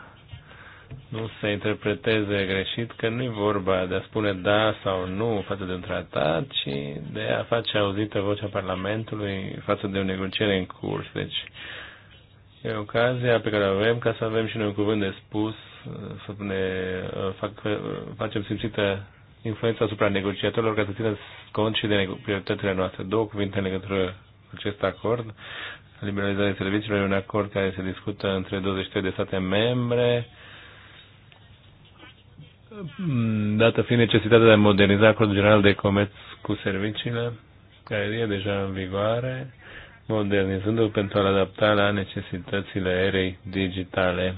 nu se interpreteze greșit că nu e vorba de a spune da sau nu față de un tratat, ci de a face auzită vocea Parlamentului față de o negociere în curs. Deci E ocazia pe care o avem ca să avem și noi un cuvânt de spus, să ne uh, fac, uh, facem simțită influența asupra negociatorilor ca să țină cont și de prioritățile noastre. Două cuvinte în legătură cu acest acord. Liberalizarea serviciilor e un acord care se discută între 23 de state membre, dată fiind necesitatea de a moderniza acordul general de comerț cu serviciile, care e deja în vigoare modernizându-l pentru a-l adapta la necesitățile erei digitale.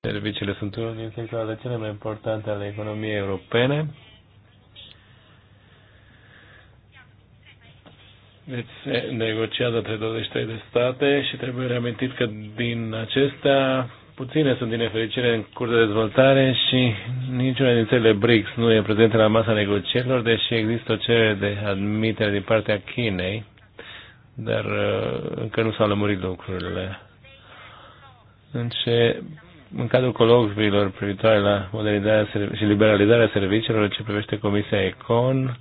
Serviciile sunt unul din sectoarele cele mai importante ale economiei europene. Deci se negociază între 23 de state și trebuie reamintit că din acestea Puține sunt din nefericire în curs de dezvoltare și niciuna din țările BRICS nu e prezentă la masa negocierilor, deși există o cerere de admitere din partea Chinei, dar uh, încă nu s-au lămurit lucrurile. În ce în cadrul colocviilor privitoare la modernizarea și liberalizarea serviciilor ce privește Comisia Econ,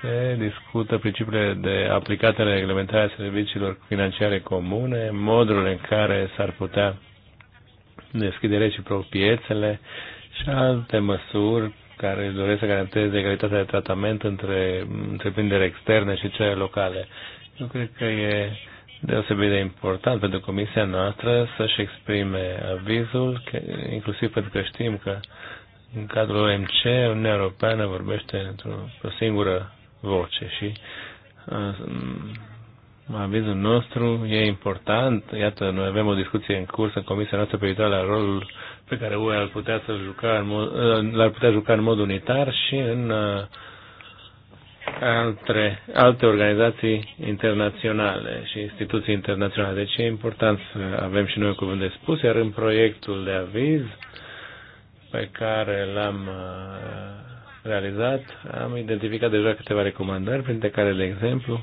se discută principiile de aplicare în reglementarea serviciilor financiare comune, modul în care s-ar putea deschidere și piețele și alte măsuri care își doresc să garanteze egalitatea de tratament între întreprinderi externe și cele locale. Eu cred că e deosebit de important pentru comisia noastră să-și exprime avizul, inclusiv pentru că știm că în cadrul OMC Uniunea Europeană vorbește într-o singură voce și uh, avizul nostru e important. Iată, noi avem o discuție în curs în comisia noastră pe la rolul pe care UE ar putea să juca în mod, l-ar putea juca în mod unitar și în uh, alte, alte organizații internaționale și instituții internaționale. Deci e important să avem și noi cuvânt de spus, iar în proiectul de aviz pe care l-am uh, realizat, am identificat deja câteva recomandări, printre care, de exemplu,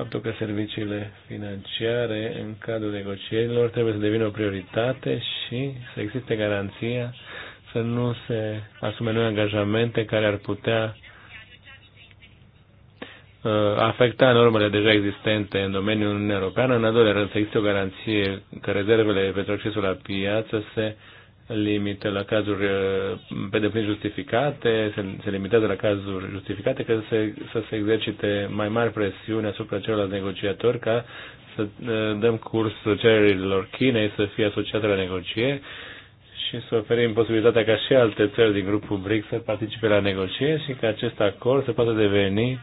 faptul că serviciile financiare în cadrul negocierilor trebuie să devină o prioritate și să existe garanția să nu se asume noi angajamente care ar putea uh, afecta normele deja existente în domeniul european, În al doilea rând, să existe o garanție că rezervele pentru accesul la piață se uh, limită la cazuri uh, pe deplin justificate, se, se limitează la cazuri justificate că se, să se exercite mai mari presiuni asupra celorlalți negociatori ca să uh, dăm curs cererilor Chinei să fie asociate la negocieri și să oferim posibilitatea ca și alte țări din grupul BRICS să participe la negocieri și ca acest acord să poată deveni uh,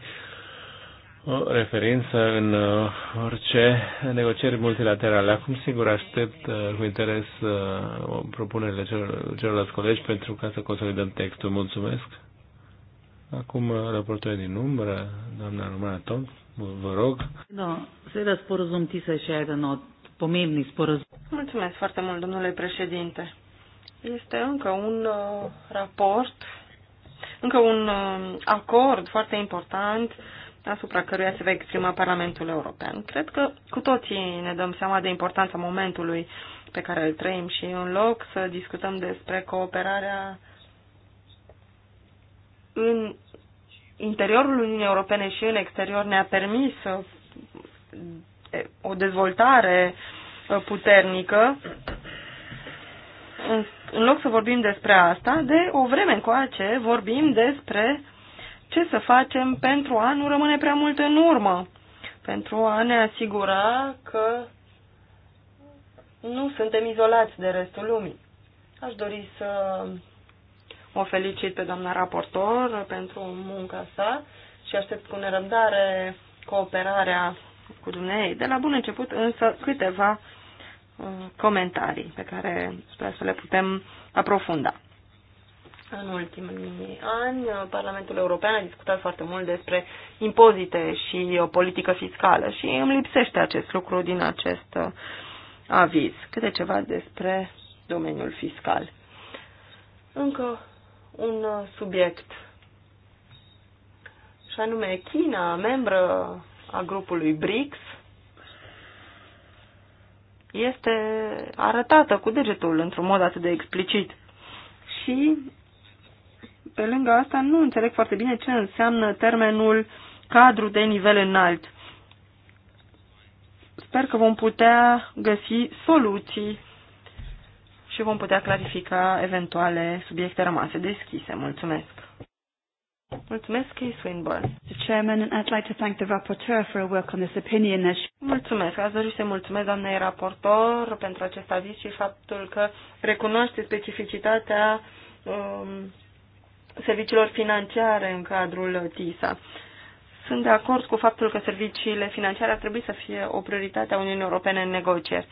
referință în uh, orice negocieri multilaterale. Acum, sigur, aștept uh, cu interes uh, propunerile celorlalți colegi pentru ca să consolidăm textul. Mulțumesc! Acum, raportul din umbră, doamna Romana Tom, vă rog. Da, seveda sporozum tisă și aia de not, pomemni sporozumov. Mulțumesc foarte mult, domnule președinte. Este încă un uh, raport, încă un uh, acord foarte important uh, asupra căruia se va exprima Parlamentul European. Cred că cu toții ne dăm seama de importanța momentului pe care îl trăim și în loc să discutăm despre cooperarea în interiorul Uniunii Europene și în exterior ne-a permis uh, o dezvoltare uh, puternică. În loc să vorbim despre asta, de o vreme încoace vorbim despre uh, ce să facem pentru a nu rămâne prea mult în urmă, pentru a ne asigura că nu suntem izolați de restul lumii. Aș dori să o felicit pe doamna raportor pentru munca sa și aștept cu nerăbdare cooperarea cu dumneavoastră. De la bun început însă câteva uh, comentarii pe care sper să le putem aprofunda. În ultimii ani, Parlamentul European a discutat foarte mult despre impozite și o politică fiscală și îmi lipsește acest lucru din acest uh, aviz. Câte ceva despre domeniul fiscal. Încă un uh, subiect, și anume China, membră a grupului BRICS, este arătată cu degetul într-un mod atât de explicit și pe lângă asta, nu înțeleg foarte bine ce înseamnă termenul cadru de nivel înalt. Sper că vom putea găsi soluții și vom putea clarifica eventuale subiecte rămase deschise. Mulțumesc! Mulțumesc, Kay Swinburne. Mr. Chairman, and I'd like to thank the rapporteur for her work on this opinion. Mulțumesc. Aș dori să mulțumesc doamnei raportor pentru acest aviz și faptul că recunoaște specificitatea um, serviciilor financiare în cadrul TISA. Sunt de acord cu faptul că serviciile financiare ar trebui să fie o prioritate a Uniunii Europene în negocieri.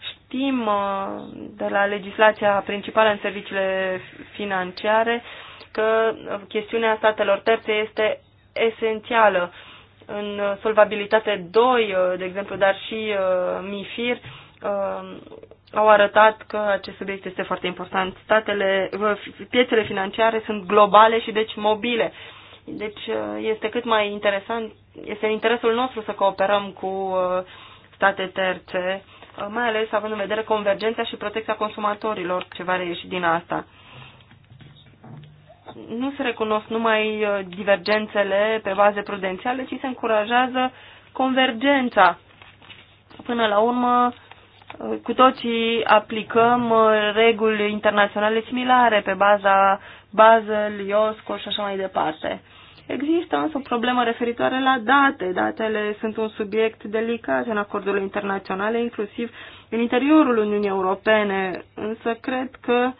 Știm uh, de la legislația principală în serviciile financiare că chestiunea statelor terțe este esențială. În solvabilitate 2, uh, de exemplu, dar și uh, MIFIR, au arătat că acest subiect este foarte important. Statele, piețele financiare sunt globale și deci mobile. Deci uh, este cât mai interesant, este în interesul nostru să cooperăm cu uh, state terțe, uh, mai ales având în vedere convergența și protecția consumatorilor, ce va reieși din asta. Nu se recunosc numai divergențele pe baze prudențiale, ci se încurajează convergența. Până la urmă, cu toții aplicăm uh, reguli internaționale similare pe baza Basel, IOSCO și așa mai departe. Există însă o problemă referitoare la date. Datele sunt un subiect delicat în acordurile internaționale, inclusiv în interiorul Uniunii Europene, însă cred că uh,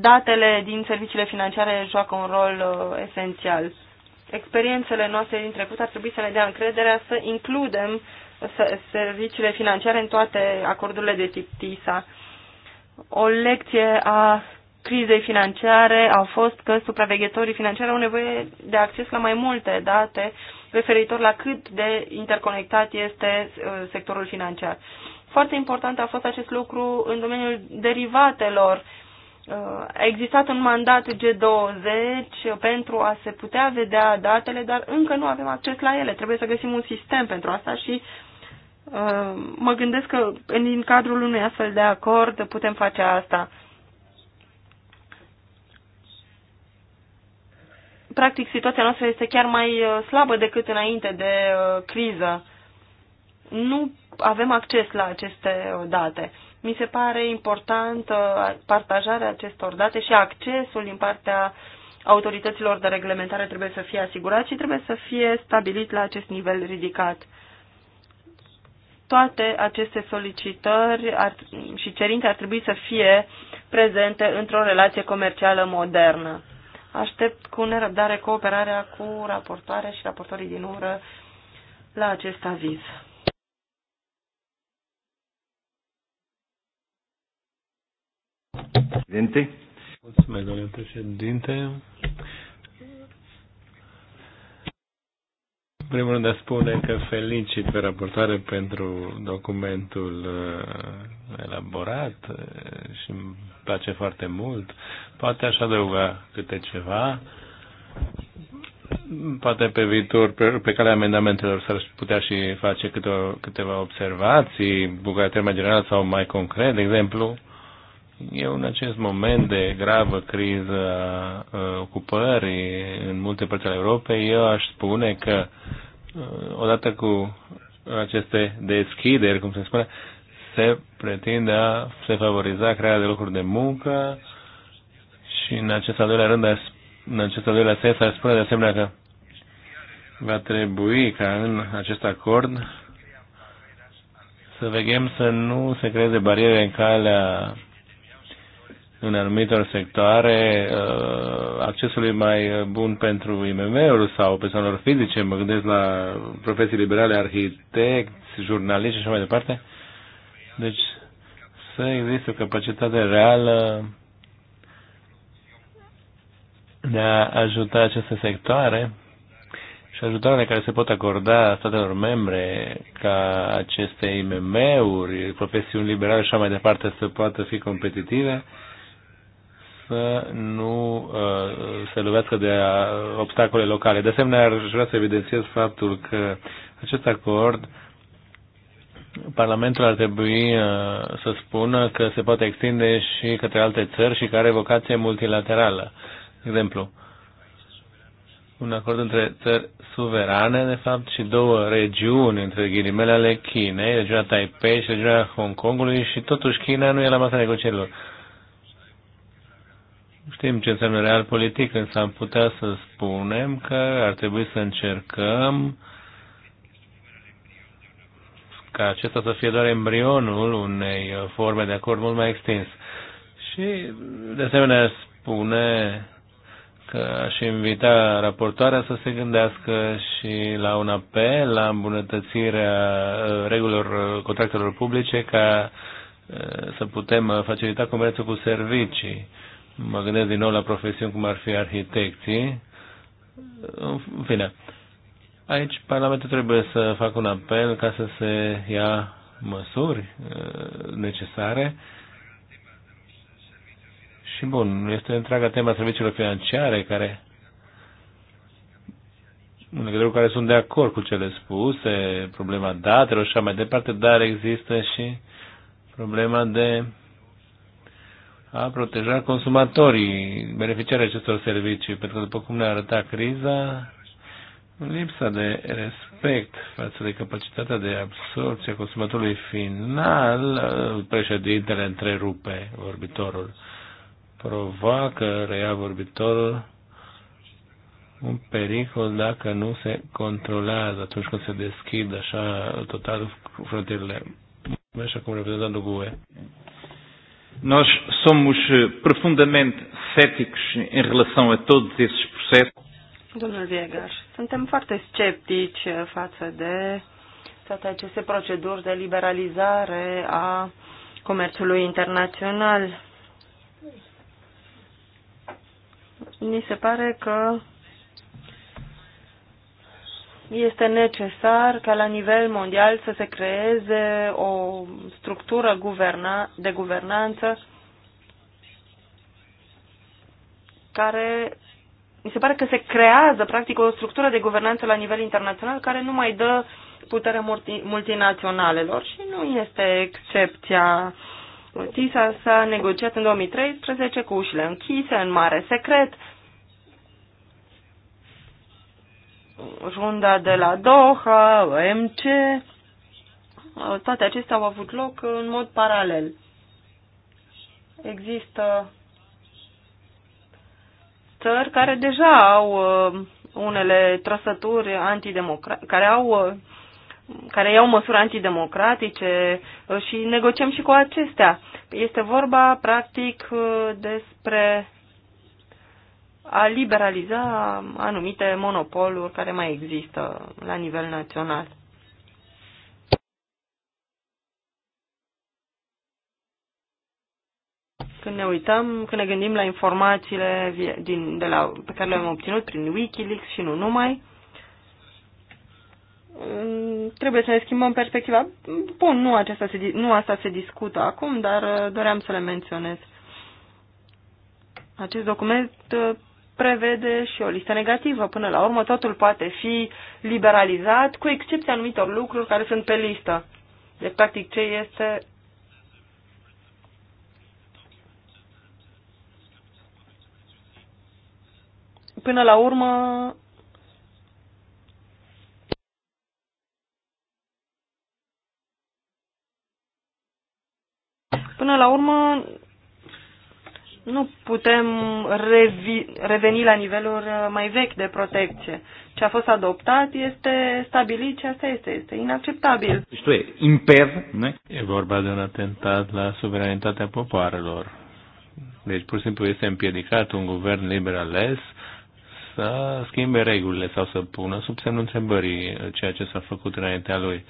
datele din serviciile financiare joacă un rol uh, esențial. Experiențele noastre din trecut ar trebui să ne dea încrederea să includem uh, serviciile financiare în toate acordurile de tip TISA. O lecție a crizei financiare a fost că supraveghetorii financiari au nevoie de acces la mai multe date referitor la cât de interconectat este uh, sectorul financiar. Foarte important a fost acest lucru în domeniul derivatelor. Uh, a existat un mandat G20 pentru a se putea vedea datele, dar încă nu avem acces la ele. Trebuie să găsim un sistem pentru asta și Uh, mă gândesc că în cadrul unui astfel de acord putem face asta. Practic, situația noastră este chiar mai uh, slabă decât înainte de uh, criză. Nu avem acces la aceste date. Mi se pare important partajarea acestor date și accesul din partea autorităților de reglementare trebuie să fie asigurat și trebuie să fie stabilit la acest nivel ridicat toate aceste solicitări ar, și cerințe ar trebui să fie prezente într-o relație comercială modernă. Aștept cu nerăbdare cooperarea cu raportoarea și raportorii din ură la acest aviz. Mulțumesc, domnule președinte. primul rând, a spune că felicit pe raportoare pentru documentul uh, elaborat uh, și îmi place foarte mult. Poate aș adăuga câte ceva. Poate pe viitor, pe, pe calea amendamentelor, s-ar putea și face câte o, câteva observații, cu mai general sau mai concret. De exemplu, eu în acest moment de gravă criză a ocupării în multe părți ale Europei, eu aș spune că uh, Uh, odată cu aceste deschideri, cum se spune, se pretinde a se favoriza crearea de locuri de muncă și în acest al doilea rând, în acest al doilea sens, ar spune de asemenea că va trebui ca în acest acord să veghem să nu se creeze bariere în calea în anumitor sectoare uh, accesului mai bun pentru IMM-uri sau persoanelor fizice, mă gândesc la profesii liberale, arhitecți, jurnaliști și așa mai departe. Deci să există o capacitate reală de a ajuta aceste sectoare și ajutoarele care se pot acorda statelor membre ca aceste IMM-uri, profesiuni liberale și așa mai departe să poată fi competitive să nu uh, se lovească de uh, obstacole locale. De asemenea, aș vrea să evidențiez faptul că acest acord Parlamentul ar trebui uh, să spună că se poate extinde și către alte țări și că are vocație multilaterală. De exemplu, un acord între țări suverane, de fapt, și două regiuni, între ghilimele ale Chinei, regiunea Taipei și regiunea Hong Kongului, și totuși China nu e la masa negocierilor. Uh, știm ce înseamnă real politic, însă am putea să spunem că ar trebui să încercăm ca acesta să fie doar embrionul unei forme de acord mult mai extins. Și, de asemenea, spune că aș invita raportoarea să se gândească și la un apel la îmbunătățirea uh, regulilor uh, contractelor publice ca uh, să putem facilita comerțul cu servicii mă gândesc din nou la profesiuni cum ar fi arhitecții. În fine, aici Parlamentul trebuie să facă un apel ca să se ia măsuri uh, necesare și bun, este întreaga tema serviciilor financiare care în legătură cu care sunt de acord cu cele spuse, problema datelor și așa mai departe, dar există și problema de a proteja consumatorii, beneficiarii acestor servicii, pentru că, după cum ne arăta criza, lipsa de respect față de capacitatea de absorpție a consumatorului final, președintele întrerupe vorbitorul, provoacă, reia vorbitorul, un pericol dacă nu se controlează atunci când se deschid așa total frontierele. Așa cum reprezentantul GUE. Nós somos eh, profundamente céticos em relação a todos esses processos. Domnul Viegar, suntem foarte sceptici eh, față de toate aceste proceduri de liberalizare a comerțului internațional. Ni se pare că este necesar ca la nivel mondial să se creeze o structură guverna de guvernanță care mi se pare că se creează practic o structură de guvernanță la nivel internațional care nu mai dă putere multi, multinaționalelor și nu este excepția. TISA s-a negociat în 2013 cu ușile închise, în mare secret, runda de la Doha, OMC, toate acestea au avut loc în mod paralel. Există țări care deja au uh, unele trăsături antidemocratice, care au uh, care iau măsuri antidemocratice uh, și negociem și cu acestea. Este vorba, practic, despre a liberaliza anumite monopoluri care mai există la nivel național. Când ne uităm, când ne gândim la informațiile din, de la, pe care le-am obținut prin Wikileaks și nu numai, mm, trebuie să ne schimbăm perspectiva. Bun, nu, acesta se, nu asta se discută acum, dar uh, doream să le menționez. Acest document uh, prevede și o listă negativă. Până la urmă, totul poate fi liberalizat, cu excepția anumitor lucruri care sunt pe listă. Deci, practic, ce este până la urmă până la urmă nu putem revi, reveni la niveluri uh, mai vechi de protecție. Ce a fost adoptat este stabilit și asta este, este inacceptabil. tu e imper, ne? E vorba de un atentat la suveranitatea popoarelor. Deci pur și simplu este împiedicat un guvern liber ales să schimbe regulile sau să pună sub semnul întrebării uh, ceea ce s-a făcut înaintea lui.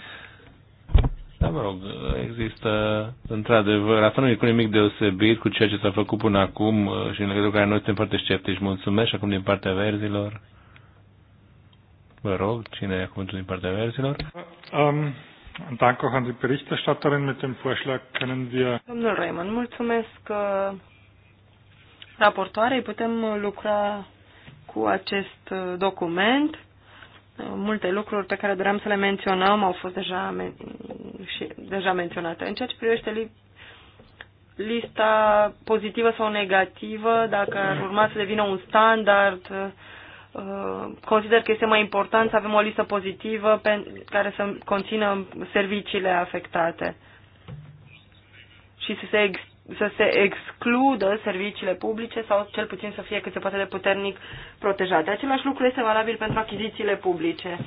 Da, mă rog, există într-adevăr, asta nu e cu nimic deosebit cu ceea ce s-a făcut până acum uh, și în legătură cu care noi suntem foarte sceptici. Mulțumesc acum din partea verzilor. Vă rog, cine e acum din partea verzilor? Um, danke auch an die Berichterstatterin mit dem Vorschlag können wir... Domnul Raymond, mulțumesc că uh, raportoarei. Putem lucra cu acest uh, document multe lucruri pe care doream să le menționăm au fost deja, men și, deja menționate. În ceea ce privește li lista pozitivă sau negativă, dacă ar urma să devină un standard, uh, consider că este mai important să avem o listă pozitivă pe care să conțină serviciile afectate și să se să se excludă serviciile publice sau cel puțin să fie cât se poate de puternic protejate. Același lucru este valabil pentru achizițiile publice.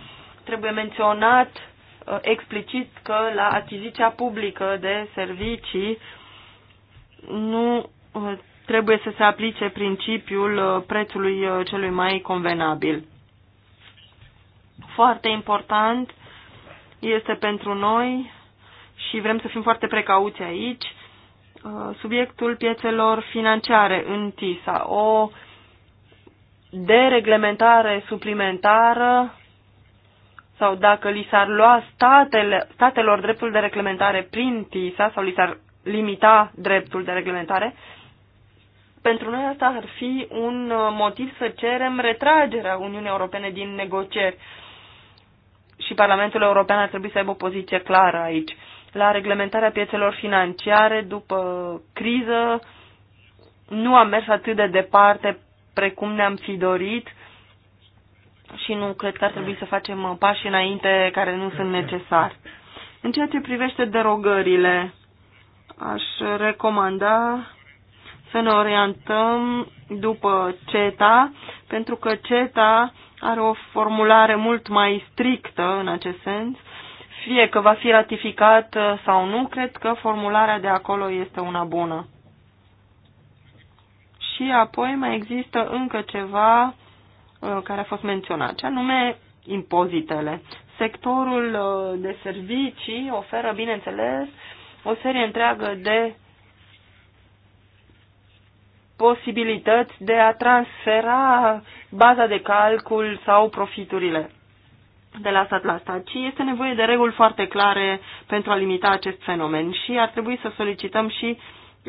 Trebuie menționat uh, explicit că la achiziția publică de servicii nu uh, trebuie să se aplice principiul uh, prețului celui mai convenabil. Foarte important este pentru noi și vrem să fim foarte precauți aici Uh, subiectul piețelor financiare în TISA, o dereglementare suplimentară sau dacă li s-ar lua statele, statelor dreptul de reglementare prin TISA sau li s-ar limita dreptul de reglementare, pentru noi asta ar fi un uh, motiv să cerem retragerea Uniunii Europene din negocieri. Și Parlamentul European ar trebui să aibă o poziție clară aici la reglementarea piețelor financiare după criză nu a mers atât de departe precum ne-am fi dorit și nu cred că ar trebui să facem pași înainte care nu sunt necesari. În ceea ce privește derogările, aș recomanda să ne orientăm după CETA, pentru că CETA are o formulare mult mai strictă în acest sens fie că va fi ratificat uh, sau nu, cred că formularea de acolo este una bună. Și apoi mai există încă ceva uh, care a fost menționat, ce anume impozitele. Sectorul uh, de servicii oferă, bineînțeles, o serie întreagă de posibilități de a transfera baza de calcul sau profiturile de la stat la stat, ci este nevoie de reguli foarte clare pentru a limita acest fenomen și ar trebui să solicităm și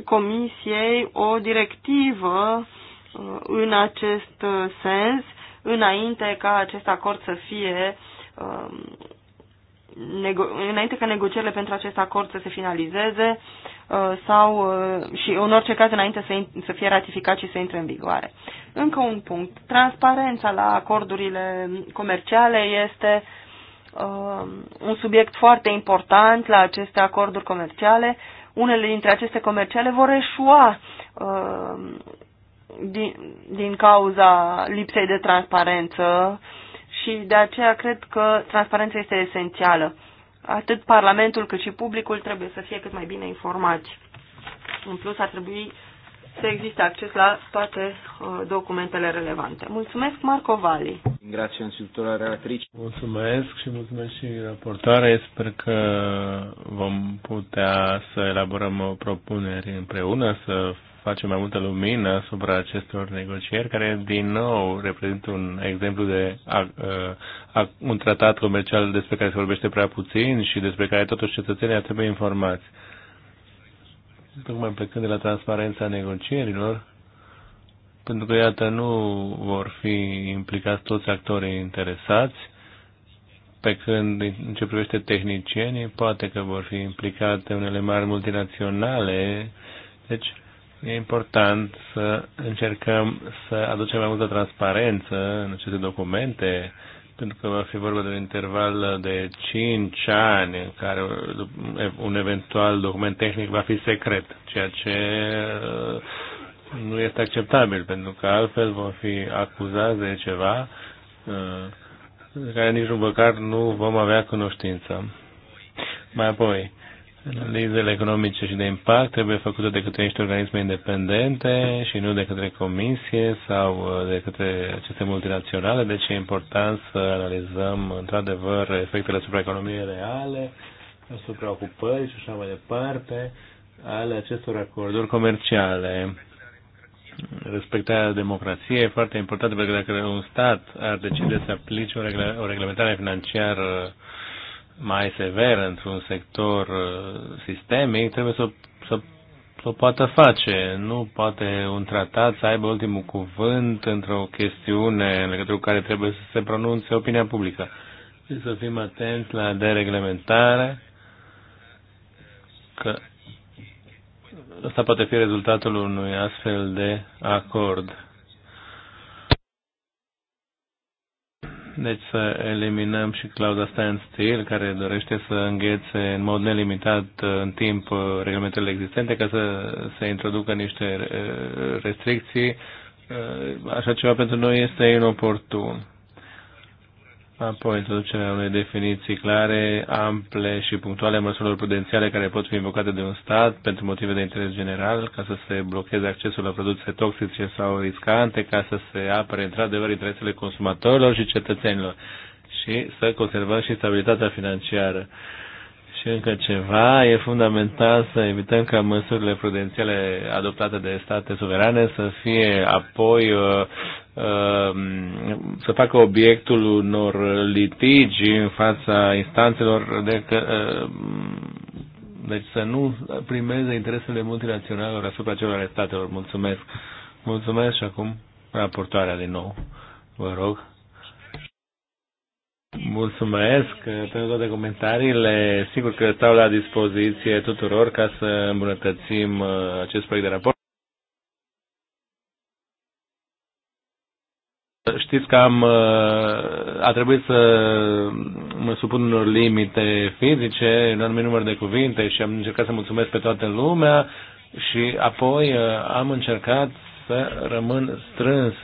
Comisiei o directivă uh, în acest uh, sens, înainte ca acest acord să fie um, înainte ca negocierile pentru acest acord să se finalizeze uh, sau uh, și în orice caz înainte să, să fie ratificat și să intre în vigoare. Încă un punct. Transparența la acordurile comerciale este uh, un subiect foarte important la aceste acorduri comerciale. Unele dintre aceste comerciale vor eșua uh, din, din cauza lipsei de transparență uh, și de aceea cred că transparența este esențială. Atât Parlamentul cât și publicul trebuie să fie cât mai bine informați. În plus, ar trebui să existe acces la toate uh, documentele relevante. Mulțumesc, Marco Vali. Grazie, însultura relatrice. Mulțumesc și mulțumesc și raportoare. Sper că vom putea să elaborăm propuneri împreună, să facem mai multă lumină asupra acestor negocieri, care din nou reprezintă un exemplu de a, a, un tratat comercial despre care se vorbește prea puțin și despre care totuși cetățenii ar trebui informați. Tocmai plecând de la transparența negocierilor, pentru că, iată, nu vor fi implicați toți actorii interesați, pe când, în ce privește tehnicienii, poate că vor fi implicate unele mari multinaționale. Deci, E important să încercăm să aducem mai multă transparență în aceste documente, pentru că va fi vorba de un interval de 5 ani în care un eventual document tehnic va fi secret, ceea ce uh, nu este acceptabil, pentru că altfel vom fi acuzați de ceva de uh, care nici măcar nu vom avea cunoștință. Mai apoi, Analizele economice și de impact trebuie făcute de către niște organisme independente și nu de către comisie sau uh, de către aceste multinaționale, deci e important să analizăm într-adevăr efectele asupra economiei reale, asupra ocupării și așa mai departe, ale acestor acorduri comerciale. Respectarea democrației e foarte importantă pentru că dacă un stat ar decide să aplice o, reglementare financiară mai sever într-un sector uh, sistemic, trebuie să, să, să o poată face. Nu poate un tratat să aibă ultimul cuvânt într-o chestiune în legătură cu care trebuie să se pronunțe opinia publică. Și să fim atenți la dereglementare, că ăsta poate fi rezultatul unui astfel de acord Deci să eliminăm și clauza standstill care dorește să înghețe în mod nelimitat uh, în timp uh, reglementele existente ca să se introducă niște uh, restricții. Așa ceva pentru noi este inoportun apoi introducerea unei definiții clare, ample și punctuale a măsurilor prudențiale care pot fi invocate de un stat pentru motive de interes general, ca să se blocheze accesul la produse toxice sau riscante, ca să se apere într-adevăr interesele consumatorilor și cetățenilor și să conservăm și stabilitatea financiară. Uh, și încă ceva, e fundamental să evităm ca măsurile prudențiale adoptate de state suverane să fie apoi uh, uh, să facă obiectul unor litigi în fața instanțelor de că, uh, deci să nu primeze interesele multinaționalelor asupra celor ale statelor. Mulțumesc. Mulțumesc și acum raportoarea din nou. Vă rog. Mulțumesc pentru toate comentariile. Sigur că stau la dispoziție tuturor ca să îmbunătățim uh, acest proiect de raport. Știți că am, uh, a trebuit să mă supun unor limite fizice, un anumit număr de cuvinte și am încercat să mulțumesc pe toată lumea și apoi uh, am încercat să rămân strâns,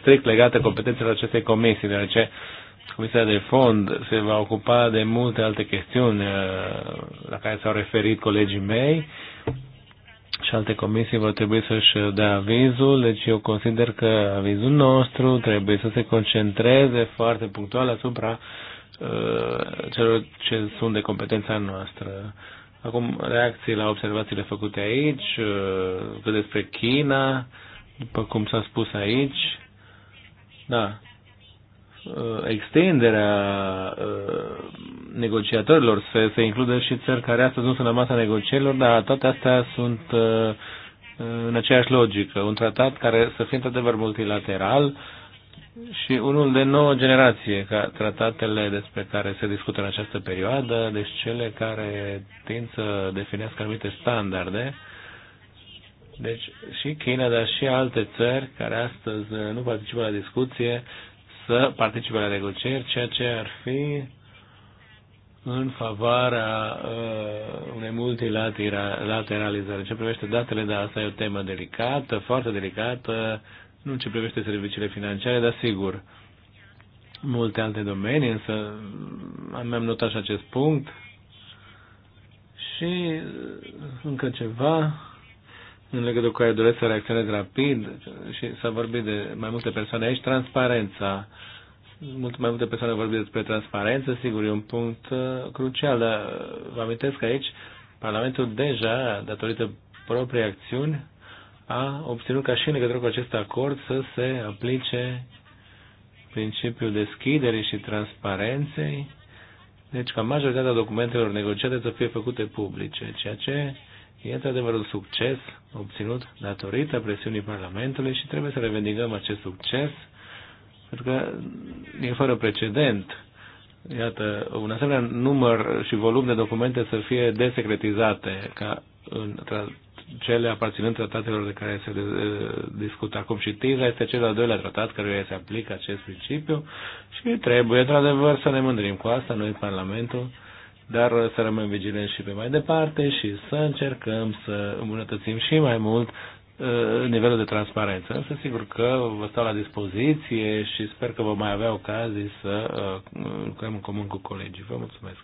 strict legată competențelor acestei comisii, deoarece Comisia de Fond se va ocupa de multe alte chestiuni uh, la care s-au referit colegii mei și alte comisii vor trebui să-și dea avizul, deci eu consider că avizul nostru trebuie să se concentreze foarte punctual asupra uh, celor ce sunt de competența noastră. Acum, reacții la observațiile făcute aici, uh, cât despre China, după cum s-a spus aici, da, Uh, extinderea uh, negociatorilor, să se includă și țări care astăzi nu sunt la masa negocierilor, dar toate astea sunt uh, în aceeași logică. Un tratat care să fie într-adevăr multilateral și unul de nouă generație, ca tratatele despre care se discută în această perioadă, deci cele care tind să definească anumite standarde. Deci și China, dar și alte țări care astăzi nu participă la discuție, uh, să participe la negocieri, ceea ce ar fi în favoarea uh, unei multilateralizări. Ce privește datele, dar asta e o temă delicată, foarte delicată, nu ce privește serviciile financiare, dar sigur, multe alte domenii, însă am notat și acest punct. Și uh, încă ceva, în legătură cu care doresc să reacționez rapid și să vorbi de mai multe persoane aici, transparența. Mult mai multe persoane vorbesc despre transparență, sigur, e un punct uh, crucial, dar uh, vă amintesc că aici Parlamentul deja, datorită proprii acțiuni, a obținut ca și în legătură cu acest acord să se aplice principiul deschiderii și transparenței, deci ca majoritatea documentelor negociate să fie făcute publice, ceea ce E într-adevăr un succes obținut datorită presiunii Parlamentului și trebuie să revendicăm acest succes pentru că e fără precedent. Iată, un asemenea număr și volum de documente să fie desecretizate ca în cele aparținând tratatelor de care se eh, discută acum și TISA este cel al doilea tratat care se aplică acest principiu și trebuie, într-adevăr, să ne mândrim cu asta, noi, Parlamentul, dar să rămân vigilenți și pe mai departe și să încercăm să îmbunătățim și mai mult uh, nivelul de transparență. Însă sigur că vă stau la dispoziție și sper că vom mai avea ocazii să uh, lucrăm în comun cu colegii. Vă mulțumesc!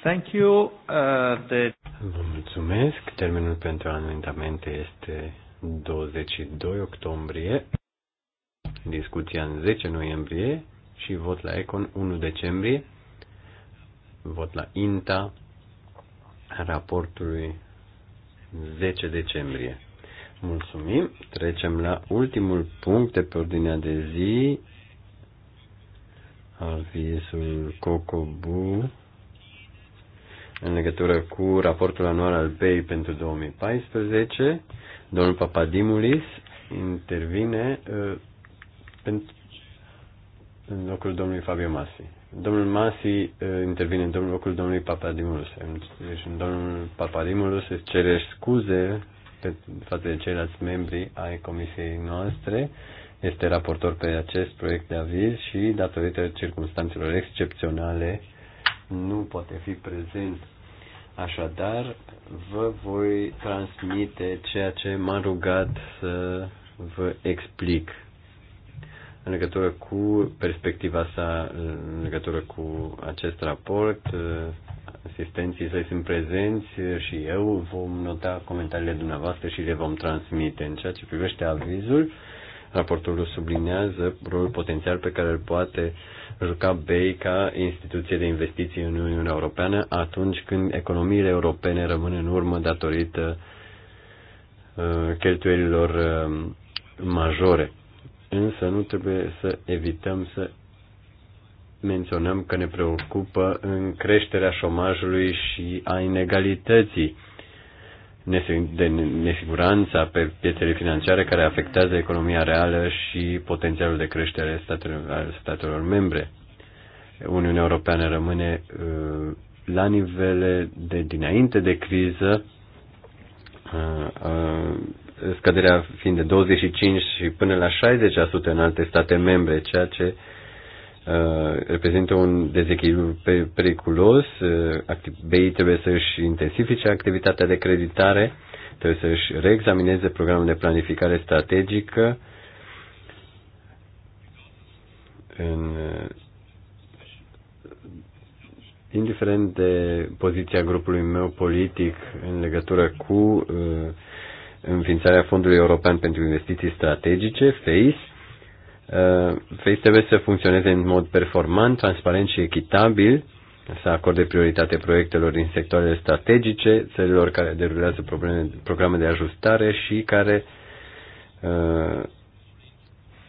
Thank you. Uh, the... Vă mulțumesc. Termenul pentru amendamente este 22 octombrie, discuția în 10 noiembrie și vot la Econ 1 decembrie vot la INTA raportului 10 decembrie. Mulțumim. Trecem la ultimul punct de pe ordinea de zi. Avizul Cocobu în legătură cu raportul anual al BEI pentru 2014. Domnul Papadimulis intervine uh, pentru, în locul domnului Fabio Masi. Domnul Masi eh, intervine în domnul locul domnului Papadimulus. Deci domnul Papadimulus îți cere scuze pe, față de ceilalți membri ai comisiei noastre. Este raportor pe acest proiect de aviz și, datorită circunstanțelor excepționale, nu poate fi prezent. Așadar, vă voi transmite ceea ce m-a rugat să vă explic în legătură cu perspectiva sa, în legătură cu acest raport. Uh, asistenții săi sunt prezenți și eu vom nota comentariile dumneavoastră și le vom transmite. În ceea ce privește avizul, raportul sublinează rolul potențial pe care îl poate juca BEI ca instituție de investiții în Uniunea Europeană atunci când economiile europene rămân în urmă datorită uh, cheltuielilor uh, majore Însă nu trebuie să evităm să menționăm că ne preocupă în creșterea șomajului și a inegalității, de nesiguranța pe piețele financiare care afectează economia reală și potențialul de creștere al statelor membre. Uniunea Europeană rămâne uh, la nivele de dinainte de criză uh, uh, scăderea fiind de 25 și până la 60% în alte state membre, ceea ce uh, reprezintă un dezechilibru periculos. Uh, BI trebuie să își intensifice activitatea de creditare, trebuie să își reexamineze programul de planificare strategică în uh, indiferent de poziția grupului meu politic în legătură cu uh, înființarea Fondului European pentru Investiții Strategice, FACE. Uh, FACE trebuie să funcționeze în mod performant, transparent și echitabil, să acorde prioritate proiectelor din sectoarele strategice, țărilor care derulează probleme, programe de ajustare și care uh,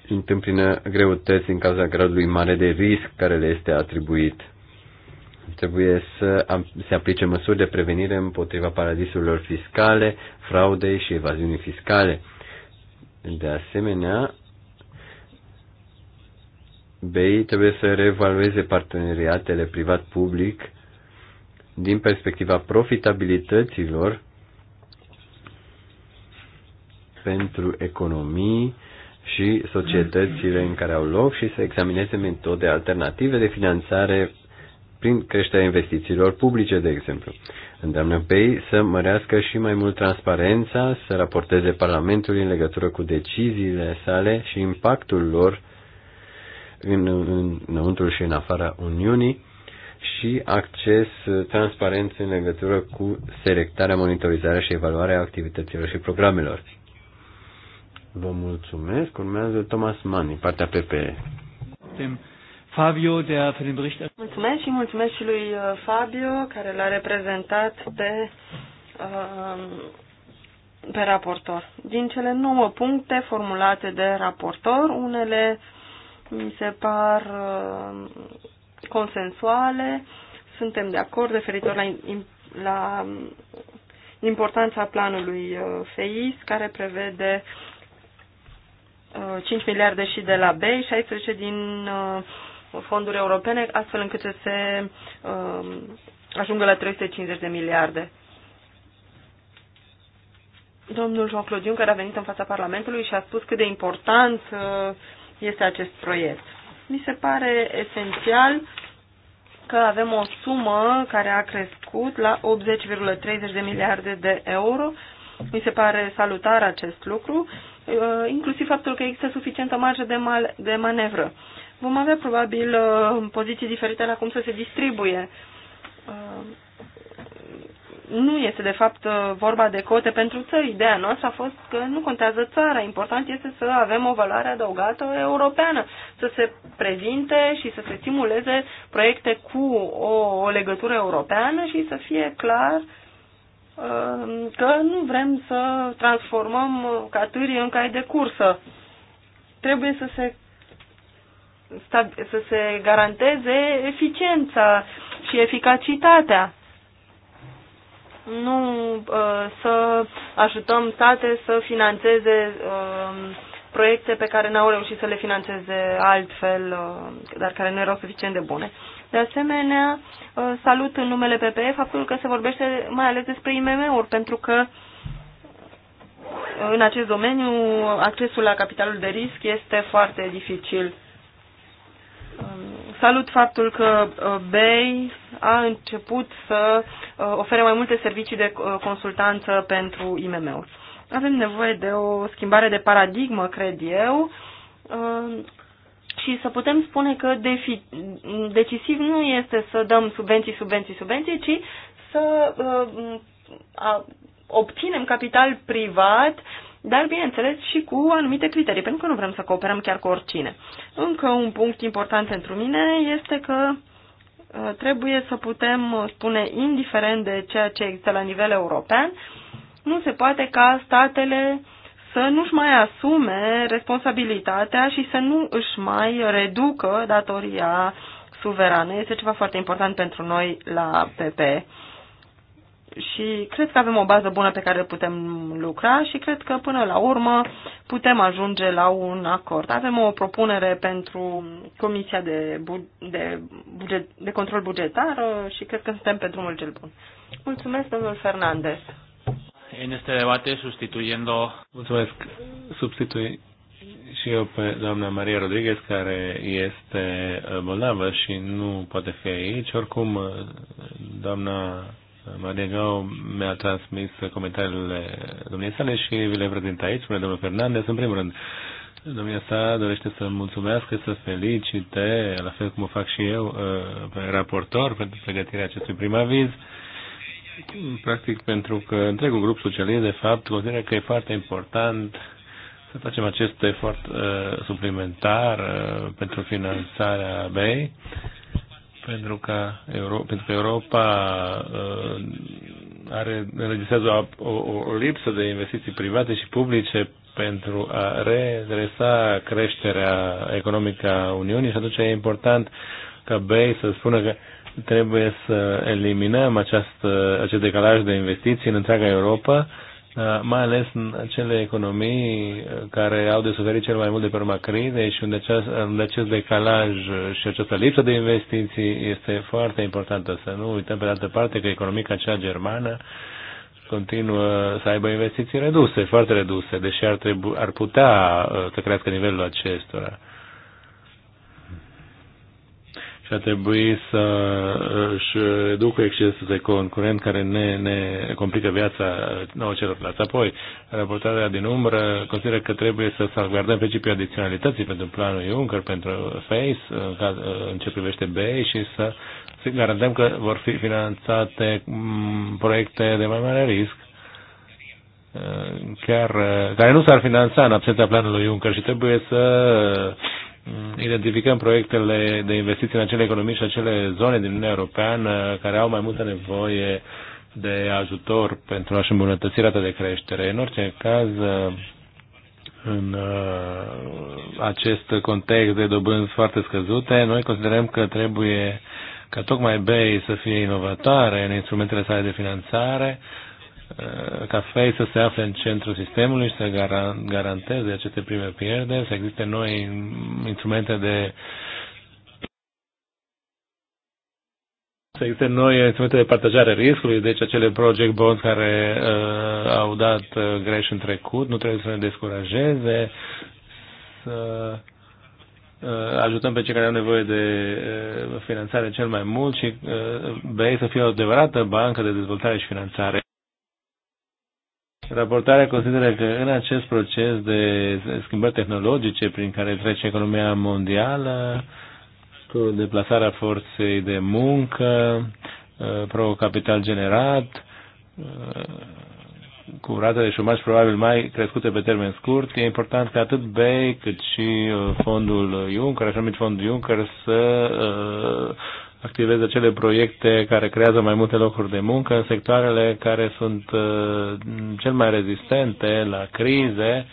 întâmplină greutăți din cauza gradului mare de risc care le este atribuit. Trebuie să se aplice măsuri de prevenire împotriva paradisurilor fiscale, fraudei și evaziunii fiscale. De asemenea, BI trebuie să reevalueze parteneriatele privat-public din perspectiva profitabilităților pentru economii și societățile în care au loc și să examineze metode alternative de finanțare prin creșterea investițiilor publice, de exemplu. Îndeamnă pe ei să mărească și mai mult transparența, să raporteze Parlamentului în legătură cu deciziile sale și impactul lor în, în, înăuntru și în afara Uniunii și acces transparent în legătură cu selectarea, monitorizarea și evaluarea activităților și programelor. Vă mulțumesc. Urmează Thomas Mann, partea PPE. Tim. Fabio, de a den Bericht... Mulțumesc și mulțumesc și lui uh, Fabio, care l-a reprezentat pe, uh, pe raportor. Din cele nouă puncte formulate de raportor, unele mi se par uh, consensuale, suntem de acord referitor la, la um, importanța planului FEIS, care prevede 5 miliarde și de la BEI, 16 din fonduri europene, astfel încât să se uh, ajungă la 350 de miliarde. Domnul Jean-Claude Juncker a venit în fața Parlamentului și a spus cât de important uh, este acest proiect. Mi se pare esențial că avem o sumă care a crescut la 80,30 de miliarde de euro. Mi se pare salutar acest lucru, uh, inclusiv faptul că există suficientă marjă de, mal, de manevră vom avea probabil uh, poziții diferite la cum să se distribuie. Uh, nu este de fapt uh, vorba de cote pentru țări. Ideea noastră a fost că nu contează țara. Important este să avem o valoare adăugată europeană, să se prezinte și să se stimuleze proiecte cu o, o legătură europeană și să fie clar că nu vrem să transformăm catârii în cai de cursă trebuie să se să se garanteze eficiența și eficacitatea. Nu uh, să ajutăm state să financeze um, proiecte pe care n-au reușit să le financeze altfel, uh, dar care nu erau suficient de bune. De asemenea, uh, salut în numele PPE faptul că se vorbește mai ales despre IMM-uri, pentru că în acest domeniu accesul la capitalul de risc este foarte dificil. Um, salut faptul că uh, BEI a început să uh, ofere mai multe servicii de uh, consultanță pentru IMM-uri. Avem nevoie de o schimbare de paradigmă, cred eu, um, și să putem spune că decisiv nu este să dăm subvenții, subvenții, subvenții, ci să obținem capital privat uh, dar bineînțeles și cu anumite criterii, pentru că nu vrem să cooperăm chiar cu oricine. Încă un punct important pentru mine este că uh, trebuie să putem spune, indiferent de ceea ce există la nivel european, nu se poate ca statele să nu-și mai asume responsabilitatea și să nu își mai reducă datoria suverană. Este ceva foarte important pentru noi la PP și cred că avem o bază bună pe care putem lucra și cred că până la urmă putem ajunge la un acord. Avem o propunere pentru Comisia de, bu- de, buget- de Control Bugetar uh, și cred că suntem pe drumul cel bun. Mulțumesc, domnul Fernandez. În este debate, substituyendo... Mulțumesc. Substitui și eu pe doamna Maria Rodriguez, care este uh, bolnavă și nu poate fi aici. Oricum, uh, doamna Maria Gau mi-a transmis comentariile domniei sale și vi le prezint aici, spune domnul Fernandez. În primul rând, domnia sa dorește să mulțumească, să felicite, la fel cum o fac și eu, uh, pe raportor pentru pregătirea acestui prim aviz. Practic pentru că întregul grup socialist, de fapt, consideră că e foarte important să facem acest efort uh, suplimentar uh, pentru finanțarea BEI. Uh, pentru că Europa, pentru că Europa uh, are, înregistrează o, o, o lipsă de investiții private și publice pentru a redresa creșterea economică a Uniunii și atunci e important ca BEI să spună că trebuie să eliminăm această, acest decalaj de investiții în întreaga Europa uh, Uh, mai ales în acele economii uh, care au de suferit cel mai mult de pe urma crizei și unde acest, unde acest decalaj și această lipsă de investiții este foarte importantă. Să nu uităm pe de altă parte că economica cea germană continuă să aibă investiții reduse, foarte reduse, deși ar, trebu- ar putea uh, să crească nivelul acestora și a trebuit să uh, își reducă excesul de concurent care ne, ne complică viața uh, nouă celorlalți. Apoi, raportarea din umbră consideră că trebuie să salvgardăm principiul adiționalității pentru planul Juncker, pentru FACE, în, uh, caz, în ce privește B și să garantăm că vor fi finanțate mm, proiecte de mai mare risc chiar, care nu s-ar finanța în absența planului Juncker și trebuie să identificăm proiectele de investiții în acele economii și acele zone din Uniunea Europeană care au mai multă nevoie de ajutor pentru a-și îmbunătăți rata de creștere. În orice caz, în uh, acest context de dobânzi foarte scăzute, noi considerăm că trebuie ca tocmai BEI să fie inovatoare în instrumentele sale de finanțare, Uh, ca fei să se afle în centrul sistemului și să garanteze aceste prime pierderi, să existe noi instrumente de să existe noi instrumente de partajare riscului, deci acele project bonds care uh, au dat uh, greș în trecut, nu trebuie să ne descurajeze, să uh, ajutăm pe cei care au nevoie de uh, finanțare cel mai mult și BEI să fie o adevărată bancă de dezvoltare și finanțare. Raportarea consideră că în acest proces de schimbări tehnologice prin care trece economia mondială, cu deplasarea forței de muncă, uh, pro capital generat, uh, cu rată de șomaj probabil mai crescute pe termen scurt, e important ca atât BEI cât și uh, fondul Juncker, așa numit fondul Juncker, să activeze cele proiecte care creează mai multe locuri de muncă în sectoarele care sunt uh, cel mai rezistente la crize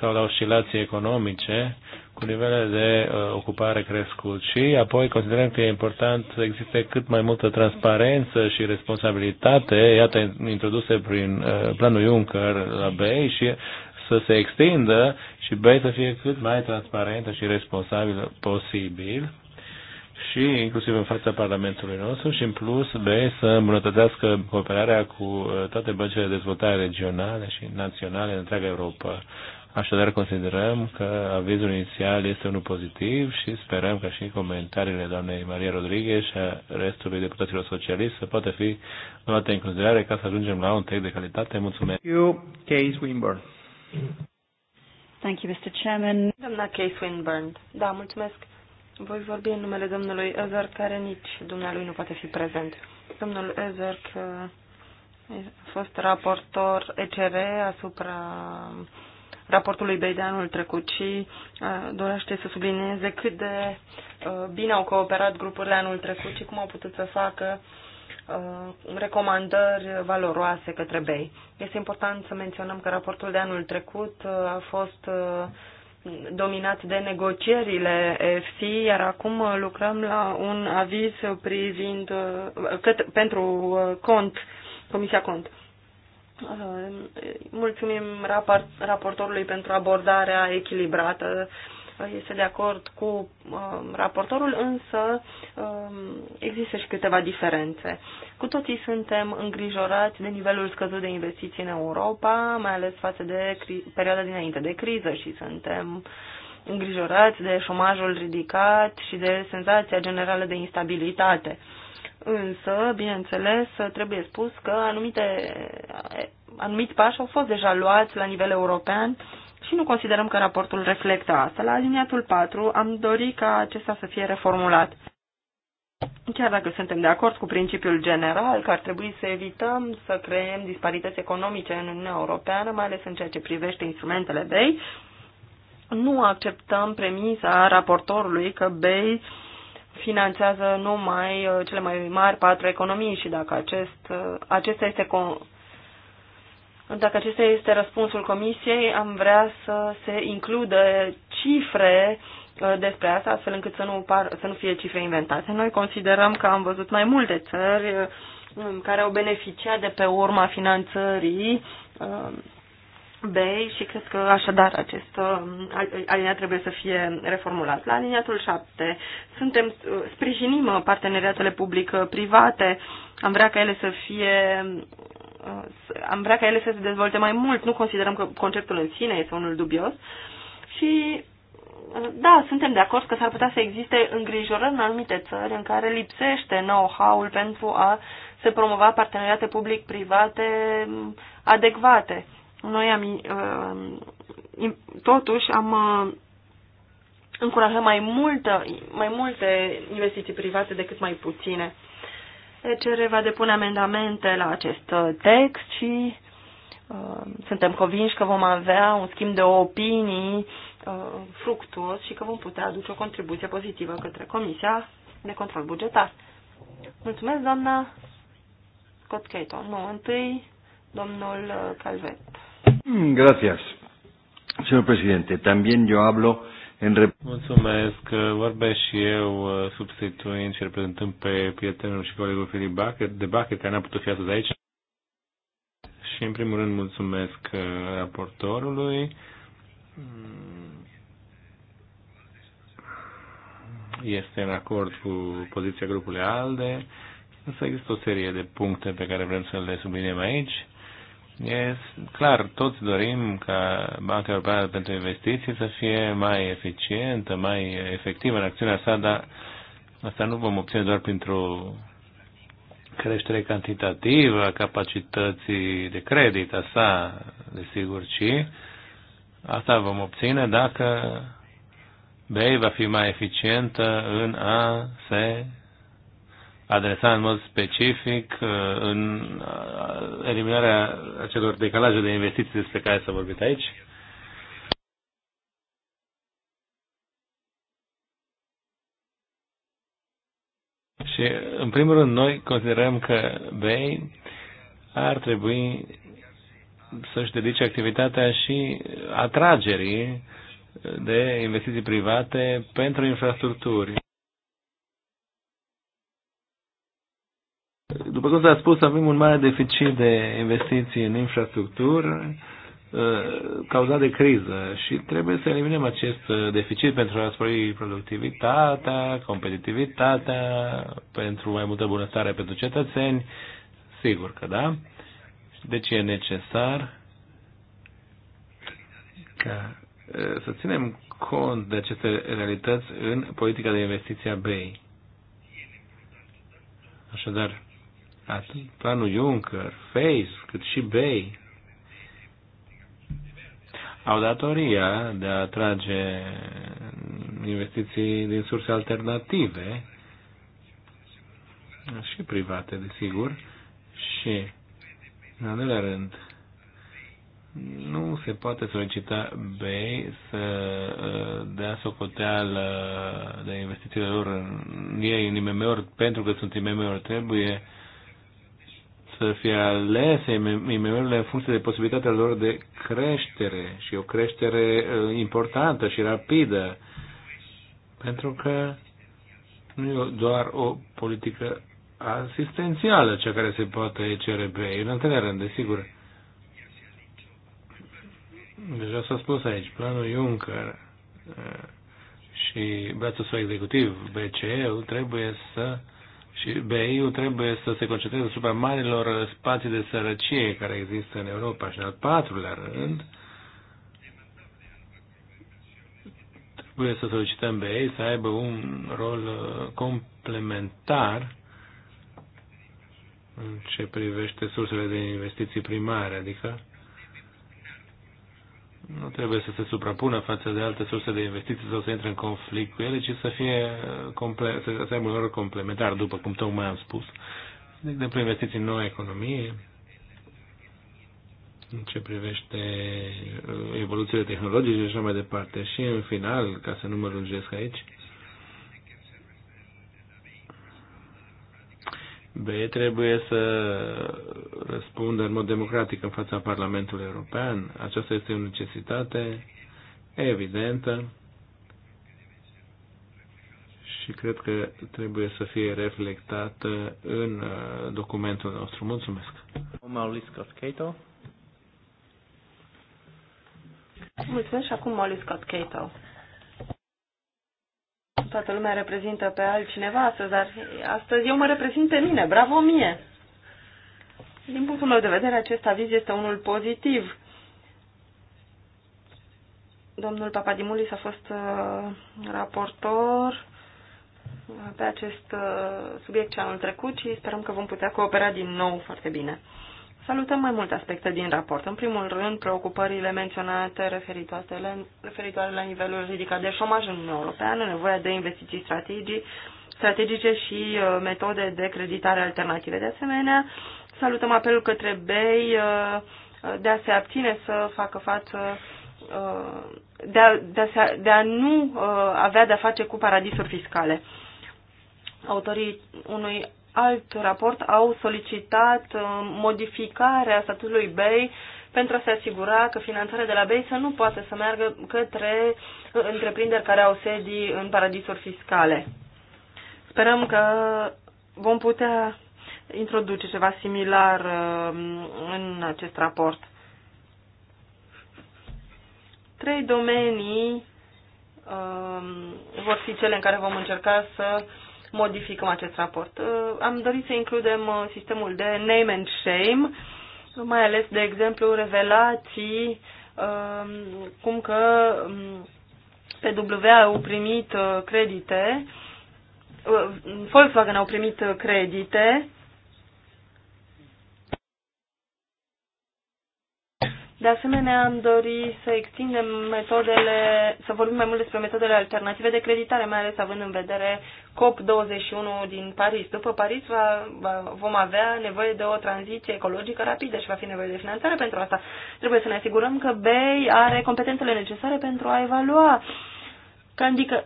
sau la oscilații economice cu nivele de uh, ocupare crescut și apoi considerăm că e important să existe cât mai multă transparență și responsabilitate, iată, introduse prin uh, planul Juncker la BEI și să se extindă și BEI să fie cât mai transparentă și responsabilă posibil și inclusiv în fața Parlamentului nostru și în plus B să îmbunătățească cooperarea cu uh, toate băncile de dezvoltare regionale și naționale în întreaga Europa. Așadar considerăm că avizul inițial este unul pozitiv și sperăm că și comentariile doamnei Maria Rodriguez și a restului deputaților socialiști să poată fi luate în considerare ca să ajungem la un text de calitate. Mulțumesc. Thank you, Case Winburn. Thank you, Mr. Chairman. Doamna Case Winburn. Da, mulțumesc. Voi vorbi în numele domnului Ezer, care nici dumnealui nu poate fi prezent. Domnul Ezer a fost raportor ECR asupra raportului BEI de anul trecut și dorește să sublinieze cât de bine au cooperat grupurile anul trecut și cum au putut să facă recomandări valoroase către BEI. Este important să menționăm că raportul de anul trecut a fost dominat de negocierile FC, iar acum lucrăm la un aviz privind uh, cât, pentru uh, cont, Comisia Cont. Uh, mulțumim raportorului pentru abordarea echilibrată este de acord cu um, raportorul, însă um, există și câteva diferențe. Cu toții suntem îngrijorați de nivelul scăzut de investiții în Europa, mai ales față de perioada dinainte de criză și suntem îngrijorați de șomajul ridicat și de senzația generală de instabilitate. Însă, bineînțeles, trebuie spus că anumite, anumiți pași au fost deja luați la nivel european și nu considerăm că raportul reflectă asta. La aliniatul 4 am dorit ca acesta să fie reformulat. Chiar dacă suntem de acord cu principiul general că ar trebui să evităm să creem disparități economice în Uniunea Europeană, mai ales în ceea ce privește instrumentele BEI, nu acceptăm premisa raportorului că BEI finanțează numai uh, cele mai mari patru economii și dacă acest, uh, acesta este dacă acesta este răspunsul comisiei, am vrea să se includă cifre uh, despre asta, astfel încât să nu, par, să nu fie cifre inventate. Noi considerăm că am văzut mai multe țări uh, um, care au beneficiat de pe urma finanțării uh, BEI și cred că așadar acest alinia trebuie să fie reformulat. La aliniatul 7 suntem, sprijinim parteneriatele public-private, am vrea ca ele să fie Uh, am vrea ca ele să se dezvolte mai mult, nu considerăm că conceptul în sine este unul dubios și uh, da, suntem de acord că s-ar putea să existe îngrijorări în anumite țări în care lipsește know-how-ul pentru a se promova parteneriate public-private mm, adecvate. Noi am, uh, totuși am încurajat mai, multă, mai multe investiții private decât mai puține. ECR va depune amendamente la acest uh, text și uh, suntem convinși că vom avea un schimb de opinii uh, fructuos și că vom putea aduce o contribuție pozitivă către Comisia de Control Bugetar. Mulțumesc, doamna Scott Caton. Nu, întâi domnul Calvet. Gracias, señor presidente. También yo hablo în Mulțumesc. Vorbesc și eu uh, substituind și reprezentând pe prietenul și colegul Filip Bacher, de Bacher, care n-a putut fi astăzi aici. Și în primul rând mulțumesc uh, raportorului. Este în acord cu poziția grupului ALDE, însă există o serie de puncte pe care vrem să le subliniem aici E clar, toți dorim ca Banca Europeană pentru Investiții să fie mai eficientă, mai efectivă în acțiunea sa, dar asta nu vom obține doar printr-o creștere cantitativă a capacității de credit a sa, desigur, ci asta vom obține dacă BEI va fi mai eficientă în a se adresa în mod specific uh, în uh, eliminarea acelor decalaje de investiții despre care s-a vorbit aici? Și, în primul rând, noi considerăm că BEI ar trebui să-și dedice activitatea și atragerii de investiții private pentru infrastructuri. După cum s-a spus, avem un mare deficit de investiții în infrastructură uh, cauzat de criză și trebuie să eliminăm acest uh, deficit pentru a spori productivitatea, competitivitatea, pentru mai multă bunăstare pentru cetățeni, sigur că da. Deci e necesar ca uh, să ținem cont de aceste realități în politica de investiție a BEI. Așadar, atât planul Juncker, FACE, cât și BEI, au datoria de a atrage investiții din surse alternative și private, desigur, și, în al doilea rând, nu se poate solicita BEI să uh, dea socoteală de investițiile lor în ei, în IMM-uri, pentru că sunt IMM-uri, trebuie să fie alese IMM-urile în funcție de posibilitatea lor de creștere și o creștere uh, importantă și rapidă. Pentru că nu e doar o politică asistențială cea care se poate CRB. În al treilea rând, desigur, deja s-a spus aici, planul Juncker uh, și brațul său executiv, bce trebuie să uh, și BEI-ul trebuie să se concentreze asupra marilor spații de sărăcie care există în Europa. Și în al patrulea rând, trebuie să solicităm BEI să aibă un rol uh, complementar în ce privește sursele de investiții primare, adică nu trebuie să se suprapună față de alte surse de investiții sau să intre în conflict cu ele, ci să fie uh, să, să aibă un rol complementar, după cum tocmai am spus. De exemplu, investiții în noua economie, în ce privește uh, evoluțiile tehnologice și așa mai departe. Și în final, ca să nu mă lungesc aici, B. trebuie să răspundă în mod democratic în fața Parlamentului European. Aceasta este o necesitate evidentă și cred că trebuie să fie reflectată în uh, documentul nostru. Mulțumesc! Mulțumesc și acum Molly Scott Cato. Toată lumea reprezintă pe altcineva astăzi, dar astăzi eu mă reprezint pe mine. Bravo mie! Din punctul meu de vedere, acest aviz este unul pozitiv. Domnul Papadimulis a fost uh, raportor pe acest uh, subiect ce anul trecut și sperăm că vom putea coopera din nou foarte bine. Salutăm mai multe aspecte din raport. În primul rând, preocupările menționate referitoare la, nivelul ridicat de șomaj în Uniunea Europeană, nevoia de investiții strategii, strategice și uh, metode de creditare alternative. De asemenea, salutăm apelul către BEI uh, de a se abține să facă față uh, de a, de a, se, de a nu avea de-a face cu paradisuri fiscale. Autorii unui alt raport au solicitat uh, modificarea statutului BEI pentru a se asigura că finanțarea de la BEI să nu poate să meargă către uh, întreprinderi care au sedii în paradisuri fiscale. Sperăm că vom putea introduce ceva similar uh, în acest raport. Trei domenii vor fi cele în care vom încerca să modificăm acest raport. Uh, am dorit să includem uh, sistemul de name and shame, mai ales, de exemplu, revelații um, cum că um, PW au primit uh, credite, Volkswagen au primit credite, De asemenea, am dori să extindem metodele, să vorbim mai mult despre metodele alternative de creditare, mai ales având în vedere COP21 din Paris. După Paris va, va, vom avea nevoie de o tranziție ecologică rapidă și va fi nevoie de finanțare pentru asta. Trebuie să ne asigurăm că BEI are competențele necesare pentru a evalua candică,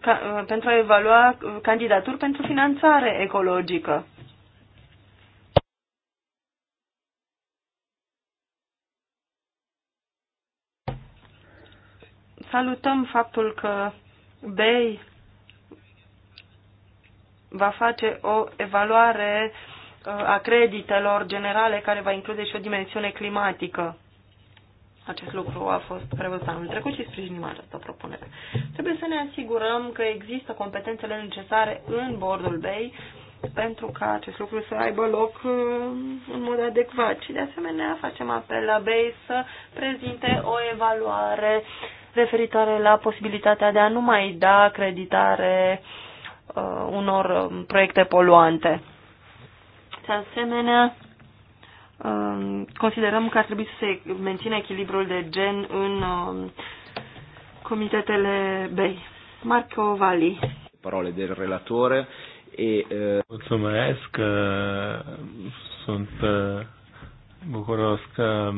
ca, pentru a evalua candidaturi pentru finanțare ecologică. Salutăm faptul că Bay va face o evaluare uh, a creditelor generale care va include și o dimensiune climatică. Acest lucru a fost prevăzut anul trecut și sprijinim această propunere. Trebuie să ne asigurăm că există competențele necesare în bordul BEI pentru ca acest lucru să aibă loc uh, în mod adecvat. Și de asemenea facem apel la BEI să prezinte o evaluare uh, referitoare la posibilitatea de a nu mai da creditare uh, unor um, proiecte poluante. De asemenea, um, considerăm că ar trebui să se mențină echilibrul de gen în um, comitetele BEI. Marco Vali. Parole del relatore. E, uh... Mulțumesc, că uh, sunt uh bucuros că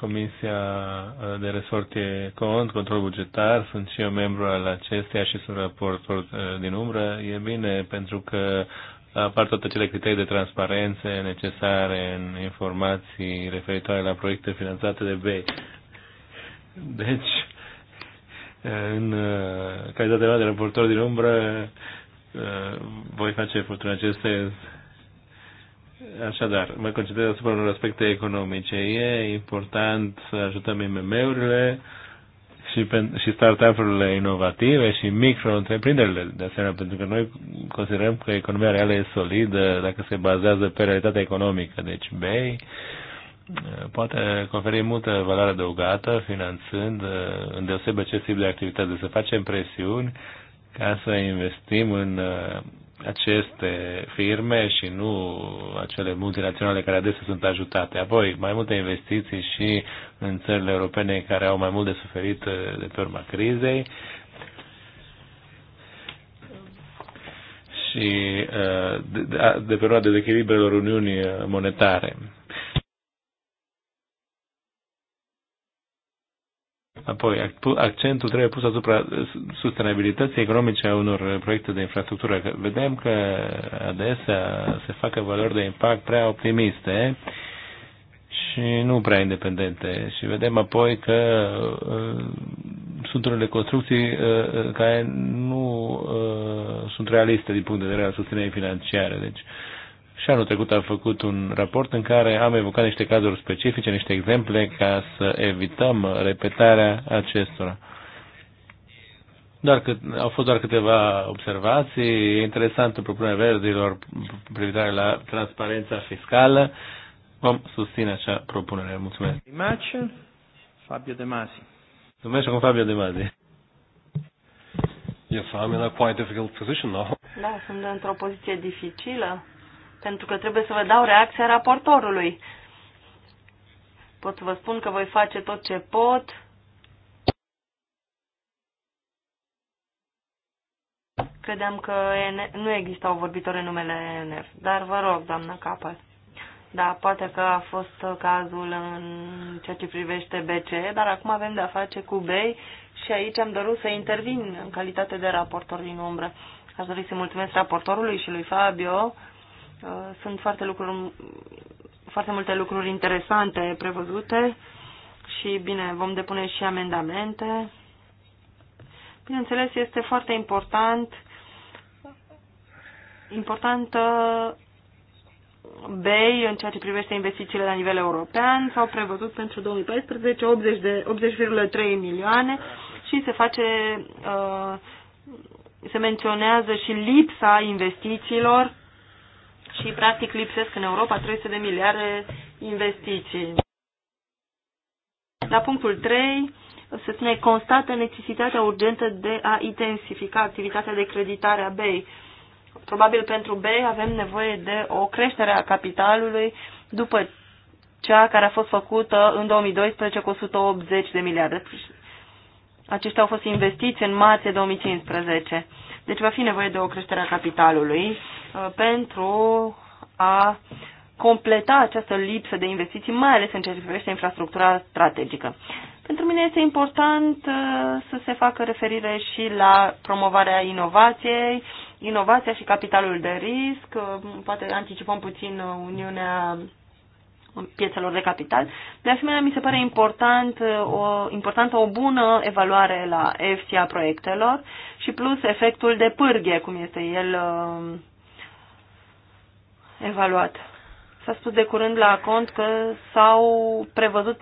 Comisia de Resort e cont, control bugetar, sunt și eu membru al acesteia și sunt raportor uh, din umbră. E bine pentru că apar toate acele criterii de transparență necesare în informații referitoare la proiecte finanțate de BEI. Deci, uh, în uh, calitatea mea de raportor din umbră, voi face efortul acestei Așadar, mă concentrez asupra unor aspecte economice. E important să ajutăm IMM-urile și, și start-up-urile inovative și micro-întreprinderile, de asemenea, pentru că noi considerăm că economia reală e solidă dacă se bazează pe realitatea economică. Deci, BEI uh, poate conferi multă valoare adăugată finanțând uh, îndeosebă acest tip de activitate, să facem presiuni ca să investim în uh, aceste firme și nu acele multinaționale care adesea sunt ajutate. Apoi, mai multe investiții și în țările europene care au mai mult de suferit uh, de pe urma crizei. și uh, de, de pe urma de Uniunii Monetare. Apoi, accentul trebuie pus asupra sustenabilității economice a unor proiecte de infrastructură. Vedem că adesea se facă valori de impact prea optimiste și nu prea independente. Și vedem apoi că uh, sunt unele construcții uh, uh care nu uh, sunt realiste din punct de vedere al susținerii financiare. Deci și anul trecut am făcut un raport în care am evocat niște cazuri specifice, niște exemple, ca să evităm repetarea acestora. Doar că, au fost doar câteva observații. E interesantă propunerea verzilor privitoare la transparența fiscală. Vom susține acea propunere. Mulțumesc. Fabio De Masi. Mulțumesc cu Fabio De Masi. Yes, I'm in a quite difficult position now. Da, sunt într-o poziție dificilă pentru că trebuie să vă dau reacția raportorului. Pot să vă spun că voi face tot ce pot. Credeam că nu existau vorbitori în numele ENF, dar vă rog, doamnă Capăl. Da, poate că a fost cazul în ceea ce privește BCE, dar acum avem de-a face cu BEI și aici am dorit să intervin în calitate de raportor din umbră. Aș dori să mulțumesc raportorului și lui Fabio Uh, sunt foarte, lucruri, foarte multe lucruri interesante prevăzute și, bine, vom depune și amendamente. Bineînțeles, este foarte important importantă BEI în ceea ce privește investițiile la nivel european. S-au prevăzut pentru 2014 80,3 de, 80 milioane și se face uh, se menționează și lipsa investițiilor și practic lipsesc în Europa 300 de miliarde investiții. La punctul 3 se spune constată necesitatea urgentă de a intensifica activitatea de creditare a BEI. Probabil pentru BEI avem nevoie de o creștere a capitalului după cea care a fost făcută în 2012 cu 180 de miliarde. Aceștia au fost investiți în martie 2015. Deci va fi nevoie de o creștere a capitalului Uh, pentru a completa această lipsă de investiții, mai ales în ceea ce privește infrastructura strategică. Pentru mine este important uh, să se facă referire și la promovarea inovației, inovația și capitalul de risc, uh, poate anticipăm puțin Uniunea piețelor de capital. De asemenea, mi se pare important o, importantă o bună evaluare la EFSI a proiectelor și plus efectul de pârghie, cum este el evaluat. S-a spus de curând la cont că s-au prevăzut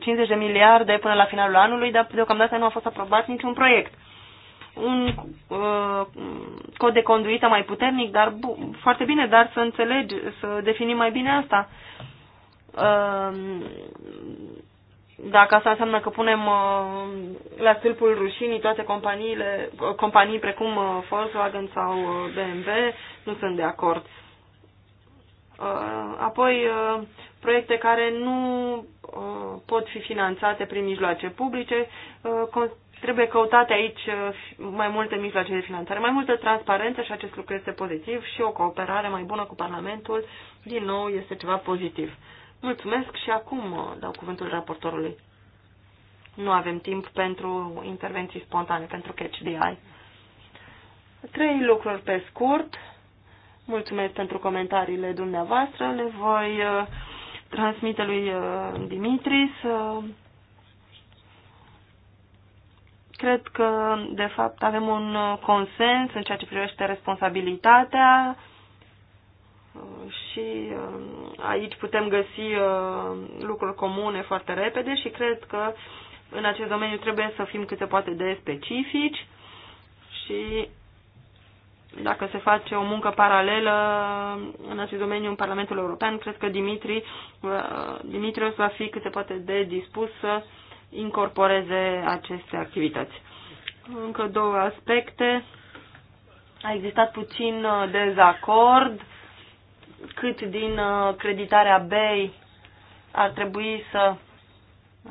50 de miliarde până la finalul anului, dar deocamdată nu a fost aprobat niciun proiect. Un uh, cod de conduită mai puternic, dar bu- foarte bine, dar să înțelegi, să definim mai bine asta. Uh, dacă asta înseamnă că punem uh, la stâlpul rușinii toate companiile, uh, companii precum uh, Volkswagen sau uh, BMW, nu sunt de acord. Uh, apoi uh, proiecte care nu uh, pot fi finanțate prin mijloace publice, trebuie căutate aici mai multe mijloace de finanțare, mai multă transparență și acest lucru este pozitiv și o cooperare mai bună cu Parlamentul, din nou, este ceva pozitiv. Mulțumesc și acum dau cuvântul raportorului. Nu avem timp pentru intervenții spontane, pentru catch the eye. Trei lucruri pe scurt. Mulțumesc pentru comentariile dumneavoastră. Le voi uh, transmite lui uh, Dimitris. Uh. Cred că, de fapt, avem un consens în ceea ce privește responsabilitatea și aici putem găsi lucruri comune foarte repede și cred că în acest domeniu trebuie să fim cât se poate de specifici și dacă se face o muncă paralelă în acest domeniu în Parlamentul European, cred că Dimitri, Dimitrios va fi cât se poate de dispus să incorporeze aceste activități. Încă două aspecte. A existat puțin uh, dezacord cât din uh, creditarea BEI ar trebui să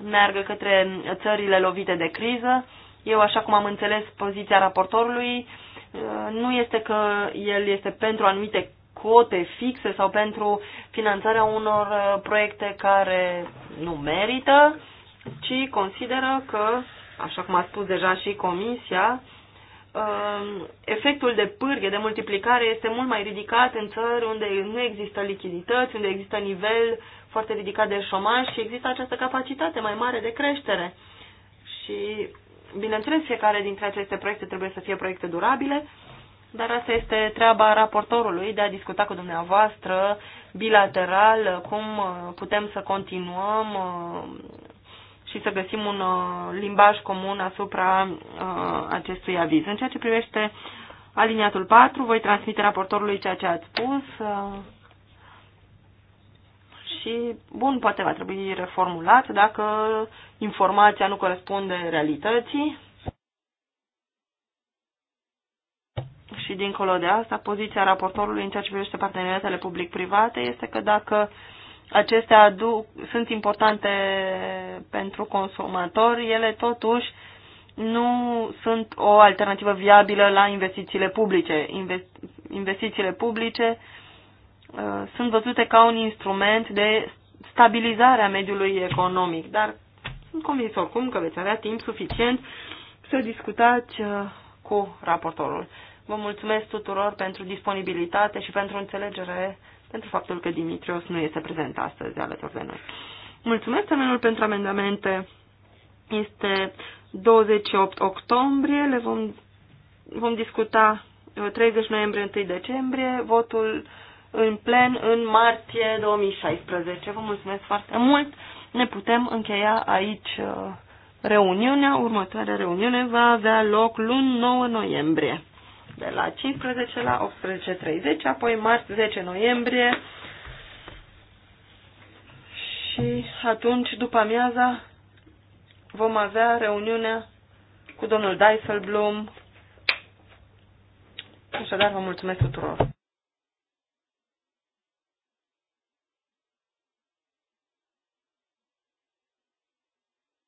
meargă către țările lovite de criză. Eu, așa cum am înțeles poziția raportorului, Uh, nu este că el este pentru anumite cote fixe sau pentru finanțarea unor uh, proiecte care nu merită, ci consideră că, așa cum a spus deja și Comisia, uh, efectul de pârghie, de multiplicare este mult mai ridicat în țări unde nu există lichidități, unde există nivel foarte ridicat de șomaj și există această capacitate mai mare de creștere. Și Bineînțeles, fiecare dintre aceste proiecte trebuie să fie proiecte durabile, dar asta este treaba raportorului de a discuta cu dumneavoastră bilateral cum uh, putem să continuăm uh, și să găsim un uh, limbaj comun asupra acestui aviz. În ceea ce privește aliniatul 4, voi transmite raportorului ceea ce ați spus și, bun, poate va trebui reformulat dacă informația nu corespunde realității. Și dincolo de asta, poziția raportorului în ceea ce privește parteneriatele public-private este că dacă acestea aduc, sunt importante pentru consumatori, ele totuși nu sunt o alternativă viabilă la investițiile publice. investițiile publice uh, Uh, sunt văzute ca un instrument de stabilizare a mediului economic, dar sunt convins oricum că veți avea timp suficient să discutați uh, cu raportorul. Vă mulțumesc tuturor pentru disponibilitate și pentru înțelegere pentru faptul că Dimitrios nu este prezent astăzi alături de noi. Mulțumesc, semnul pentru amendamente este 28 octombrie, le vom, vom discuta 30 uh, noiembrie, 1 decembrie, votul în plen în martie 2016. Vă mulțumesc foarte mult. Ne putem încheia aici uh, reuniunea. Următoarea reuniune va avea loc luni 9 noiembrie de la 15 la 18.30, apoi marți 10 noiembrie și atunci, după amiaza, vom avea reuniunea cu domnul Dyselblum. Așadar, vă mulțumesc tuturor!